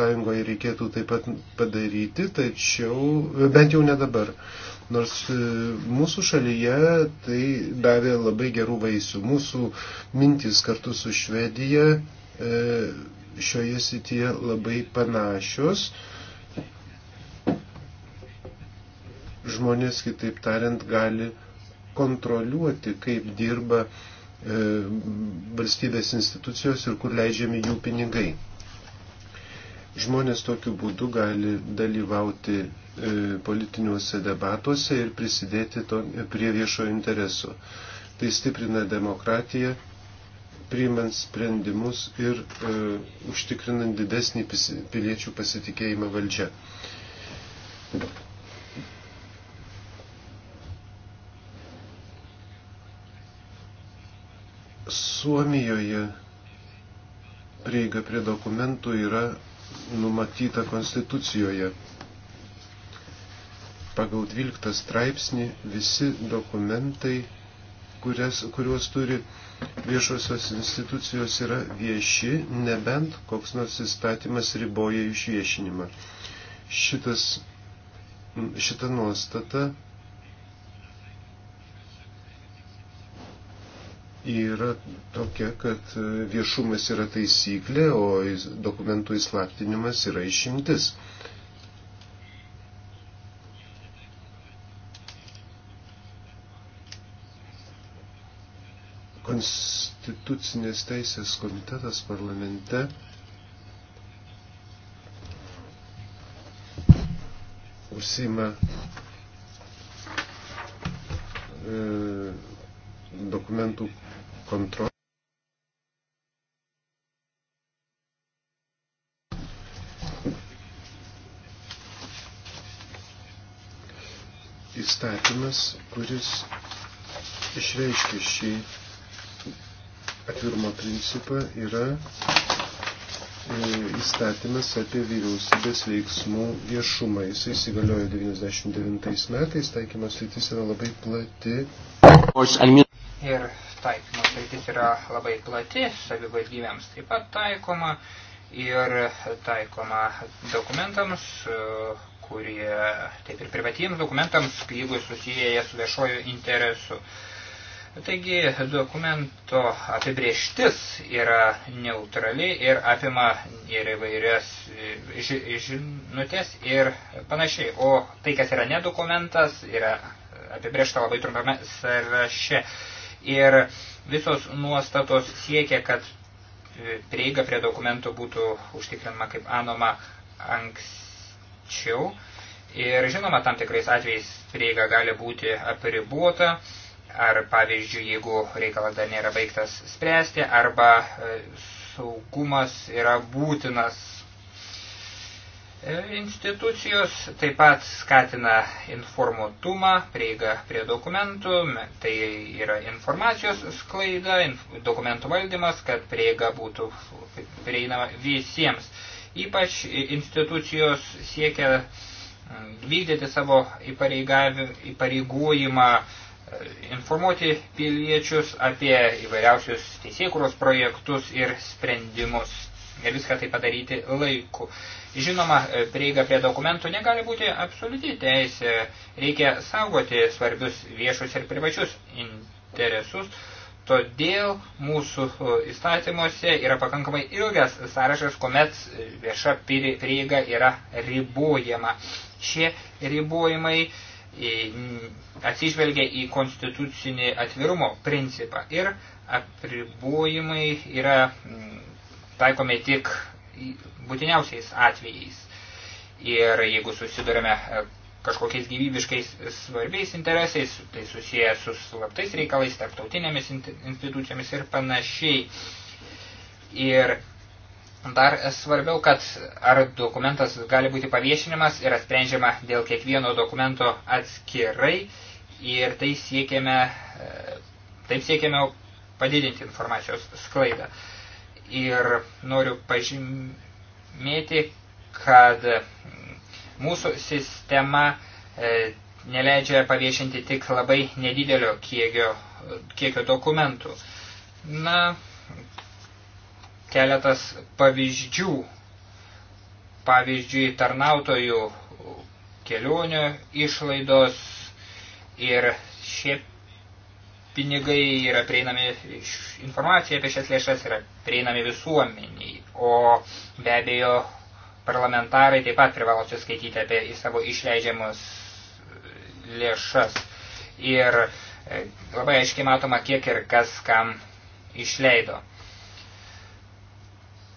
reikėtų taip pat padaryti, tačiau e, bent jau ne dabar. Nors mūsų šalyje tai davė labai gerų vaisių. Mūsų mintis kartu su Švedija e, šioje sityje labai panašios. Žmonės, kitaip tariant, gali kontroliuoti, kaip dirba e, valstybės institucijos ir kur leidžiami jų pinigai. Žmonės tokiu būdu gali dalyvauti e, politiniuose debatuose ir prisidėti to, prie viešojo intereso. Tai stiprina demokratiją priimant sprendimus ir e, užtikrinant didesnį piliečių pasitikėjimą valdžia. Suomijoje prieiga prie dokumentų yra numatyta Konstitucijoje. Pagal 12 straipsnį visi dokumentai kurias, kuriuos turi viešosios institucijos, yra vieši, nebent koks nors įstatymas riboja išviešinimą. Šitas, šita nuostata yra tokia, kad viešumas yra taisyklė, o dokumentų įslaptinimas yra išimtis. Konstitucinės teisės komitetas parlamente užsima e, dokumentų kontrolę. Įstatymas, kuris išreiškia šį atvirumo principą yra e, įstatymas apie vyriausybės veiksmų viešumą. Jis įsigaliojo 99 metais, taikymas rytis yra labai plati.
Ir taikymas rytis yra labai plati, savivaldybėms taip pat taikoma ir taikoma dokumentams, e, kurie, taip ir privatiems dokumentams, jeigu susiję su viešoju interesu. Taigi dokumento apibrieštis yra neutrali ir apima ir įvairias e, žinutės ir panašiai. O tai, kas yra ne dokumentas, yra apibriešta labai trumpame sąraše. Ir visos nuostatos siekia, kad e, prieiga prie dokumentų būtų užtikrinama kaip anoma anksčiau. Ir žinoma, tam tikrais atvejais prieiga gali būti apribuota ar pavyzdžiui, jeigu reikalas dar nėra baigtas spręsti, arba e, saugumas yra būtinas. E, institucijos taip pat skatina informuotumą, prieigą prie dokumentų, tai yra informacijos sklaida, dokumentų valdymas, kad prieiga būtų prieinama visiems. Ypač institucijos siekia vykdyti savo įpareigojimą informuoti piliečius apie įvairiausius teisėkuros projektus ir sprendimus. Ir viską tai padaryti laiku. Žinoma, prieiga prie dokumentų negali būti absoliuti teisė. Reikia saugoti svarbius viešus ir privačius interesus. Todėl mūsų įstatymuose yra pakankamai ilgas sąrašas, kuomet vieša prieiga yra ribojama. Šie ribojimai atsižvelgia į konstitucinį atvirumo principą ir apribojimai yra mm, taikomi tik būtiniausiais atvejais. Ir jeigu susidurime e, kažkokiais gyvybiškais svarbiais interesais, tai susiję su slaptais reikalais, tarptautinėmis institucijomis ir panašiai. Ir Dar svarbiau, kad ar dokumentas gali būti paviešinimas ir sprendžiama dėl kiekvieno dokumento atskirai ir tai siekiame, e, taip siekiame padidinti informacijos sklaidą. Ir noriu pažymėti, kad mūsų sistema e, neleidžia paviešinti tik labai nedidelio kiekio, kiekio dokumentų. Na, keletas pavyzdžių. Pavyzdžiui, tarnautojų kelionių išlaidos ir šie pinigai yra prieinami, informacija apie šias lėšas yra prieinami visuomeniai, o be abejo parlamentarai taip pat privalo atsiskaityti apie į savo išleidžiamus lėšas. Ir e, labai aiškiai matoma, kiek ir kas kam išleido.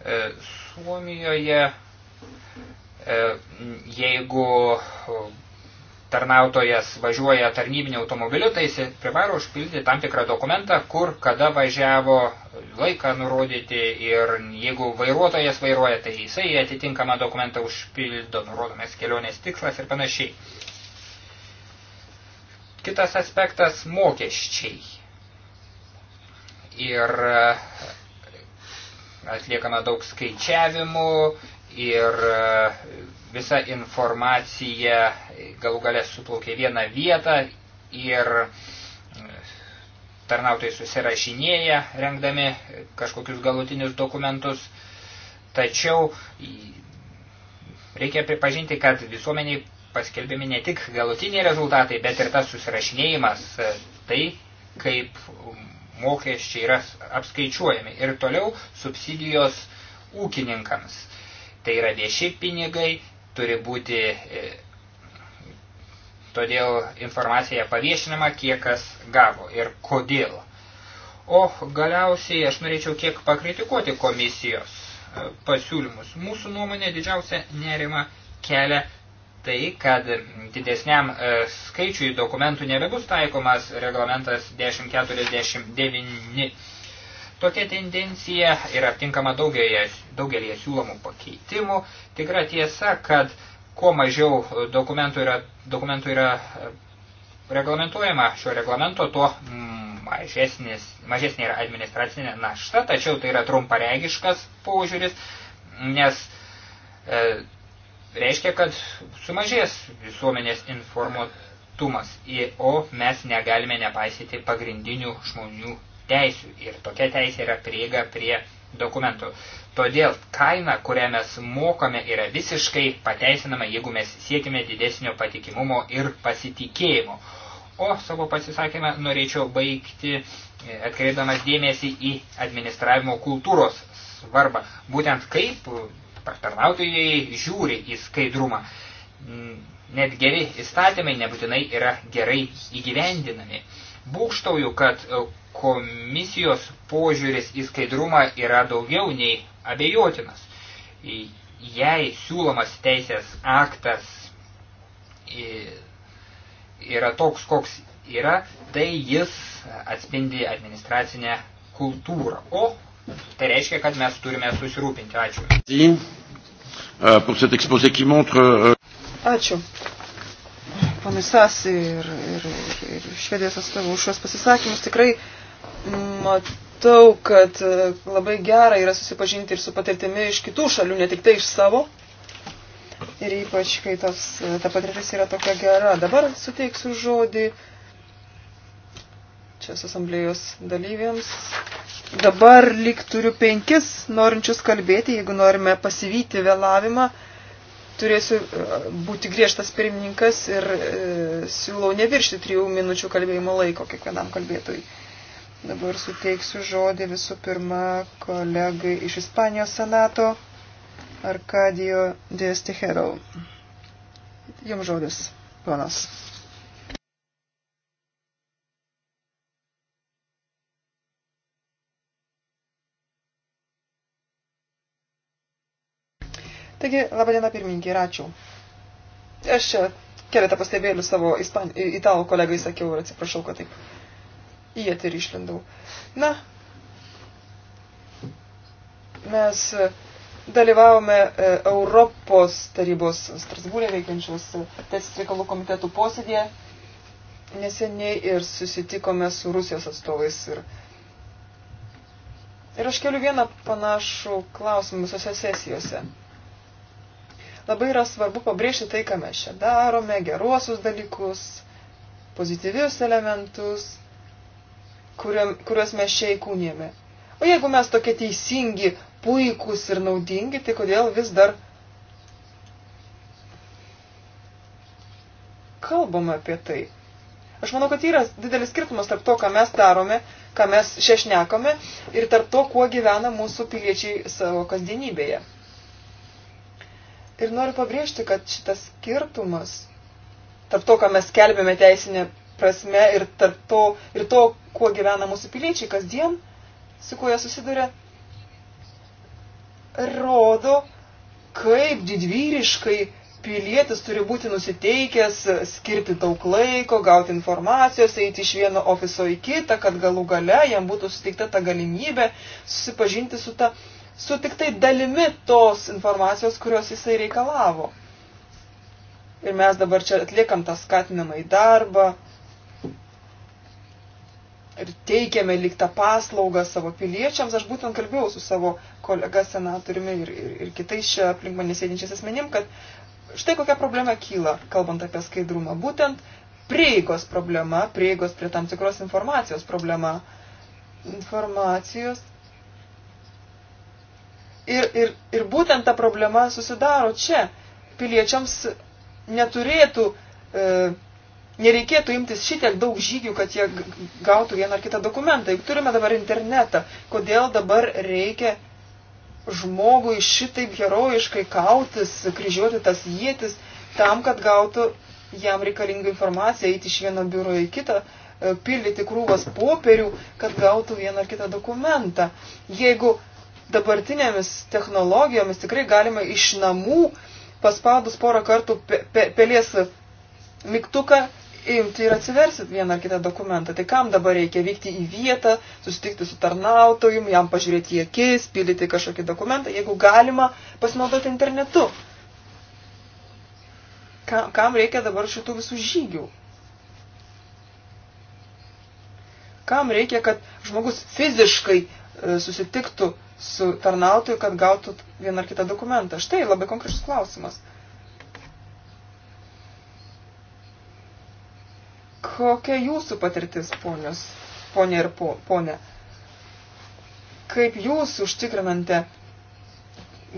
E, Suomijoje, e, jeigu tarnautojas važiuoja tarnybinį automobiliu, tai jis privaro užpildyti tam tikrą dokumentą, kur, kada važiavo, laiką nurodyti ir jeigu vairuotojas vairuoja, tai jisai atitinkamą dokumentą užpildo, nurodomės kelionės tikslas ir panašiai. Kitas aspektas – mokesčiai. Ir atliekama daug skaičiavimų ir e, visa informacija galų galę suplaukė vieną vietą ir e, tarnautai susirašinėja rengdami kažkokius galutinius dokumentus. Tačiau reikia pripažinti, kad visuomeniai paskelbiami ne tik galutiniai rezultatai, bet ir tas susirašinėjimas, e, tai kaip mokesčiai yra apskaičiuojami ir toliau subsidijos ūkininkams. Tai yra vieši pinigai, turi būti e, todėl informacija paviešinama, kiek kas gavo ir kodėl. O galiausiai aš norėčiau kiek pakritikuoti komisijos e, pasiūlymus. Mūsų nuomonė didžiausia nerima kelia tai, kad didesniam e, skaičiui dokumentų nebebus taikomas reglamentas 1049. Tokia tendencija yra aptinkama daugelėje, daugelėje siūlomų pakeitimų. Tikra tiesa, kad kuo mažiau dokumentų yra, dokumentų yra e, reglamentuojama šio reglamento, tuo mm, mažesnė yra administracinė našta, tačiau tai yra trumparegiškas požiūris, nes e, reiškia, kad sumažės visuomenės informuotumas, e o mes negalime nepaisyti pagrindinių žmonių teisių. Ir tokia teisė yra prieiga prie dokumentų. Todėl kaina, kurią mes mokame, yra visiškai pateisinama, jeigu mes siekime didesnio patikimumo ir pasitikėjimo. O savo pasisakymą norėčiau baigti e, atkreipdamas dėmesį į administravimo kultūros svarbą. Būtent kaip ar tarnautojai žiūri į skaidrumą. Mm, net geri įstatymai nebūtinai yra gerai įgyvendinami. Būkštauju, kad e, komisijos požiūris į skaidrumą yra daugiau nei abejotinas. E, jei siūlomas teisės aktas e, yra toks, koks yra, tai jis atspindi administracinę kultūrą. O Tai reiškia, kad mes turime susirūpinti. Ačiū.
E, e,
Ačiū. Ponisas ir, ir, ir švedijos atstovų už šios pasisakymus tikrai matau, kad e, labai gera yra susipažinti ir su patirtimi iš kitų šalių, ne tik tai iš savo. Ir ypač, kai tas, ta patirtis yra tokia gera. Dabar suteiksiu žodį uh, šios asamblėjos dalyviams. Dabar lyg turiu penkis norinčius kalbėti, jeigu norime pasivyti vėlavimą, turėsiu e, būti griežtas pirmininkas ir e, siūlau neviršti trijų minučių kalbėjimo laiko kiekvienam kalbėtojui. Dabar suteiksiu žodį visų pirma kolegai iš Ispanijos senato Arkadijo Destiherov. Jums žodis, ponas. Taigi, labadiena pirmininkė ir ačiū. Aš keletą pastebėlių savo ispan... italų kolegai sakiau ir atsiprašau, kad taip į eterį išlindau. Na, mes dalyvavome e, Europos tarybos Strasbūrė veikiančios Teisės reikalų komitetų posėdėje neseniai ir susitikome su Rusijos atstovais. Ir, ir aš keliu vieną panašų klausimą visose sesijose labai yra svarbu pabrėžti tai, ką mes čia darome, geruosius dalykus, pozityvius elementus, kuriuos mes čia įkūnėme. O jeigu mes tokie teisingi, puikūs ir naudingi, tai kodėl vis dar kalbama apie tai? Aš manau, kad yra didelis skirtumas tarp to, ką mes darome, ką mes šešnekame ir tarp to, kuo gyvena mūsų piliečiai savo kasdienybėje. Ir noriu pabrėžti, kad šitas skirtumas tarp to, ką mes kelbėme teisinė prasme ir tarp to, ir to, kuo gyvena mūsų piliečiai kasdien, su kuo jie susiduria, rodo, kaip didvyriškai pilietis turi būti nusiteikęs skirti daug laiko, gauti informacijos, eiti iš vieno ofiso į kitą, kad galų gale jam būtų suteikta ta galimybė susipažinti su ta su tik tai dalimi tos informacijos, kurios jisai reikalavo. Ir mes dabar čia atliekam tą skatinamą į darbą ir teikiame lyg tą paslaugą savo piliečiams. Aš būtent kalbėjau su savo kolega senatoriumi ir, ir, ir kitais čia aplink mane sėdinčiais asmenim, kad štai kokia problema kyla, kalbant apie skaidrumą. Būtent prieigos problema, prieigos prie tam tikros informacijos problema. Informacijos Ir, ir, ir būtent ta problema susidaro čia. Piliečiams neturėtų, e, nereikėtų imtis šitiek daug žygių, kad jie gautų vieną ar kitą dokumentą. Juk turime dabar internetą. Kodėl dabar reikia žmogui šitaip herojiškai kautis, kryžiuoti tas jėtis, tam, kad gautų jam reikalingą informaciją, eiti iš vieno biuro į kitą, e, pildyti krūvas popierių, kad gautų vieną ar kitą dokumentą. Jeigu dabartinėmis technologijomis tikrai galima iš namų paspaudus porą kartų pe, pe, pelės mygtuką imti ir atsiversit vieną ar kitą dokumentą. Tai kam dabar reikia vykti į vietą, susitikti su tarnautojum, jam pažiūrėti į akis, pildyti kažkokį dokumentą, jeigu galima pasinaudoti internetu. Kam, kam reikia dabar šitų visų žygių? Kam reikia, kad žmogus fiziškai e, susitiktų su tarnautoju, kad gautų vieną ar kitą dokumentą? Štai labai konkretus klausimas. Kokia jūsų patirtis, ponios, ponė ir po, ponė? Kaip jūs užtikrinate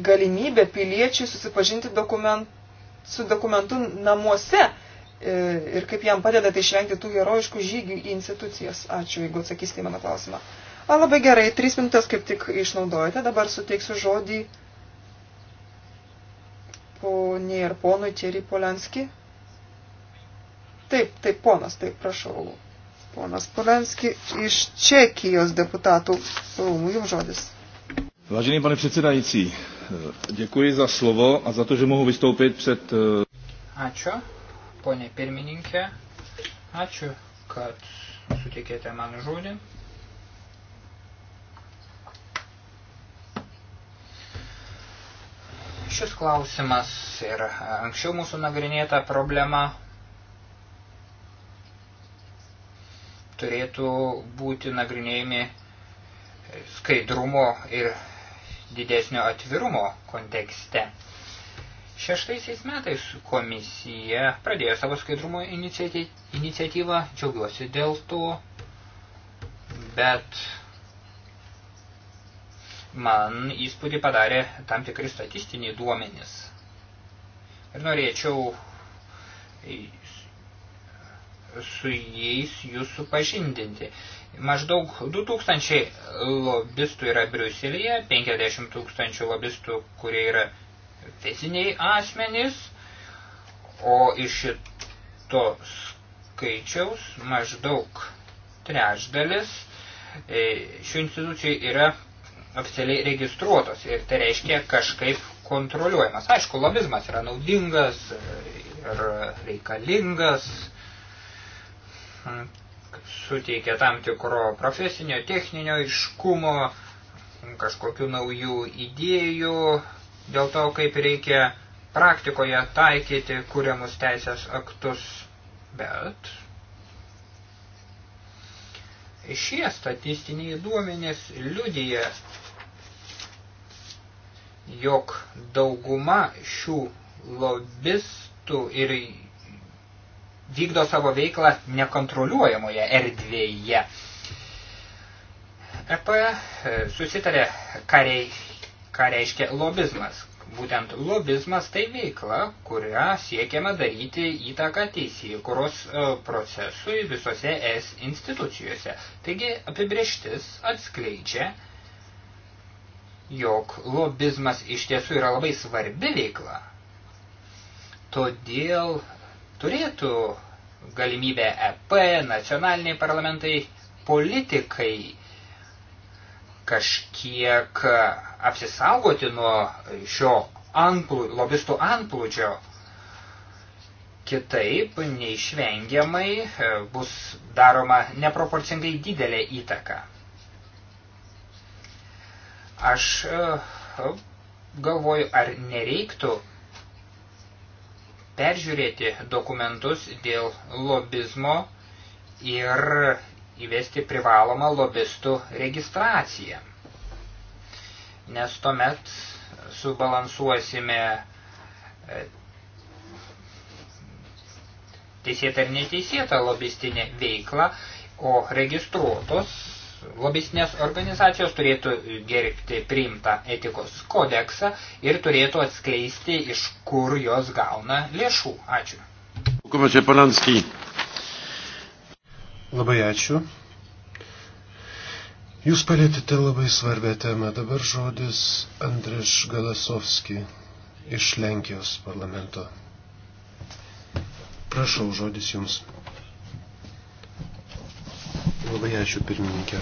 galimybę piliečiui susipažinti dokument, su dokumentu namuose e, ir kaip jam padedate išvengti tų herojiškų žygių į institucijas? Ačiū, jeigu atsakysite į mano klausimą. Uh, A, labai gerai, trys minutės kaip tik išnaudojate. Dabar suteiksiu žodį poniai ir ponui Čerį Polenski. Taip, taip, ponas, taip, prašau. Ponas Polenski iš Čekijos deputatų rūmų. Jums žodis.
Vážený pane předsedající, děkuji za slovo a za to, že mohu vystoupit před... Eh,
Ačiū, ponė pirmininkė. Ačiū, kad sutikėte man žodį. Šis klausimas ir e, anksčiau mūsų nagrinėta problema turėtų būti nagrinėjami skaidrumo ir didesnio atvirumo kontekste. Šeštaisiais metais komisija pradėjo savo skaidrumo iniciatyvą, džiaugiuosi dėl to, bet man įspūdį padarė tam tikri statistiniai duomenys. Ir norėčiau su jais jūs supažindinti. Maždaug 2000 lobistų yra Briuselėje, 50 tūkstančių lobistų, kurie yra fiziniai asmenys, o iš šito skaičiaus maždaug trečdalis e, šių institucijų yra oficialiai registruotos ir tai reiškia kažkaip kontroliuojamas. Aišku, lobizmas yra naudingas ir reikalingas, suteikia tam tikro profesinio, techninio iškumo, kažkokių naujų idėjų dėl to, kaip reikia praktikoje taikyti kūriamus teisės aktus, bet Šie statistiniai duomenės liudyje, jog dauguma šių lobistų ir vykdo savo veiklą nekontroliuojamoje erdvėje. EP e susitarė, ką, rei, ką reiškia lobizmas, Būtent lobizmas tai veikla, kurią siekiama daryti įtaką teisėkuros e, procesui visose es institucijose. Taigi apibrieštis atskleidžia, jog lobizmas iš tiesų yra labai svarbi veikla. Todėl turėtų galimybę EP, nacionaliniai parlamentai, politikai kažkiek apsisaugoti nuo šio antplū, lobistų antplūdžio. Kitaip neišvengiamai e, bus daroma neproporcingai didelė įtaka. Aš e, galvoju, ar nereiktų peržiūrėti dokumentus dėl lobizmo ir įvesti privalomą lobistų registraciją. Nes tuomet subalansuosime e, teisėtą ir neteisėtą lobistinę veiklą, o registruotos lobistinės organizacijos turėtų gerbti priimtą etikos kodeksą ir turėtų atskleisti, iš kur jos gauna lėšų. Ačiū.
Komisija Palanskiai. Labai ačiū. Jūs palėtėte labai svarbę temą. Dabar žodis Andriš Galasovski iš Lenkijos parlamento. Prašau, žodis jums. Labai ačiū, pirmininkė.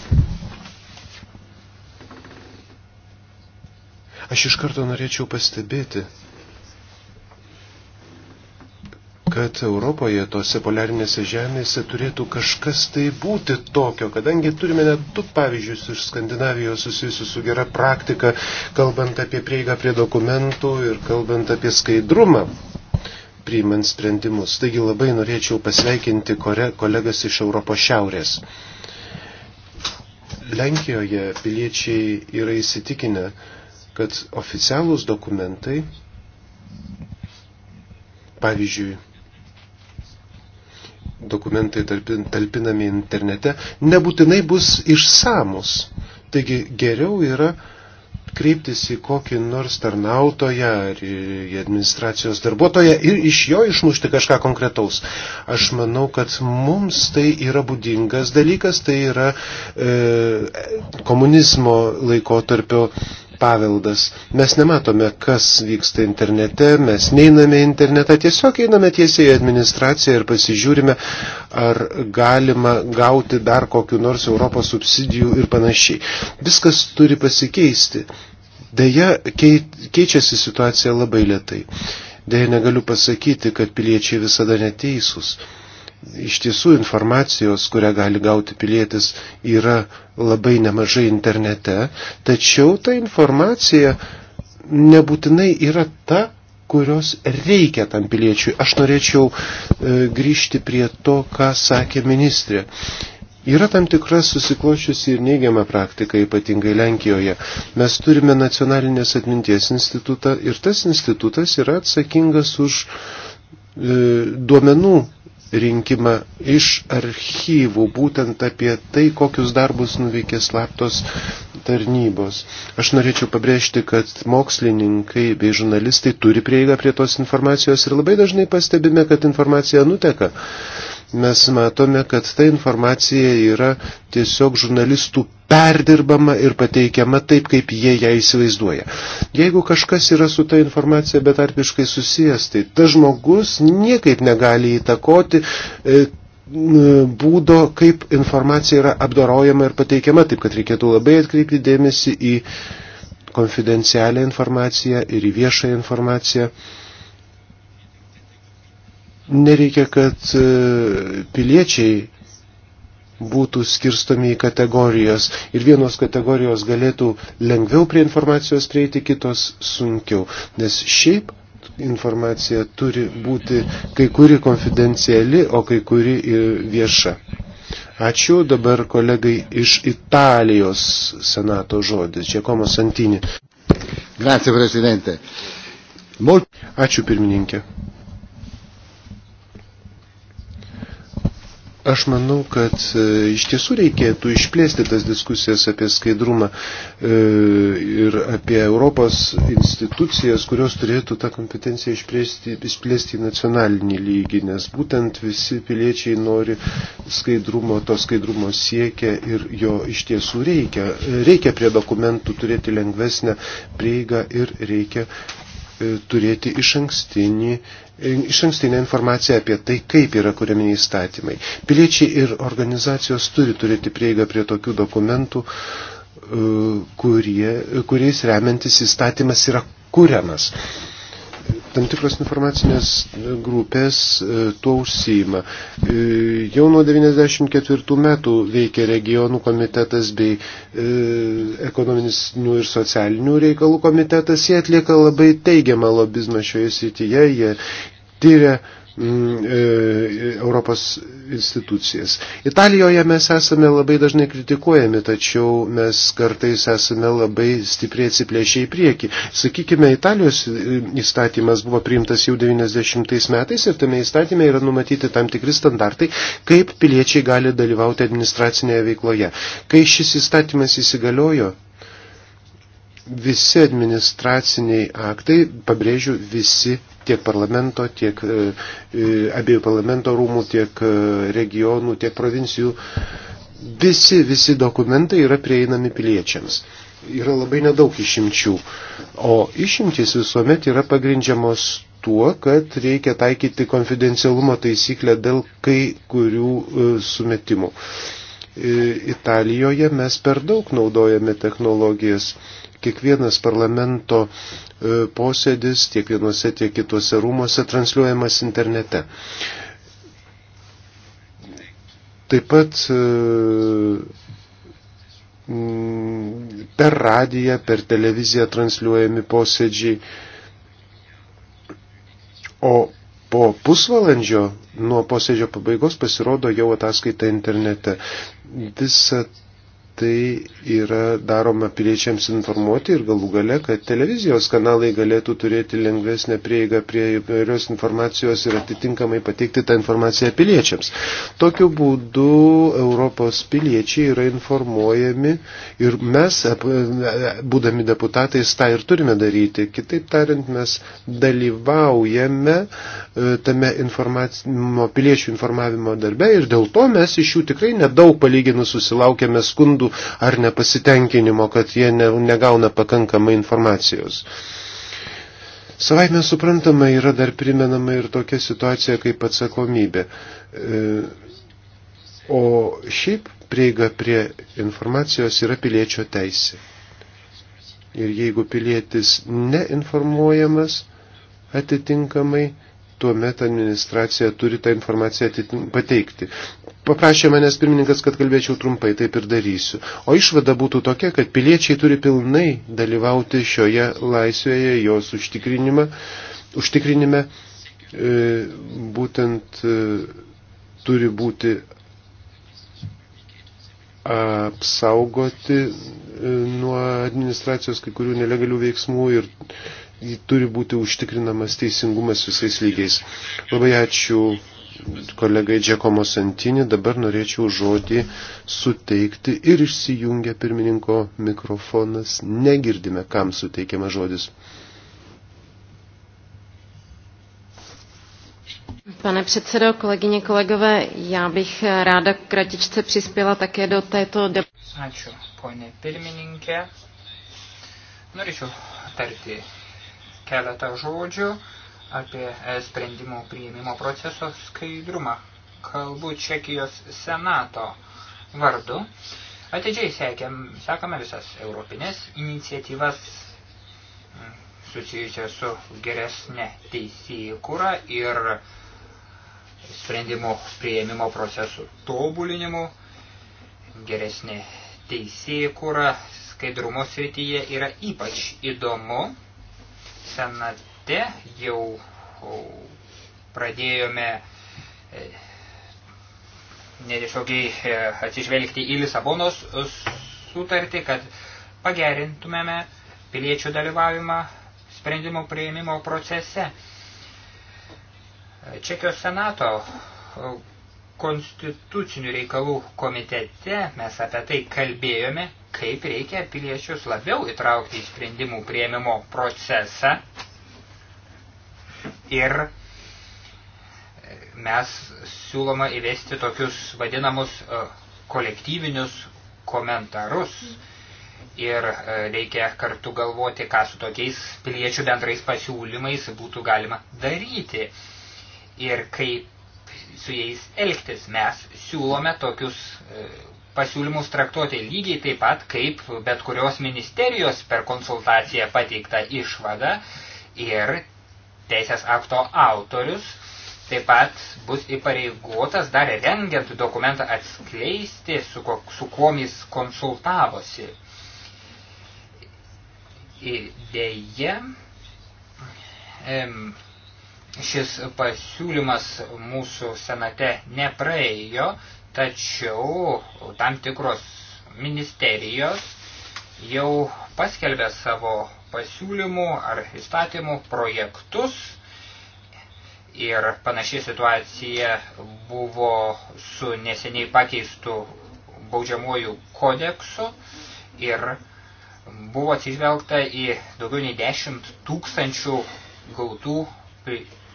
Aš iš karto norėčiau pastebėti, kad Europoje tose poliarinėse žemėse turėtų kažkas tai būti tokio, kadangi turime net du pavyzdžius iš Skandinavijos susijusius su gera praktika, kalbant apie prieigą prie dokumentų ir kalbant apie skaidrumą priimant sprendimus. Taigi labai norėčiau pasveikinti kolegas iš Europos šiaurės. Lenkijoje piliečiai yra įsitikinę, kad oficialūs dokumentai, pavyzdžiui, dokumentai talpinami internete, nebūtinai bus išsamus. Taigi geriau yra kreiptis į kokį nors tarnautoją ar į administracijos darbuotoją ir iš jo išmušti kažką konkretaus. Aš manau, kad mums tai yra būdingas dalykas, tai yra e, komunizmo laikotarpio e, paveldas. Mes nematome, kas vyksta internete, mes neiname internetą, tiesiog einame tiesiai į administraciją ir pasižiūrime, ar galima gauti dar kokiu nors Europos subsidijų ir panašiai. Viskas turi pasikeisti. Deja, keičiasi situacija labai lietai. Deja, negaliu pasakyti, kad piliečiai visada neteisūs iš tiesų informacijos, kurią gali gauti pilietis, yra labai nemažai internete, tačiau ta informacija nebūtinai yra ta, kurios reikia tam piliečiui. Aš norėčiau e, grįžti prie to, ką sakė ministrė. Yra tam tikra susiklošiusi ir neigiama praktika, ypatingai Lenkijoje. Mes turime nacionalinės atminties institutą ir tas institutas yra atsakingas už e, duomenų rinkimą iš archyvų, būtent apie tai, kokius darbus nuveikė slaptos tarnybos. Aš norėčiau pabrėžti, kad mokslininkai bei žurnalistai turi prieigą prie tos informacijos ir labai dažnai pastebime, kad informacija nuteka mes matome, kad ta informacija yra tiesiog žurnalistų perdirbama ir pateikiama taip, kaip jie ją įsivaizduoja. Jeigu kažkas yra su ta informacija betarpiškai susijęs, tai tas žmogus niekaip negali įtakoti e, būdo, kaip informacija yra apdorojama ir pateikiama, taip kad reikėtų labai atkreipti dėmesį į konfidencialią informaciją ir į viešą informaciją. Nereikia, kad e, piliečiai būtų skirstomi į kategorijos ir vienos kategorijos galėtų lengviau prie informacijos prieiti, kitos sunkiau. Nes šiaip informacija turi būti kai kuri konfidenciali, o kai kuri vieša. Ačiū dabar kolegai iš Italijos senato žodis, Čekomo Santinį. Grazie, prezidente. Molt... Ačiū pirmininkė. Aš manau, kad e, iš tiesų reikėtų išplėsti tas diskusijas apie skaidrumą e, ir apie Europos institucijas, kurios turėtų tą kompetenciją išplėsti, išplėsti į nacionalinį lygį, nes būtent visi piliečiai nori skaidrumo, to skaidrumo siekia ir jo iš tiesų reikia. Reikia prie dokumentų turėti lengvesnę prieigą ir reikia e, turėti iš ankstinį uh, iš ankstinę informaciją apie tai, kaip yra kuriami įstatymai. Piliečiai ir organizacijos turi turėti prieigą prie tokių dokumentų, e, kurie, kuriais remiantis įstatymas yra kuriamas tam tikros informacinės e, grupės e, tuo užsijima. E, jau nuo 1994 metų veikia regionų komitetas bei ekonominių ir socialinių reikalų komitetas. Jie atlieka labai teigiamą lobizmą šioje srityje, jie tyria Mm, e, e, Europos institucijas. Italijoje mes esame labai dažnai kritikuojami, tačiau mes kartais esame labai stipriai atsiplėšę į priekį. Sakykime, Italijos e, įstatymas buvo priimtas jau 90 metais ir tame įstatyme yra numatyti tam tikri standartai, kaip piliečiai gali dalyvauti administracinėje veikloje. Kai šis įstatymas įsigaliojo, visi administraciniai aktai, pabrėžiu, visi tiek parlamento, tiek e, e, abiejų parlamento rūmų, tiek e, regionų, tiek provincijų. Visi, visi dokumentai yra prieinami piliečiams. Yra labai nedaug išimčių, o išimtis visuomet yra pagrindžiamos tuo, kad reikia taikyti konfidencialumo taisyklę dėl kai kurių sumetimų. Italijoje mes per daug naudojame technologijas kiekvienas parlamento e, posėdis tiek vienuose, tiek kituose rūmose transliuojamas internete. Taip pat e, per radiją, per televiziją transliuojami posėdžiai. O po pusvalandžio nuo posėdžio pabaigos pasirodo jau ataskaita internete. Visa tai yra daroma piliečiams informuoti ir galų gale, kad televizijos kanalai galėtų turėti lengvesnę prieigą prie įvairios informacijos ir atitinkamai pateikti tą informaciją piliečiams. Tokiu būdu Europos piliečiai yra informuojami ir mes, būdami deputatais, tą ir turime daryti. Kitaip tariant, mes dalyvaujame e, tame informavimo, piliečių informavimo darbe ir dėl to mes iš jų tikrai nedaug palyginus susilaukėme skundų nuoskaudų ar nepasitenkinimo, kad jie ne, negauna pakankamai informacijos. Savaime suprantama yra dar primenama ir tokia situacija kaip atsakomybė. E, o šiaip prieiga prie informacijos yra piliečio teisė. Ir jeigu pilietis neinformuojamas atitinkamai, tuomet administracija turi tą informaciją pateikti. Paprašė manęs pirmininkas, kad kalbėčiau trumpai, taip ir darysiu. O išvada būtų tokia, kad piliečiai turi pilnai dalyvauti šioje laisvėje, jos užtikrinime, užtikrinime e, būtent e, turi būti apsaugoti e, nuo administracijos kai kurių nelegalių veiksmų ir turi būti užtikrinamas teisingumas visais lygiais. Labai ačiū kolegai Džekomo Santinį. Dabar norėčiau žodį suteikti ir išsijungia pirmininko mikrofonas. Negirdime, kam suteikiama žodis. Pane předsedo, kolegyně, kolegové, já bych ráda kratičce přispěla také do této debaty.
Ačiū, ponė pirmininkė. Norėčiau tarti keletą žodžių apie e, sprendimų priėmimo proceso skaidrumą. Kalbu Čekijos senato vardu. Atidžiai sekiam, sekame visas europinės iniciatyvas susijusią su geresnė teisėkūra ir sprendimų prieimimo procesų tobulinimu. Geresnė teisėkūra skaidrumo srityje yra ypač įdomu. Senat parlamente jau pradėjome e, netiesiogiai e, atsižvelgti į Lisabonos sutartį, kad pagerintumėme piliečių dalyvavimą sprendimų prieimimo procese. E, Čekijos senato konstitucinių reikalų komitete mes apie tai kalbėjome, kaip reikia piliečius labiau įtraukti į sprendimų prieimimo procesą ir e, mes siūloma įvesti tokius vadinamus e, kolektyvinius komentarus ir e, reikia kartu galvoti, ką su tokiais piliečių bendrais pasiūlymais būtų galima daryti ir kaip su jais elgtis. Mes siūlome tokius pasiūlymus traktuoti lygiai taip pat, kaip bet kurios ministerijos per konsultaciją pateiktą išvadą ir teisės akto autorius taip pat bus įpareigotas dar rengiant dokumentą atskleisti, su, ko, su kuomis konsultavosi. Ir dėje šis pasiūlymas mūsų senate nepraėjo, tačiau tam tikros ministerijos jau paskelbė savo pasiūlymų ar įstatymų projektus. Ir panašiai situacija buvo su neseniai pakeistu baudžiamuoju kodeksu ir buvo atsižvelgta į daugiau nei 10 tūkstančių gautų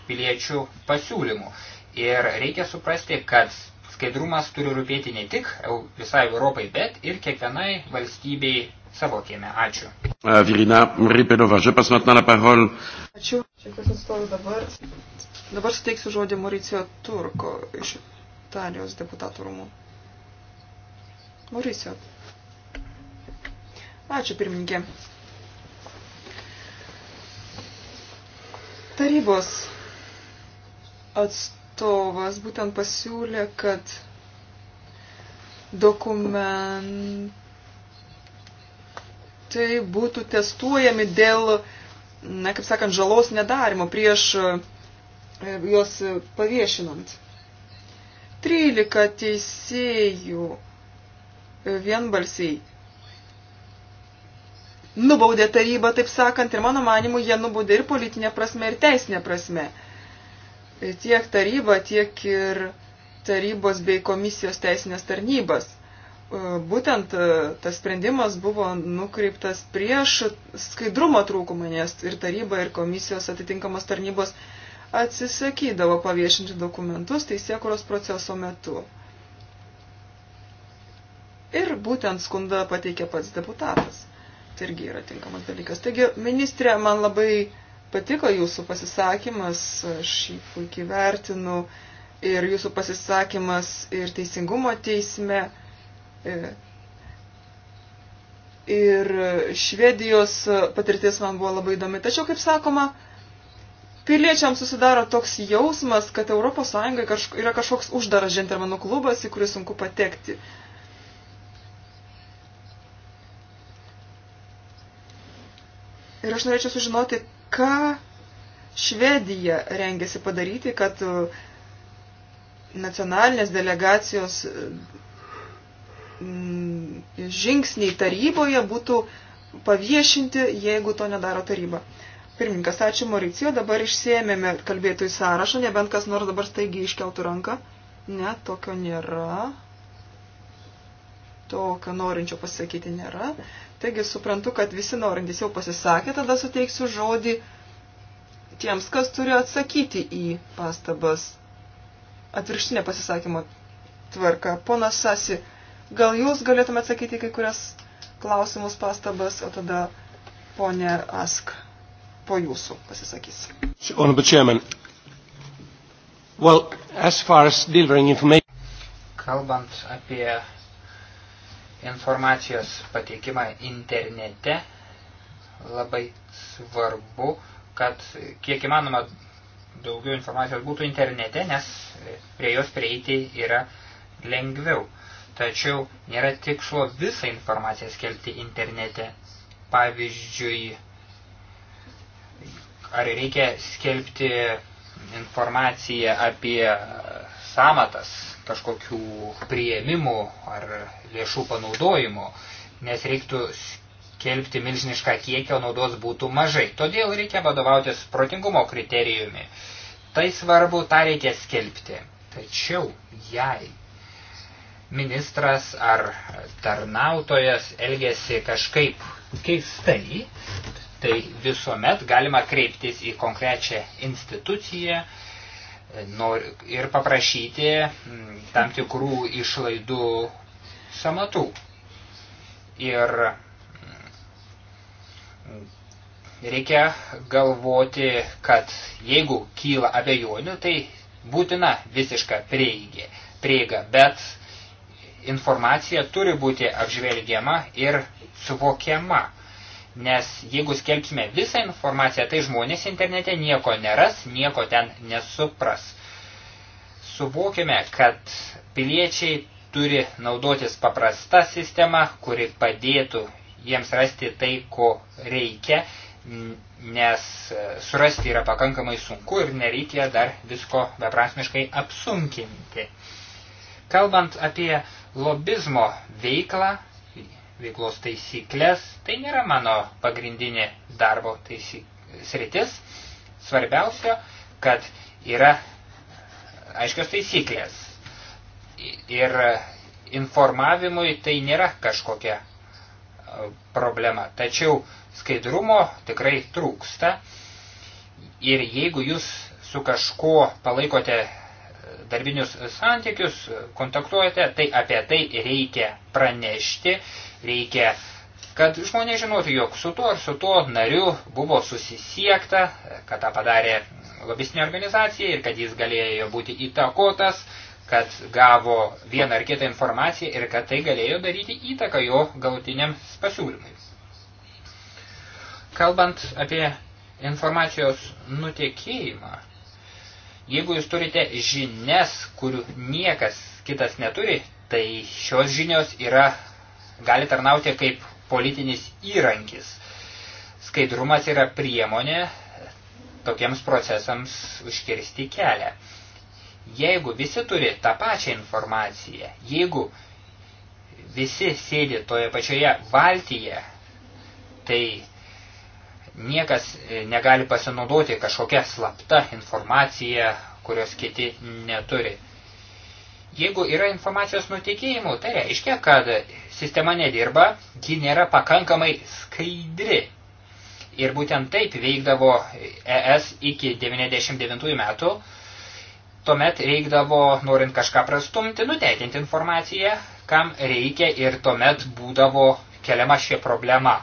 piliečių pasiūlymų. Ir reikia suprasti, kad skaidrumas turi rūpėti ne tik visai Europai, bet ir kiekvienai valstybei savo kieme. Ačiū.
Virina Ripedova, je passe maintenant la parole.
Ačiū. Čekijos atstovas dabar. Dabar suteiksiu žodį Mauricijo
Turko iš Italijos deputatų rūmų. Mauricijo. Ačiū pirmininkė. Tarybos atstovas būtent pasiūlė, kad dokumentų projektai būtų testuojami dėl, na, kaip sakant, žalos nedarimo prieš e, juos paviešinant. 13 teisėjų e, vienbalsiai nubaudė tarybą, taip sakant, ir mano manimu, jie nubaudė ir politinė prasme, ir teisinė prasme. E, tiek taryba, tiek ir tarybos bei komisijos teisinės tarnybas. E, būtent e, tas sprendimas buvo nukreiptas prieš skaidrumo trūkumą, nes ir taryba, ir komisijos atitinkamos tarnybos atsisakydavo paviešinti dokumentus teisėkuros proceso metu. Ir būtent skundą pateikė pats deputatas. Tai irgi yra tinkamas dalykas. Taigi, ministrė, man labai patiko jūsų pasisakymas, aš jį puikiai vertinu, ir jūsų pasisakymas ir teisingumo teisme E, ir Švedijos patirtis man buvo labai įdomi. Tačiau, kaip sakoma, piliečiams susidaro toks jausmas, kad ES yra kažkoks uždaras džentelmenų klubas, į kurį sunku patekti. Ir aš norėčiau sužinoti, ką Švedija rengiasi padaryti, kad e, nacionalinės delegacijos Mm, žingsniai taryboje būtų paviešinti, jeigu to nedaro taryba. Pirmininkas, ačiū Mauricijo, dabar išsiemėme kalbėtojų sąrašą, nebent kas nors dabar staigiai iškeltų ranką. Ne, tokio nėra. Tokio norinčio pasakyti nėra. Taigi suprantu, kad visi norintys jau pasisakė, tada suteiksiu žodį tiems, kas turi atsakyti į pastabas. Atvirkštinė pasisakymo tvarka. Ponas Sasi Gal jūs galėtumėte atsakyti kai kurias klausimus, pastabas, o tada ponė Ask
po jūsų pasisakys.
Well, as far as delivering information...
Kalbant apie informacijos pateikimą internete, labai svarbu, kad kiek įmanoma daugiau informacijos būtų internete, nes prie jos prieiti yra lengviau tačiau nėra tikslo visą informaciją skelbti internete. Pavyzdžiui, ar reikia skelbti informaciją apie e, samatas kažkokių prieimimų ar lėšų panaudojimų, nes reiktų skelbti milžinišką kiekį, o naudos būtų mažai. Todėl reikia vadovautis protingumo kriterijumi. Tai svarbu, tą reikia skelbti. Tačiau, jei ministras ar tarnautojas elgesi kažkaip keistai, tai visuomet galima kreiptis į konkrečią instituciją ir paprašyti mm, tam tikrų išlaidų samatų. Ir mm, reikia galvoti, kad jeigu kyla abejonių, tai būtina visiška prieigė, prieiga, bet informacija turi būti apžvelgiama ir suvokiama. Nes jeigu skelbsime visą informaciją, tai žmonės internete nieko neras, nieko ten nesupras. Suvokime, kad piliečiai turi naudotis paprasta sistema, kuri padėtų jiems rasti tai, ko reikia, nes surasti yra pakankamai sunku ir nereikia dar visko beprasmiškai apsunkinti. Kalbant apie lobizmo veiklą, veiklos taisyklės, tai nėra mano pagrindinė darbo taisy... sritis. Svarbiausia, kad yra aiškios taisyklės. Ir informavimui tai nėra kažkokia e, problema. Tačiau skaidrumo tikrai trūksta. Ir jeigu jūs su kažkuo palaikote darbinius santykius, kontaktuojate, tai apie tai reikia pranešti, reikia, kad žmonės žinotų, jog su tuo ar su tuo nariu buvo susisiekta, kad tą padarė lobistinė organizacija ir kad jis galėjo būti įtakotas, kad gavo vieną ar kitą informaciją ir kad tai galėjo daryti įtaką jo galutiniam pasiūlymui. Kalbant apie informacijos nutekėjimą, Jeigu jūs turite žinias, kurių niekas kitas neturi, tai šios žinios yra, gali tarnauti kaip politinis įrankis. Skaidrumas yra priemonė tokiems procesams užkirsti kelią. Jeigu visi turi tą pačią informaciją, jeigu visi sėdi toje pačioje valtyje, tai Niekas e, negali pasinaudoti kažkokia slapta informacija, kurios kiti neturi. Jeigu yra informacijos nutikėjimų, tai reiškia, kad sistema nedirba, ji nėra pakankamai skaidri. Ir būtent taip veikdavo ES iki 99 metų. Tuomet reikdavo, norint kažką prastumti, nuteitinti informaciją, kam reikia ir tuomet būdavo keliama šia problema.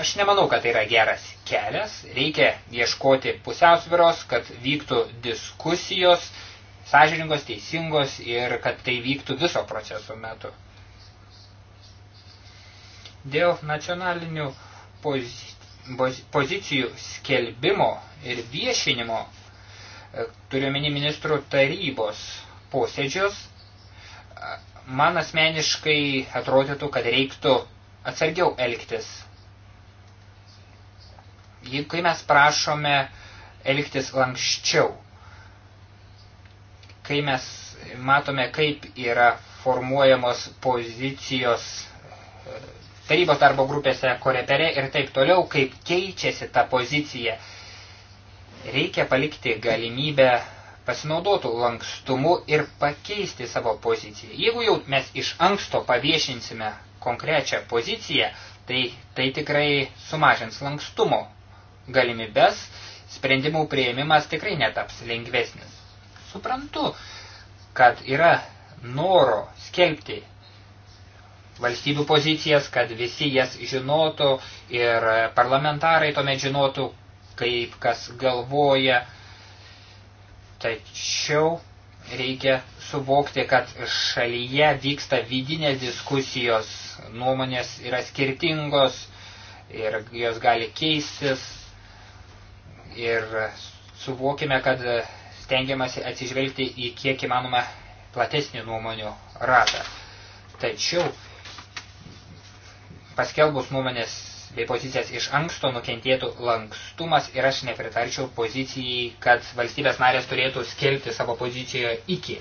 Aš nemanau, kad tai yra geras kelias, reikia ieškoti pusiausviros, kad vyktų diskusijos, sąžiningos, teisingos ir kad tai vyktų viso proceso metu. Dėl nacionalinių pozicijų skelbimo ir viešinimo, e, turiuomenį ministrų tarybos posėdžius, man asmeniškai atrodytų, kad reiktų atsargiau elgtis kai mes prašome elgtis lankščiau, kai mes matome, kaip yra formuojamos pozicijos e, tarybos darbo grupėse, korepere ir taip toliau, kaip keičiasi ta pozicija, reikia palikti galimybę pasinaudotų lankstumu ir pakeisti savo poziciją. Jeigu jau mes iš anksto paviešinsime konkrečią poziciją, tai tai tikrai sumažins lankstumo galimybes, sprendimų prieimimas tikrai netaps lengvesnis. Suprantu, kad yra noro skelbti valstybių pozicijas, kad visi jas žinotų ir parlamentarai tuomet žinotų, kaip kas galvoja. Tačiau reikia suvokti, kad šalyje vyksta vidinės diskusijos, nuomonės yra skirtingos ir jos gali keistis, ir suvokime, kad stengiamasi atsižvelgti į kiek įmanoma platesnį nuomonių ratą. Tačiau paskelbus nuomonės bei pozicijas iš anksto nukentėtų lankstumas ir aš nepritarčiau pozicijai, kad valstybės narės turėtų skelbti savo pozicijoje iki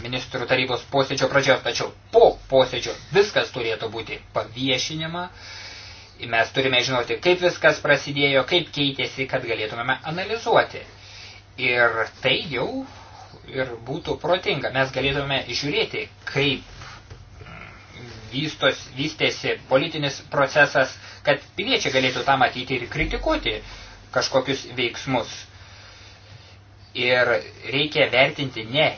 ministrų tarybos posėdžio pradžios, tačiau po posėdžio viskas turėtų būti paviešinima Mes turime žinoti, kaip viskas prasidėjo, kaip keitėsi, kad galėtumėme analizuoti. Ir tai jau ir būtų protinga. Mes galėtume žiūrėti, kaip mm, vystos, vystėsi politinis procesas, kad piliečiai galėtų tą matyti ir kritikuoti kažkokius veiksmus. Ir reikia vertinti ne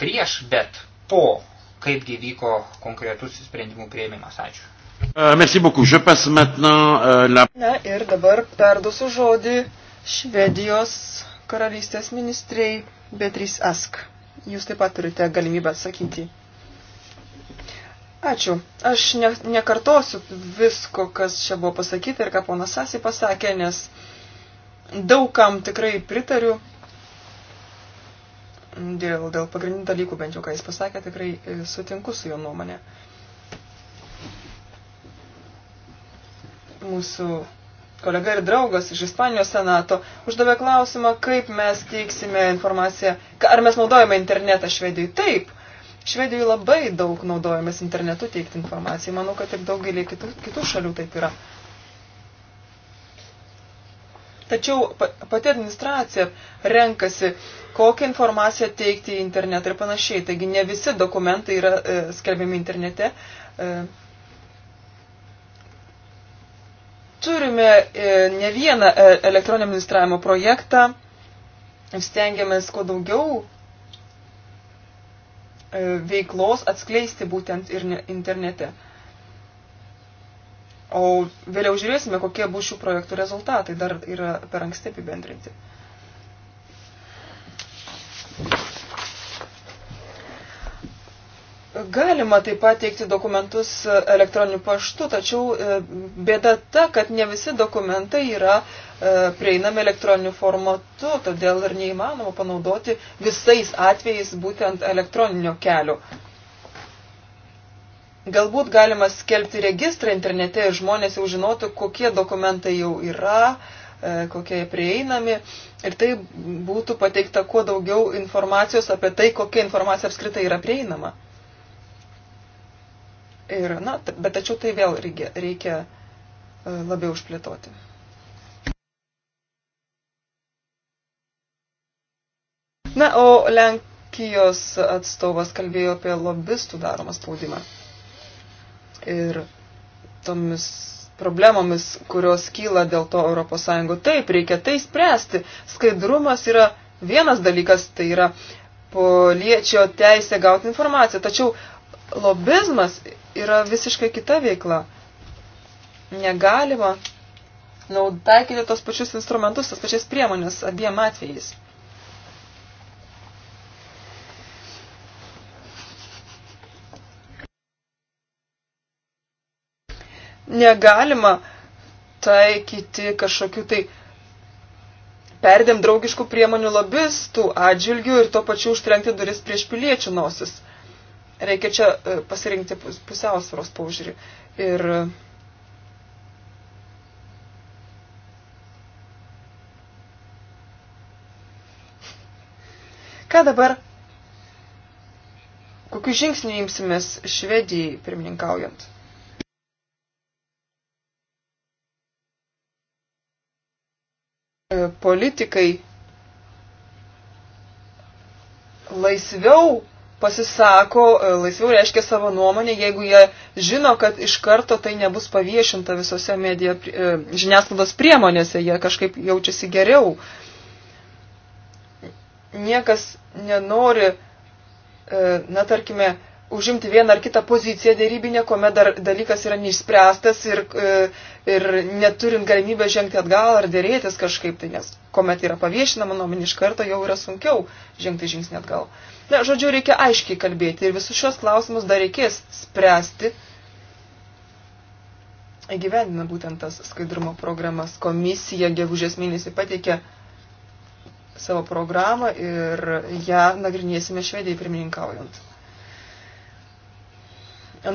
prieš, bet po, kaipgi vyko konkretus sprendimų prieimimas. Ačiū.
Euh, merci beaucoup. Je passe maintenant euh, la...
Na ir dabar
perdusiu žodį Švedijos karalystės ministrei Beatrice Ask. Jūs taip pat turite galimybę atsakyti. Ačiū. Aš ne, nekartosiu visko, kas čia buvo pasakyta ir ką ponas Sasi pasakė, nes daugam tikrai pritariu. Dėl, dėl pagrindinių dalykų, bent jau ką jis pasakė, tikrai e, sutinku su jo nuomonė. Uh, mūsų kolega ir draugas iš Ispanijos senato uždavė klausimą, kaip mes teiksime informaciją, ar mes naudojame internetą Švedijai. Taip, Švedijoje labai daug naudojamės internetu teikti informaciją. Manau, kad ir daugelį kitų, kitų šalių taip yra. Tačiau pati administracija renkasi, kokią informaciją teikti į internetą ir panašiai. Taigi ne visi dokumentai yra e, skelbiami internete. E, Turime e, ne vieną e, elektroninio administravimo projektą, stengiamės kuo daugiau e, veiklos atskleisti būtent ir internete. O vėliau žiūrėsime, kokie bus šių projektų rezultatai. Dar yra per anksti apibendrinti. Galima taip pat teikti dokumentus e, elektroniniu paštu, tačiau e, bėda ta, kad ne visi dokumentai yra e, prieinami elektroniniu formatu, todėl ir neįmanoma panaudoti visais atvejais būtent elektroninio kelio. Galbūt galima skelbti registrą internete ir žmonės jau žinotų, kokie dokumentai jau yra, kokie prieinami ir tai būtų pateikta kuo daugiau informacijos apie tai, kokia informacija apskritai yra prieinama. Ir, na, bet tačiau tai vėl reikia, reikia e, labiau išplėtoti. Na, o Lenkijos atstovas kalbėjo apie lobistų daromą spaudimą. Ir tomis problemomis, kurios kyla dėl to ES. Taip, reikia tai spręsti. Skaidrumas yra vienas dalykas, tai yra poliečio teisė gauti informaciją. Tačiau lobizmas yra visiškai kita veikla. Negalima nu, taikyti tos pačius instrumentus, tas pačias priemonės abiem atvejais. Negalima taikyti kažkokių tai perdėm draugiškų priemonių lobistų atžvilgių ir tuo pačiu užtrenkti duris prieš piliečių nosis. Reikia čia e, pasirinkti pusiausvėros paužiūrį. Ir ką dabar, kokiu žingsniu imsimės Švedijai pirmininkaujant? E, politikai laisviau pasisako e, laisviau reiškia savo nuomonę, jeigu jie žino, kad iš karto tai nebus paviešinta visose medija, e, žiniasklaidos priemonėse, jie kažkaip jaučiasi geriau. Niekas nenori, e, na tarkime, užimti vieną ar kitą poziciją dėrybinę, kuomet dar dalykas yra neišspręstas ir, ir neturint galimybę žengti atgal ar dėrėtis kažkaip, tai nes kuomet yra paviešinama nuomonė iš karto jau yra sunkiau žengti žingsnį atgal. Uh, Na, žodžiu, reikia aiškiai kalbėti ir visus šios klausimus dar reikės spręsti, įgyvendina būtent tas skaidrumo programas. Komisija gegužės mėnesį pateikė savo programą ir ją nagrinėsime švediai pirmininkaujant.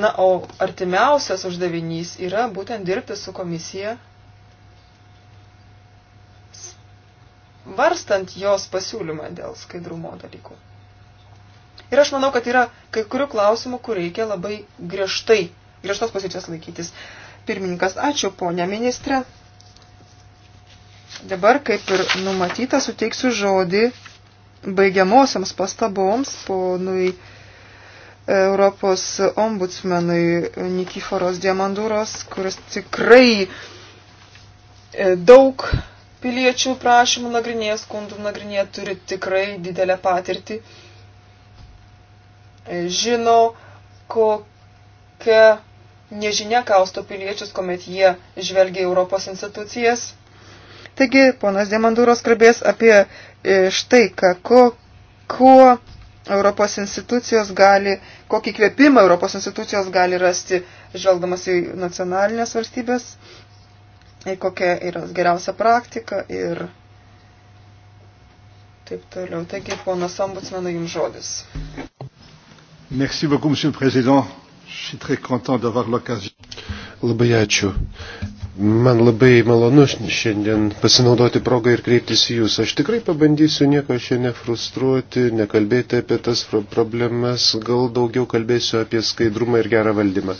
Na, o artimiausias uždavinys yra būtent dirbti su komisija, varstant jos pasiūlymą dėl skaidrumo dalykų. Ir aš manau, kad yra kai kurių klausimų, kur reikia labai griežtai, griežtos pozicijos laikytis. Pirmininkas, ačiū ponia ministrė. Dabar, kaip ir numatyta, suteiksiu žodį baigiamosiams pastaboms ponui e, Europos ombudsmenui Nikiforos Diamandūros, kuris tikrai e, daug piliečių prašymų nagrinėja, skundų nagrinėja, turi tikrai didelę patirtį žino, kokia nežinia kausto piliečius, kuomet jie žvelgia Europos institucijas. Taigi, ponas Diamandūros kalbės apie e, štai, ką, ko, kuo Europos institucijos gali, kokį kvėpimą Europos institucijos gali rasti, žvelgdamas į nacionalinės valstybės, kokia yra geriausia praktika ir taip toliau. Taigi, ponas ombudsmenai, jums žodis.
Merci beaucoup, monsieur le président. Je suis très content d'avoir l'occasion. Labai ačiū. Man labai malonu šiandien pasinaudoti progą ir kreiptis į Jūs. Aš tikrai pabandysiu nieko šiandien frustruoti, nekalbėti apie tas problemas, gal daugiau kalbėsiu apie skaidrumą ir gerą valdymą.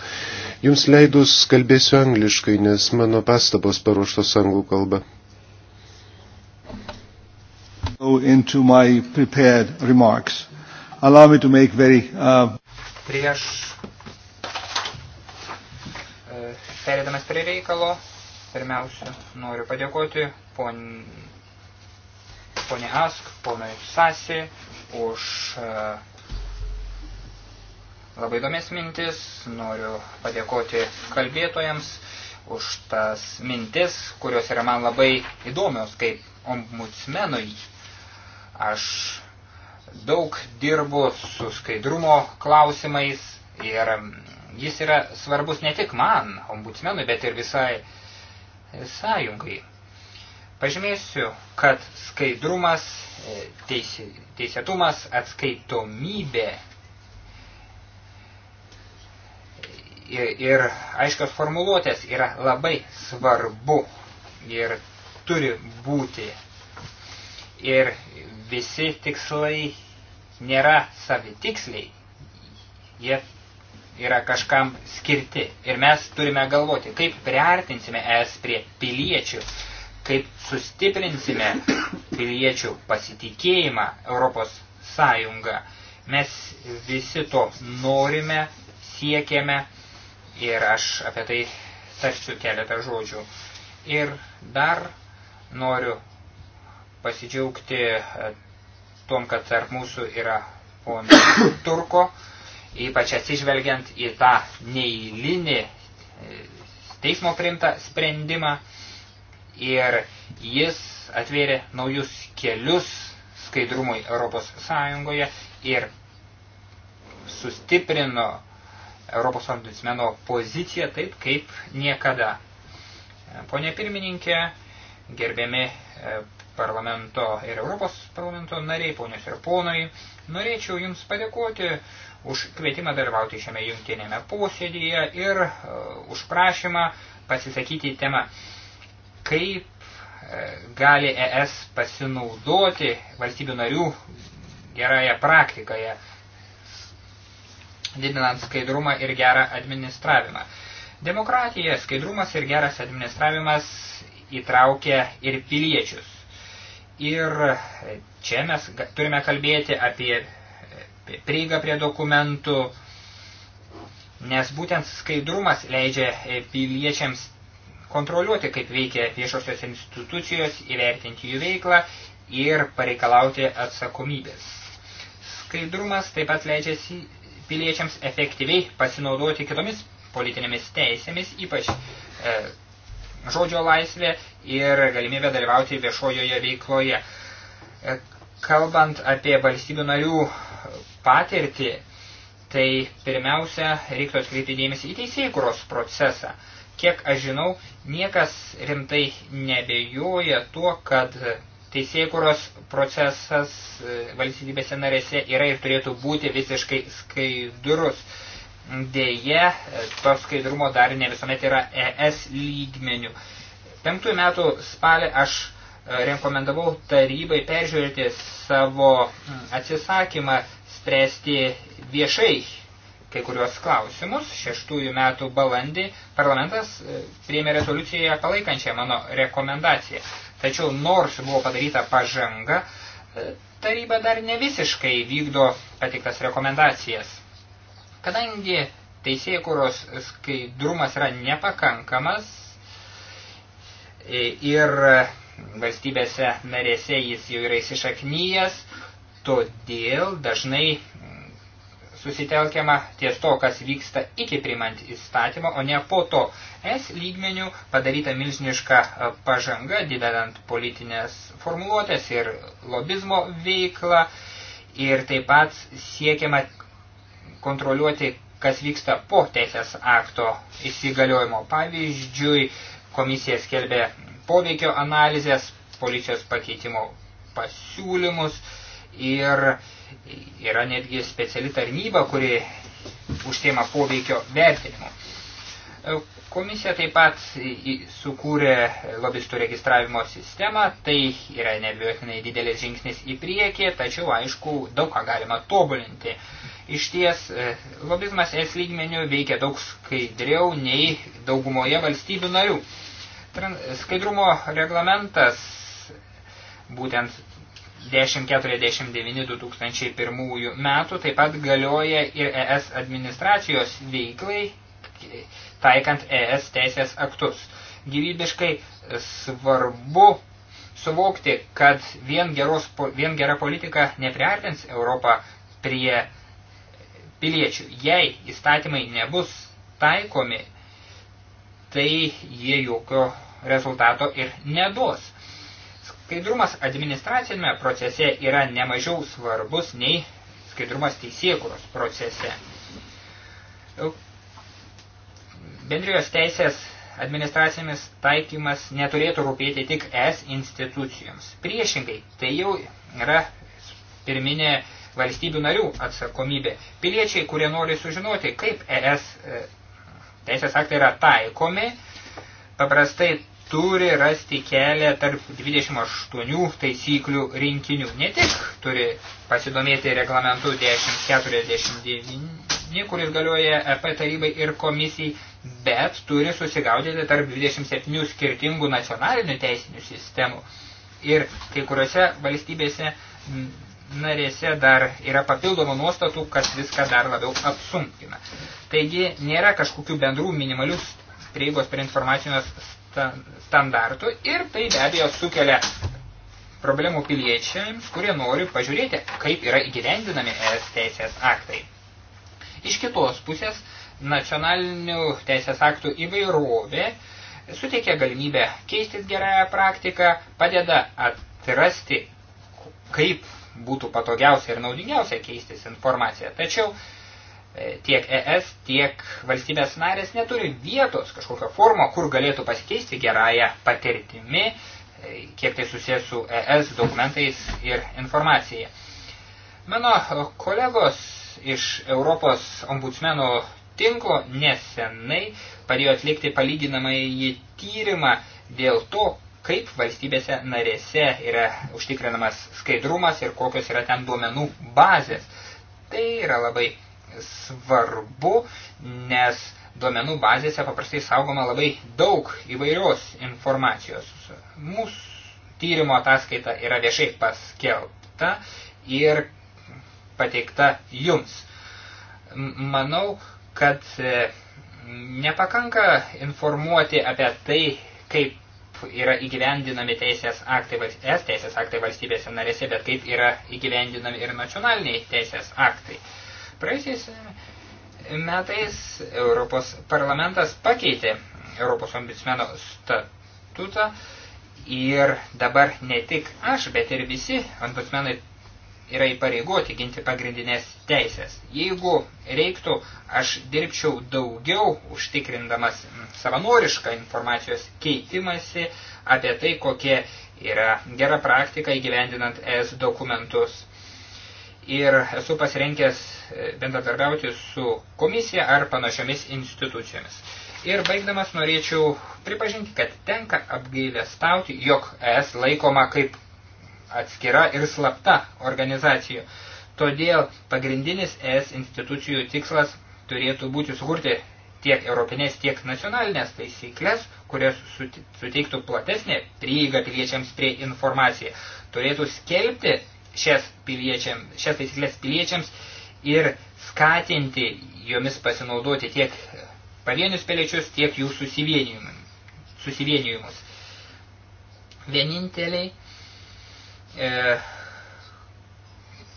Jums leidus kalbėsiu angliškai, nes mano pastabos paruoštos anglų kalba. Go into my prepared remarks allow me to make very... Uh...
Prieš e, perėdamas prie reikalo, pirmiausia, noriu padėkoti pon... ponė Ask, ponui Sasi už e, labai įdomias mintis, noriu padėkoti kalbėtojams už tas mintis, kurios yra man labai įdomios kaip ombudsmenui. Aš daug dirbu su skaidrumo klausimais ir jis yra svarbus ne tik man, ombudsmenui, bet ir visai sąjungai. Pažymėsiu, kad skaidrumas, e, teisė, teisėtumas, atskaitomybė ir, ir aiškios formuluotės yra labai svarbu ir turi būti. Ir visi tikslai nėra savitiksliai, jie yra kažkam skirti. Ir mes turime galvoti, kaip priartinsime es prie piliečių, kaip sustiprinsime piliečių pasitikėjimą Europos Sąjungą. Mes visi to norime, siekiame ir aš apie tai tarsiu keletą žodžių. Ir dar noriu pasidžiaugti e, tuom, kad tarp mūsų yra pono (coughs) Turko, ypač atsižvelgiant į tą neįlinį e, teismo priimtą sprendimą ir jis atvėrė naujus kelius skaidrumui Europos Sąjungoje ir sustiprino Europos ombudsmeno poziciją taip, kaip niekada. Pone pirmininkė, gerbiami e, parlamento ir Europos parlamento nariai, ponios ir ponai, norėčiau Jums padėkoti už kvietimą dalyvauti šiame jungtinėme posėdėje ir uh, už prašymą pasisakyti temą, kaip uh, gali ES pasinaudoti valstybių narių gerąją praktikoje, didinant skaidrumą ir gerą administravimą. Demokratija, skaidrumas ir geras administravimas įtraukia ir piliečius. Ir čia mes turime kalbėti apie prieigą prie dokumentų, nes būtent skaidrumas leidžia e, piliečiams kontroliuoti, kaip veikia viešosios institucijos, įvertinti jų veiklą ir pareikalauti atsakomybės. Skaidrumas taip pat leidžiasi piliečiams efektyviai pasinaudoti kitomis politinėmis teisėmis, ypač e, žodžio laisvė ir galimybė dalyvauti viešojoje veikloje. E, kalbant apie valstybių narių patirtį, tai pirmiausia, reiktų atkreipti dėmesį į teisėjų procesą. Kiek aš žinau, niekas rimtai nebejoja tuo, kad teisėkuros procesas e, valstybėse narėse yra ir turėtų būti visiškai skaidrus. Deja, to skaidrumo dar ne visuomet yra ES lygmenių. Penktųjų metų spalį aš e, rekomendavau tarybai peržiūrėti savo atsisakymą spręsti viešai kai kuriuos klausimus. Šeštųjų metų balandį parlamentas e, priėmė rezoliuciją palaikančią mano rekomendaciją. Tačiau nors buvo padaryta pažanga, e, taryba dar ne visiškai vykdo patiktas rekomendacijas. Kadangi teisėkūros skaidrumas yra nepakankamas e, ir valstybėse narėse jis jau yra įsišaknyjas, todėl dažnai mm, susitelkiama ties to, kas vyksta iki primant įstatymą, o ne po to. Es lygmenių padaryta milžiniška e, pažanga, didedant politinės formuluotės ir lobizmo veiklą ir taip pat siekiama kontroliuoti, kas vyksta po teisės akto įsigaliojimo. Pavyzdžiui, komisija skelbė poveikio analizės, policijos pakeitimo pasiūlymus ir yra netgi speciali tarnyba, kuri užsiema poveikio vertinimu. Komisija taip pat sukūrė lobistų registravimo sistemą, tai yra nebijotinai didelis žingsnis į priekį, tačiau aišku, daug ką galima tobulinti. Iš ties, e, lobizmas es lygmenių veikia daug skaidriau nei daugumoje valstybių narių. Skaidrumo reglamentas būtent 1049-2001 metų taip pat galioja ir ES administracijos veiklai, e, taikant ES teisės aktus. Gyvybiškai svarbu suvokti, kad vien, geros, vien gera politika nepriartins Europą prie piliečių. Jei įstatymai nebus taikomi, tai jie jokio rezultato ir neduos. Skaidrumas administracinėme procese yra nemažiau svarbus nei skaidrumas teisėkuros procese. Bendrijos teisės administracinis taikymas neturėtų rūpėti tik es institucijoms. Priešingai, tai jau yra pirminė valstybių narių atsakomybė. Piliečiai, kurie nori sužinoti, kaip ES e, teisės aktai yra taikomi, paprastai turi rasti kelią tarp 28 taisyklių rinkinių. Ne tik turi pasidomėti reglamentu 1049, kuris galioja EP tarybai ir komisijai, bet turi susigaudyti tarp 27 skirtingų nacionalinių teisinių sistemų. Ir kai kuriuose valstybėse narėse dar yra papildomų nuostatų, kas viską dar labiau apsunkina. Taigi nėra kažkokių bendrų minimalius prieigos prie informacijos standartų ir tai be abejo sukelia problemų piliečiams, kurie nori pažiūrėti, kaip yra įgyvendinami ES teisės aktai. Iš kitos pusės, nacionalinių teisės aktų įvairovė suteikia galimybę keistis gerąją praktiką, padeda atrasti, kaip būtų patogiausia ir naudingiausia keistis informaciją. Tačiau e, tiek ES, tiek valstybės narės neturi vietos kažkokio formo, kur galėtų pasikeisti gerąją patirtimi, e, kiek tai susijęs su ES dokumentais ir informacija. Mano kolegos iš Europos ombudsmeno tinklo nesenai padėjo atlikti palyginamąjį tyrimą dėl to, kaip valstybėse narėse yra užtikrinamas skaidrumas ir kokios yra ten duomenų bazės. Tai yra labai svarbu, nes duomenų bazėse paprastai saugoma labai daug įvairios informacijos. Mūsų tyrimo ataskaita yra viešai paskelbta ir pateikta jums. Manau, kad e, nepakanka informuoti apie tai, kaip yra įgyvendinami teisės aktai, es teisės aktai valstybėse narėse, bet kaip yra įgyvendinami ir nacionaliniai teisės aktai. Praėjusiais e, metais Europos parlamentas pakeitė Europos ombudsmeno statutą ir dabar ne tik aš, bet ir visi ombudsmenai yra įpareigoti ginti pagrindinės teisės. Jeigu reiktų, aš dirbčiau daugiau užtikrindamas savanorišką informacijos keitimąsi apie tai, kokie yra gera praktika įgyvendinant ES dokumentus. Ir esu pasirengęs e, bendradarbiauti su komisija ar panašiomis institucijomis. Ir baigdamas norėčiau pripažinti, kad tenka apgailestauti, jog ES laikoma kaip atskira ir slapta organizacijų. Todėl pagrindinis ES institucijų tikslas turėtų būti sukurti tiek europinės, tiek nacionalinės taisyklės, kurios suteiktų platesnė prieiga piliečiams prie informaciją. Turėtų skelbti šias, piliečiam, šias taisyklės piliečiams ir skatinti jomis pasinaudoti tiek pavienius piliečius, tiek jų susivienijimus. Vieninteliai E,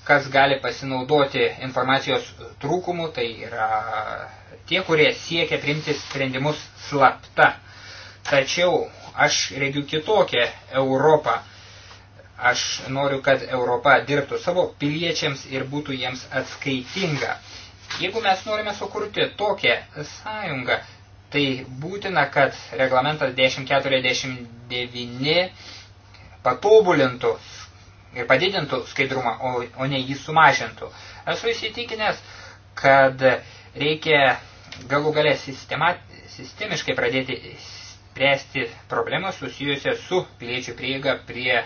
kas gali pasinaudoti informacijos trūkumu, tai yra tie, kurie siekia priimti sprendimus slapta. Tačiau aš regiu kitokią Europą. Aš noriu, kad Europa dirbtų savo piliečiams ir būtų jiems atskaitinga. Jeigu mes norime sukurti tokią sąjungą, tai būtina, kad reglamentas 1049 patobulintų padidintų skaidrumą, o, o ne jį sumažintų. Esu įsitikinęs, kad reikia galų galę sistemiškai pradėti spręsti problemas susijusią su piliečių prieiga prie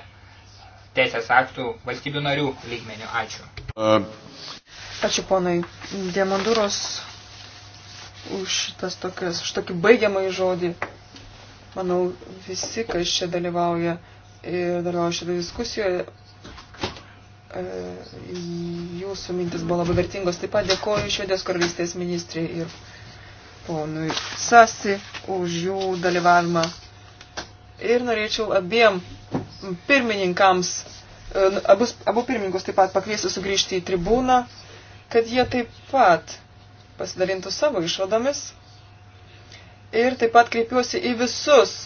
teisės aktų valstybių narių lygmenių. Ačiū.
Ačiū ponai. Diamanduros už, tas tokias, už tokį baigiamąjį žodį. Manau, visi, kas čia dalyvauja ir dalyvauja šitą diskusiją, E, jūsų mintis buvo labai vertingos. Taip pat dėkoju Švedijos karalystės ministrė ir ponui Sasi už jų dalyvavimą. Ir norėčiau abiem pirmininkams, e, abus, abu pirmininkus taip pat pakviesiu sugrįžti į tribūną, kad jie taip pat pasidalintų savo išvadomis. Ir taip pat kreipiuosi į visus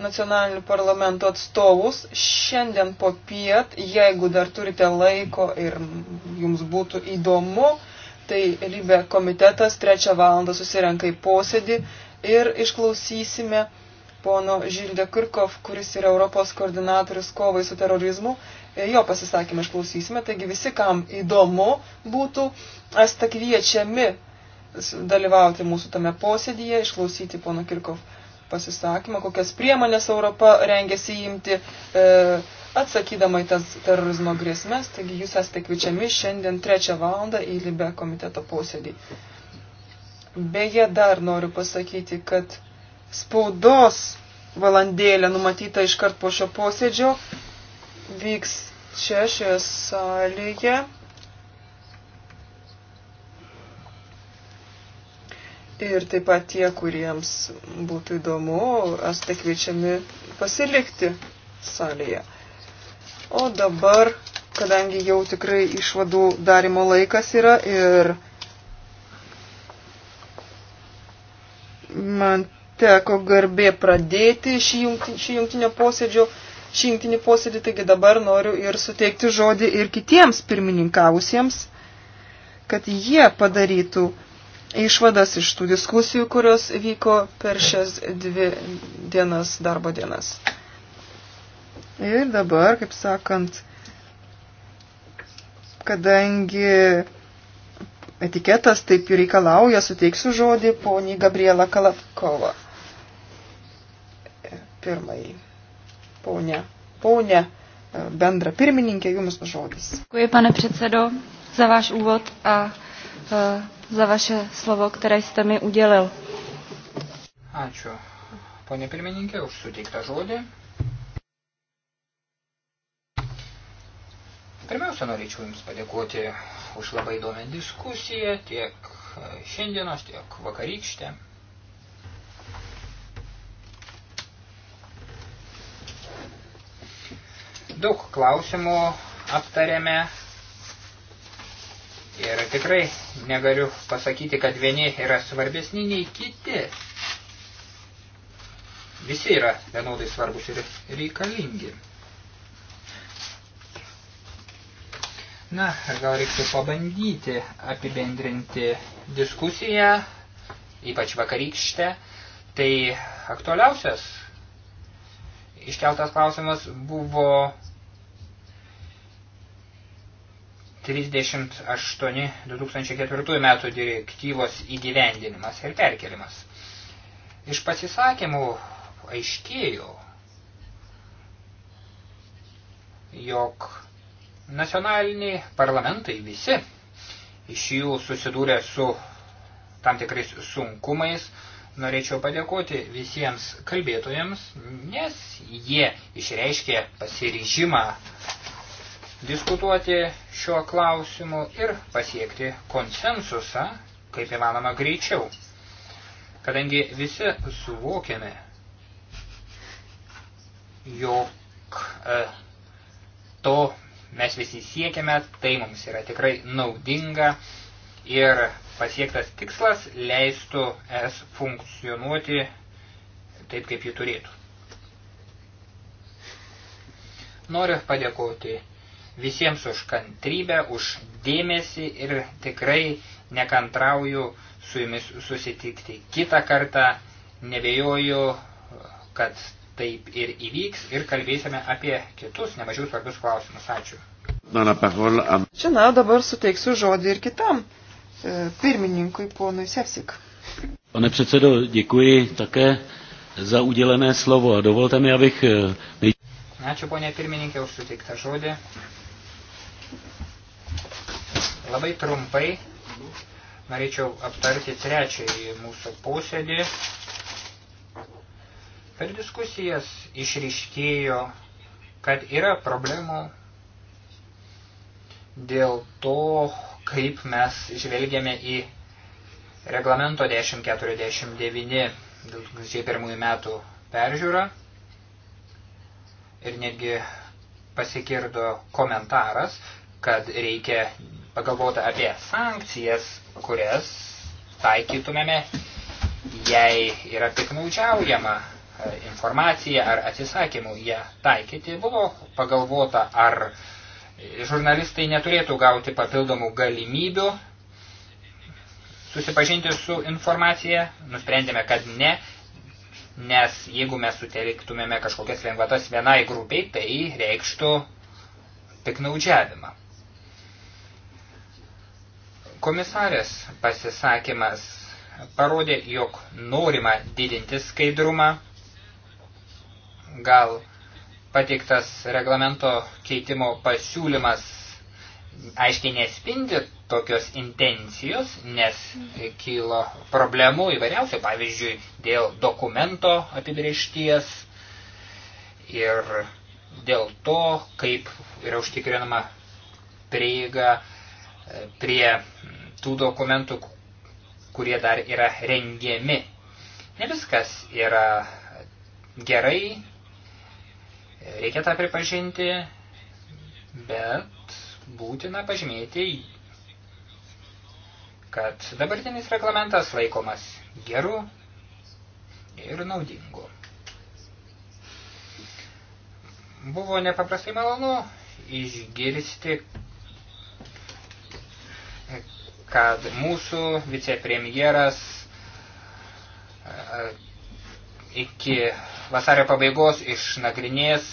nacionalinių parlamentų atstovus šiandien po piet, jeigu dar turite laiko ir jums būtų įdomu, tai Libė komitetas trečią valandą susirenka į posėdį ir išklausysime pono Žildė Kirkov, kuris yra Europos koordinatorius kovai su terorizmu. E, jo pasisakymą išklausysime, taigi visi, kam įdomu būtų, esate kviečiami dalyvauti mūsų tame posėdyje, išklausyti pono Kirkov pasisakymą, kokias priemonės Europa rengiasi imti e, atsakydama į tas terorizmo grėsmės. Taigi jūs esate kviečiami šiandien 3 val. į Libe komiteto posėdį. Beje, dar noriu pasakyti, kad spaudos valandėlė numatyta iškart po šio posėdžio vyks čia šioje salėje. Ir taip pat tie, kuriems būtų įdomu, esate kviečiami pasilikti salėje. O dabar, kadangi jau tikrai išvadų darimo laikas yra ir man teko garbė pradėti šį, jungti, šį jungtinio posėdžio, šį jungtinį posėdį, taigi dabar noriu ir suteikti žodį ir kitiems pirmininkavusiems, kad jie padarytų išvadas iš tų diskusijų, kurios vyko per šias dvi dienas, darbo dienas. Ir dabar, kaip sakant, kadangi etiketas taip ir reikalauja, suteiksiu žodį poniai Gabriela Kalapkova. Pirmai. Ponė. Ponė. Bendra pirmininkė, jums žodis.
Dėkui, pane předsedo, za
váš úvod a E, za vaše slovo, které jste mi udělil.
Ačiū, ponė pirmininkė, už suteiktą žodį. Pirmiausia, norėčiau Jums padėkoti už labai įdomią diskusiją, tiek šiandienos, tiek vakarykštę. Daug klausimų aptarėme, Ir tikrai negaliu pasakyti, kad vieni yra svarbesni nei kiti. Visi yra vienodai svarbus ir reikalingi. Na, gal reiktų pabandyti apibendrinti diskusiją, ypač vakarykštę. Tai aktualiausias iškeltas klausimas buvo 38 2004 metų direktyvos įgyvendinimas ir perkelimas. Iš pasisakymų aiškėjo, jog nacionaliniai parlamentai visi iš jų susidūrė su tam tikrais sunkumais. Norėčiau padėkoti visiems kalbėtojams, nes jie išreiškė pasiryžimą diskutuoti šiuo klausimu ir pasiekti konsensusą, kaip įmanoma, greičiau. Kadangi visi suvokiame, jog e, to mes visi siekiame, tai mums yra tikrai naudinga ir pasiektas tikslas leistų es funkcionuoti taip, kaip ji turėtų. Noriu padėkoti visiems už kantrybę, už dėmesį ir tikrai nekantrauju su jumis susitikti kitą kartą. Nebejoju, kad taip ir įvyks ir kalbėsime apie kitus nemažiau svarbius klausimus. Ačiū.
Čia na, dabar suteiksiu žodį ir kitam e, pirmininkui ponui Sefsik.
Pane předsedo, děkuji také za udělené slovo a dovolte mi, abych... E,
Ačiū, ponė pirmininkė, už suteiktą žodį. Labai trumpai norėčiau aptarti trečiąjį mūsų posėdį. Per diskusijas išriškėjo, kad yra problemų dėl to, kaip mes žvelgiame į reglamento 1049 2001 metų peržiūrą ir netgi pasikirdo komentaras, kad reikia pagalvota apie sankcijas, kurias taikytumėme, jei yra piknaudžiaujama e, informacija ar atsisakymų ją taikyti, buvo pagalvota, ar e, žurnalistai neturėtų gauti papildomų galimybių susipažinti su informacija, nusprendėme, kad ne, nes jeigu mes suteliktumėme kažkokias lengvatas vienai grupiai, tai reikštų piknaudžiavimą. Komisarės pasisakymas parodė, jog norima didinti skaidrumą. Gal pateiktas reglamento keitimo pasiūlymas aiškiai nespindi tokios intencijos, nes kyla problemų įvairiausių, pavyzdžiui, dėl dokumento apibriešties ir dėl to, kaip yra užtikrinama prieiga e, prie tų dokumentų, kurie dar yra rengiami. Ne viskas yra gerai, reikia tą pripažinti, bet būtina pažymėti, kad dabartinis reglamentas laikomas geru ir naudingu. Buvo nepaprastai malonu išgirsti, kad mūsų vicepremjeras e, iki vasario pabaigos išnagrinės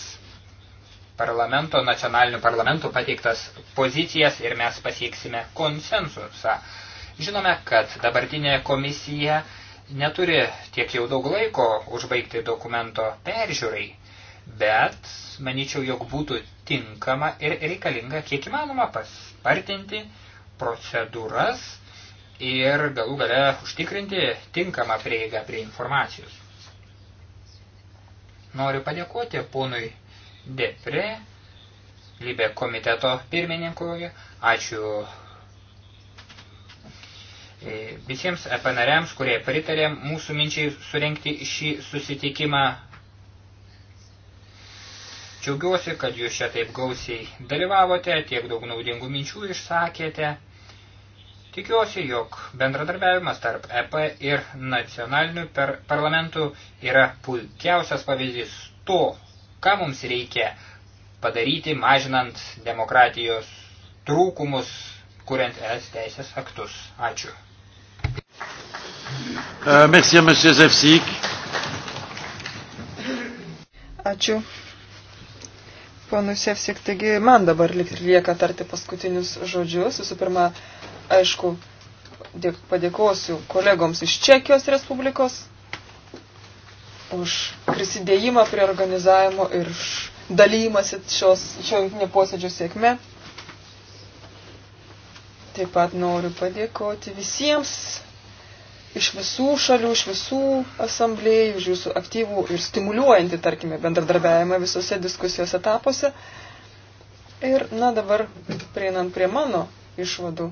parlamento, nacionalinių parlamentų pateiktas pozicijas ir mes pasieksime konsensusą. Žinome, kad dabartinė komisija neturi tiek jau daug laiko užbaigti dokumento peržiūrai, bet manyčiau, jog būtų tinkama ir reikalinga kiek įmanoma paspartinti procedūras ir galų gale užtikrinti tinkamą prieigą prie informacijos. Noriu padėkoti ponui Depre, Libė komiteto pirmininkui. Ačiū e, visiems EP nariams, kurie pritarė mūsų minčiai surenkti šį susitikimą. Džiaugiuosi, kad jūs čia taip gausiai dalyvavote, tiek daug naudingų minčių išsakėte. Tikiuosi, jog bendradarbiavimas tarp EP ir nacionalinių per parlamentų yra puikiausias pavyzdys to, ką mums reikia padaryti, mažinant demokratijos trūkumus, kuriant es teisės aktus. Ačiū.
Euh, merci, monsieur Zevsik.
Ačiū. Ponu Sefsik, taigi man dabar lieka tarti paskutinius žodžius. Visų pirma, uh, aišku, padėkosiu kolegoms iš Čekijos Respublikos už prisidėjimą prie organizavimo ir dalymasi šios, šio jungtinio posėdžio sėkme. Taip pat noriu padėkoti visiems iš visų šalių, iš visų asamblėjų, už jūsų aktyvų ir stimuliuojantį, tarkime, bendradarbiavimą visose diskusijos etapuose. Ir, na, dabar prieinant prie mano išvadų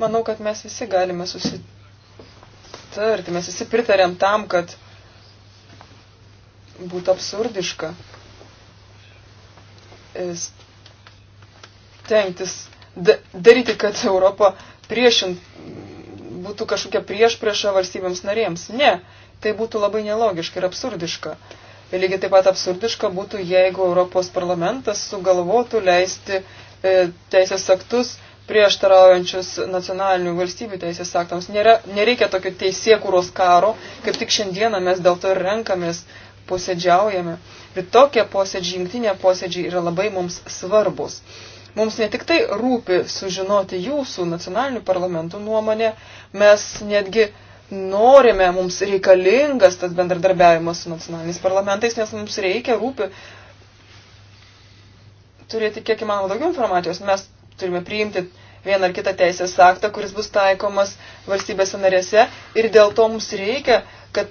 Manau, kad mes visi galime susitarti, mes visi pritarėm tam, kad būtų absurdiška stengtis daryti, kad Europa priešint būtų kažkokia prieš priešą valstybėms narėms. Ne, tai būtų labai nelogiška ir absurdiška. Ir lygiai taip pat absurdiška būtų, jeigu Europos parlamentas sugalvotų leisti e, teisės aktus prieštaraujančius nacionalinių valstybių teisės aktams. Nėra, nereikia tokio teisėkūros karo, kaip tik šiandieną mes dėl to ir renkamės, posėdžiaujame. Ir tokie posėdžiai, jungtinė posėdžiai yra labai mums svarbus. Mums ne tik tai rūpi sužinoti jūsų nacionalinių parlamentų nuomonę, mes netgi norime, mums reikalingas tas bendradarbiavimas su nacionaliniais parlamentais, nes mums reikia rūpi turėti kiek įmanoma daugiau informacijos. Mes turime priimti vieną ar kitą teisės aktą, kuris bus taikomas valstybėse narėse ir dėl to mums reikia, kad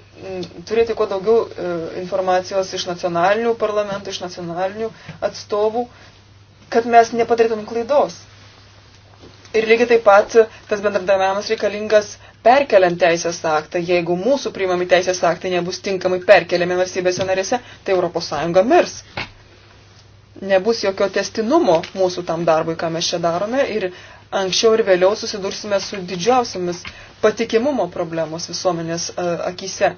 turėti kuo daugiau e, informacijos iš nacionalinių parlamentų, iš nacionalinių atstovų, kad mes nepadarytum klaidos. Ir lygiai taip pat tas bendradarbiavimas reikalingas perkeliant teisės aktą. Jeigu mūsų priimami teisės aktai nebus tinkamai perkeliami valstybėse narėse, tai ES mirs nebus jokio testinumo mūsų tam darbui, ką mes čia darome ir anksčiau ir vėliau susidursime su didžiausiamis patikimumo problemos visuomenės e, akise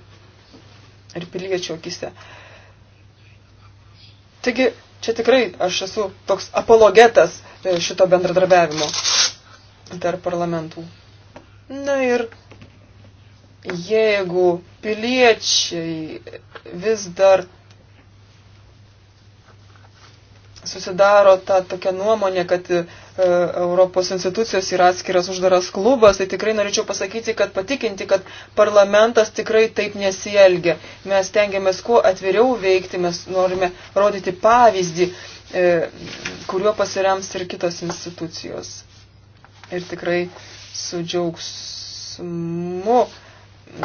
ir piliečių akise. Taigi, čia tikrai aš esu toks apologetas e, šito bendradarbiavimo tarp parlamentų. Na ir jeigu piliečiai vis dar susidaro ta tokia nuomonė, kad e, Europos institucijos yra atskiras uždaras klubas, tai tikrai norėčiau pasakyti, kad patikinti, kad parlamentas tikrai taip nesielgia. Mes tengiamės kuo atviriau veikti, mes norime rodyti pavyzdį, e, kuriuo pasirems ir kitos institucijos. Ir tikrai su džiaugsmu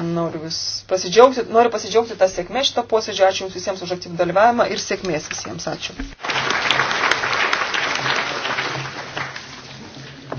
noriu vis pasidžiaugti, noriu pasidžiaugti tą sėkmę šito posėdžio. Ačiū Jums visiems už aktyvų dalyvavimą ir sėkmės visiems. Ačiū.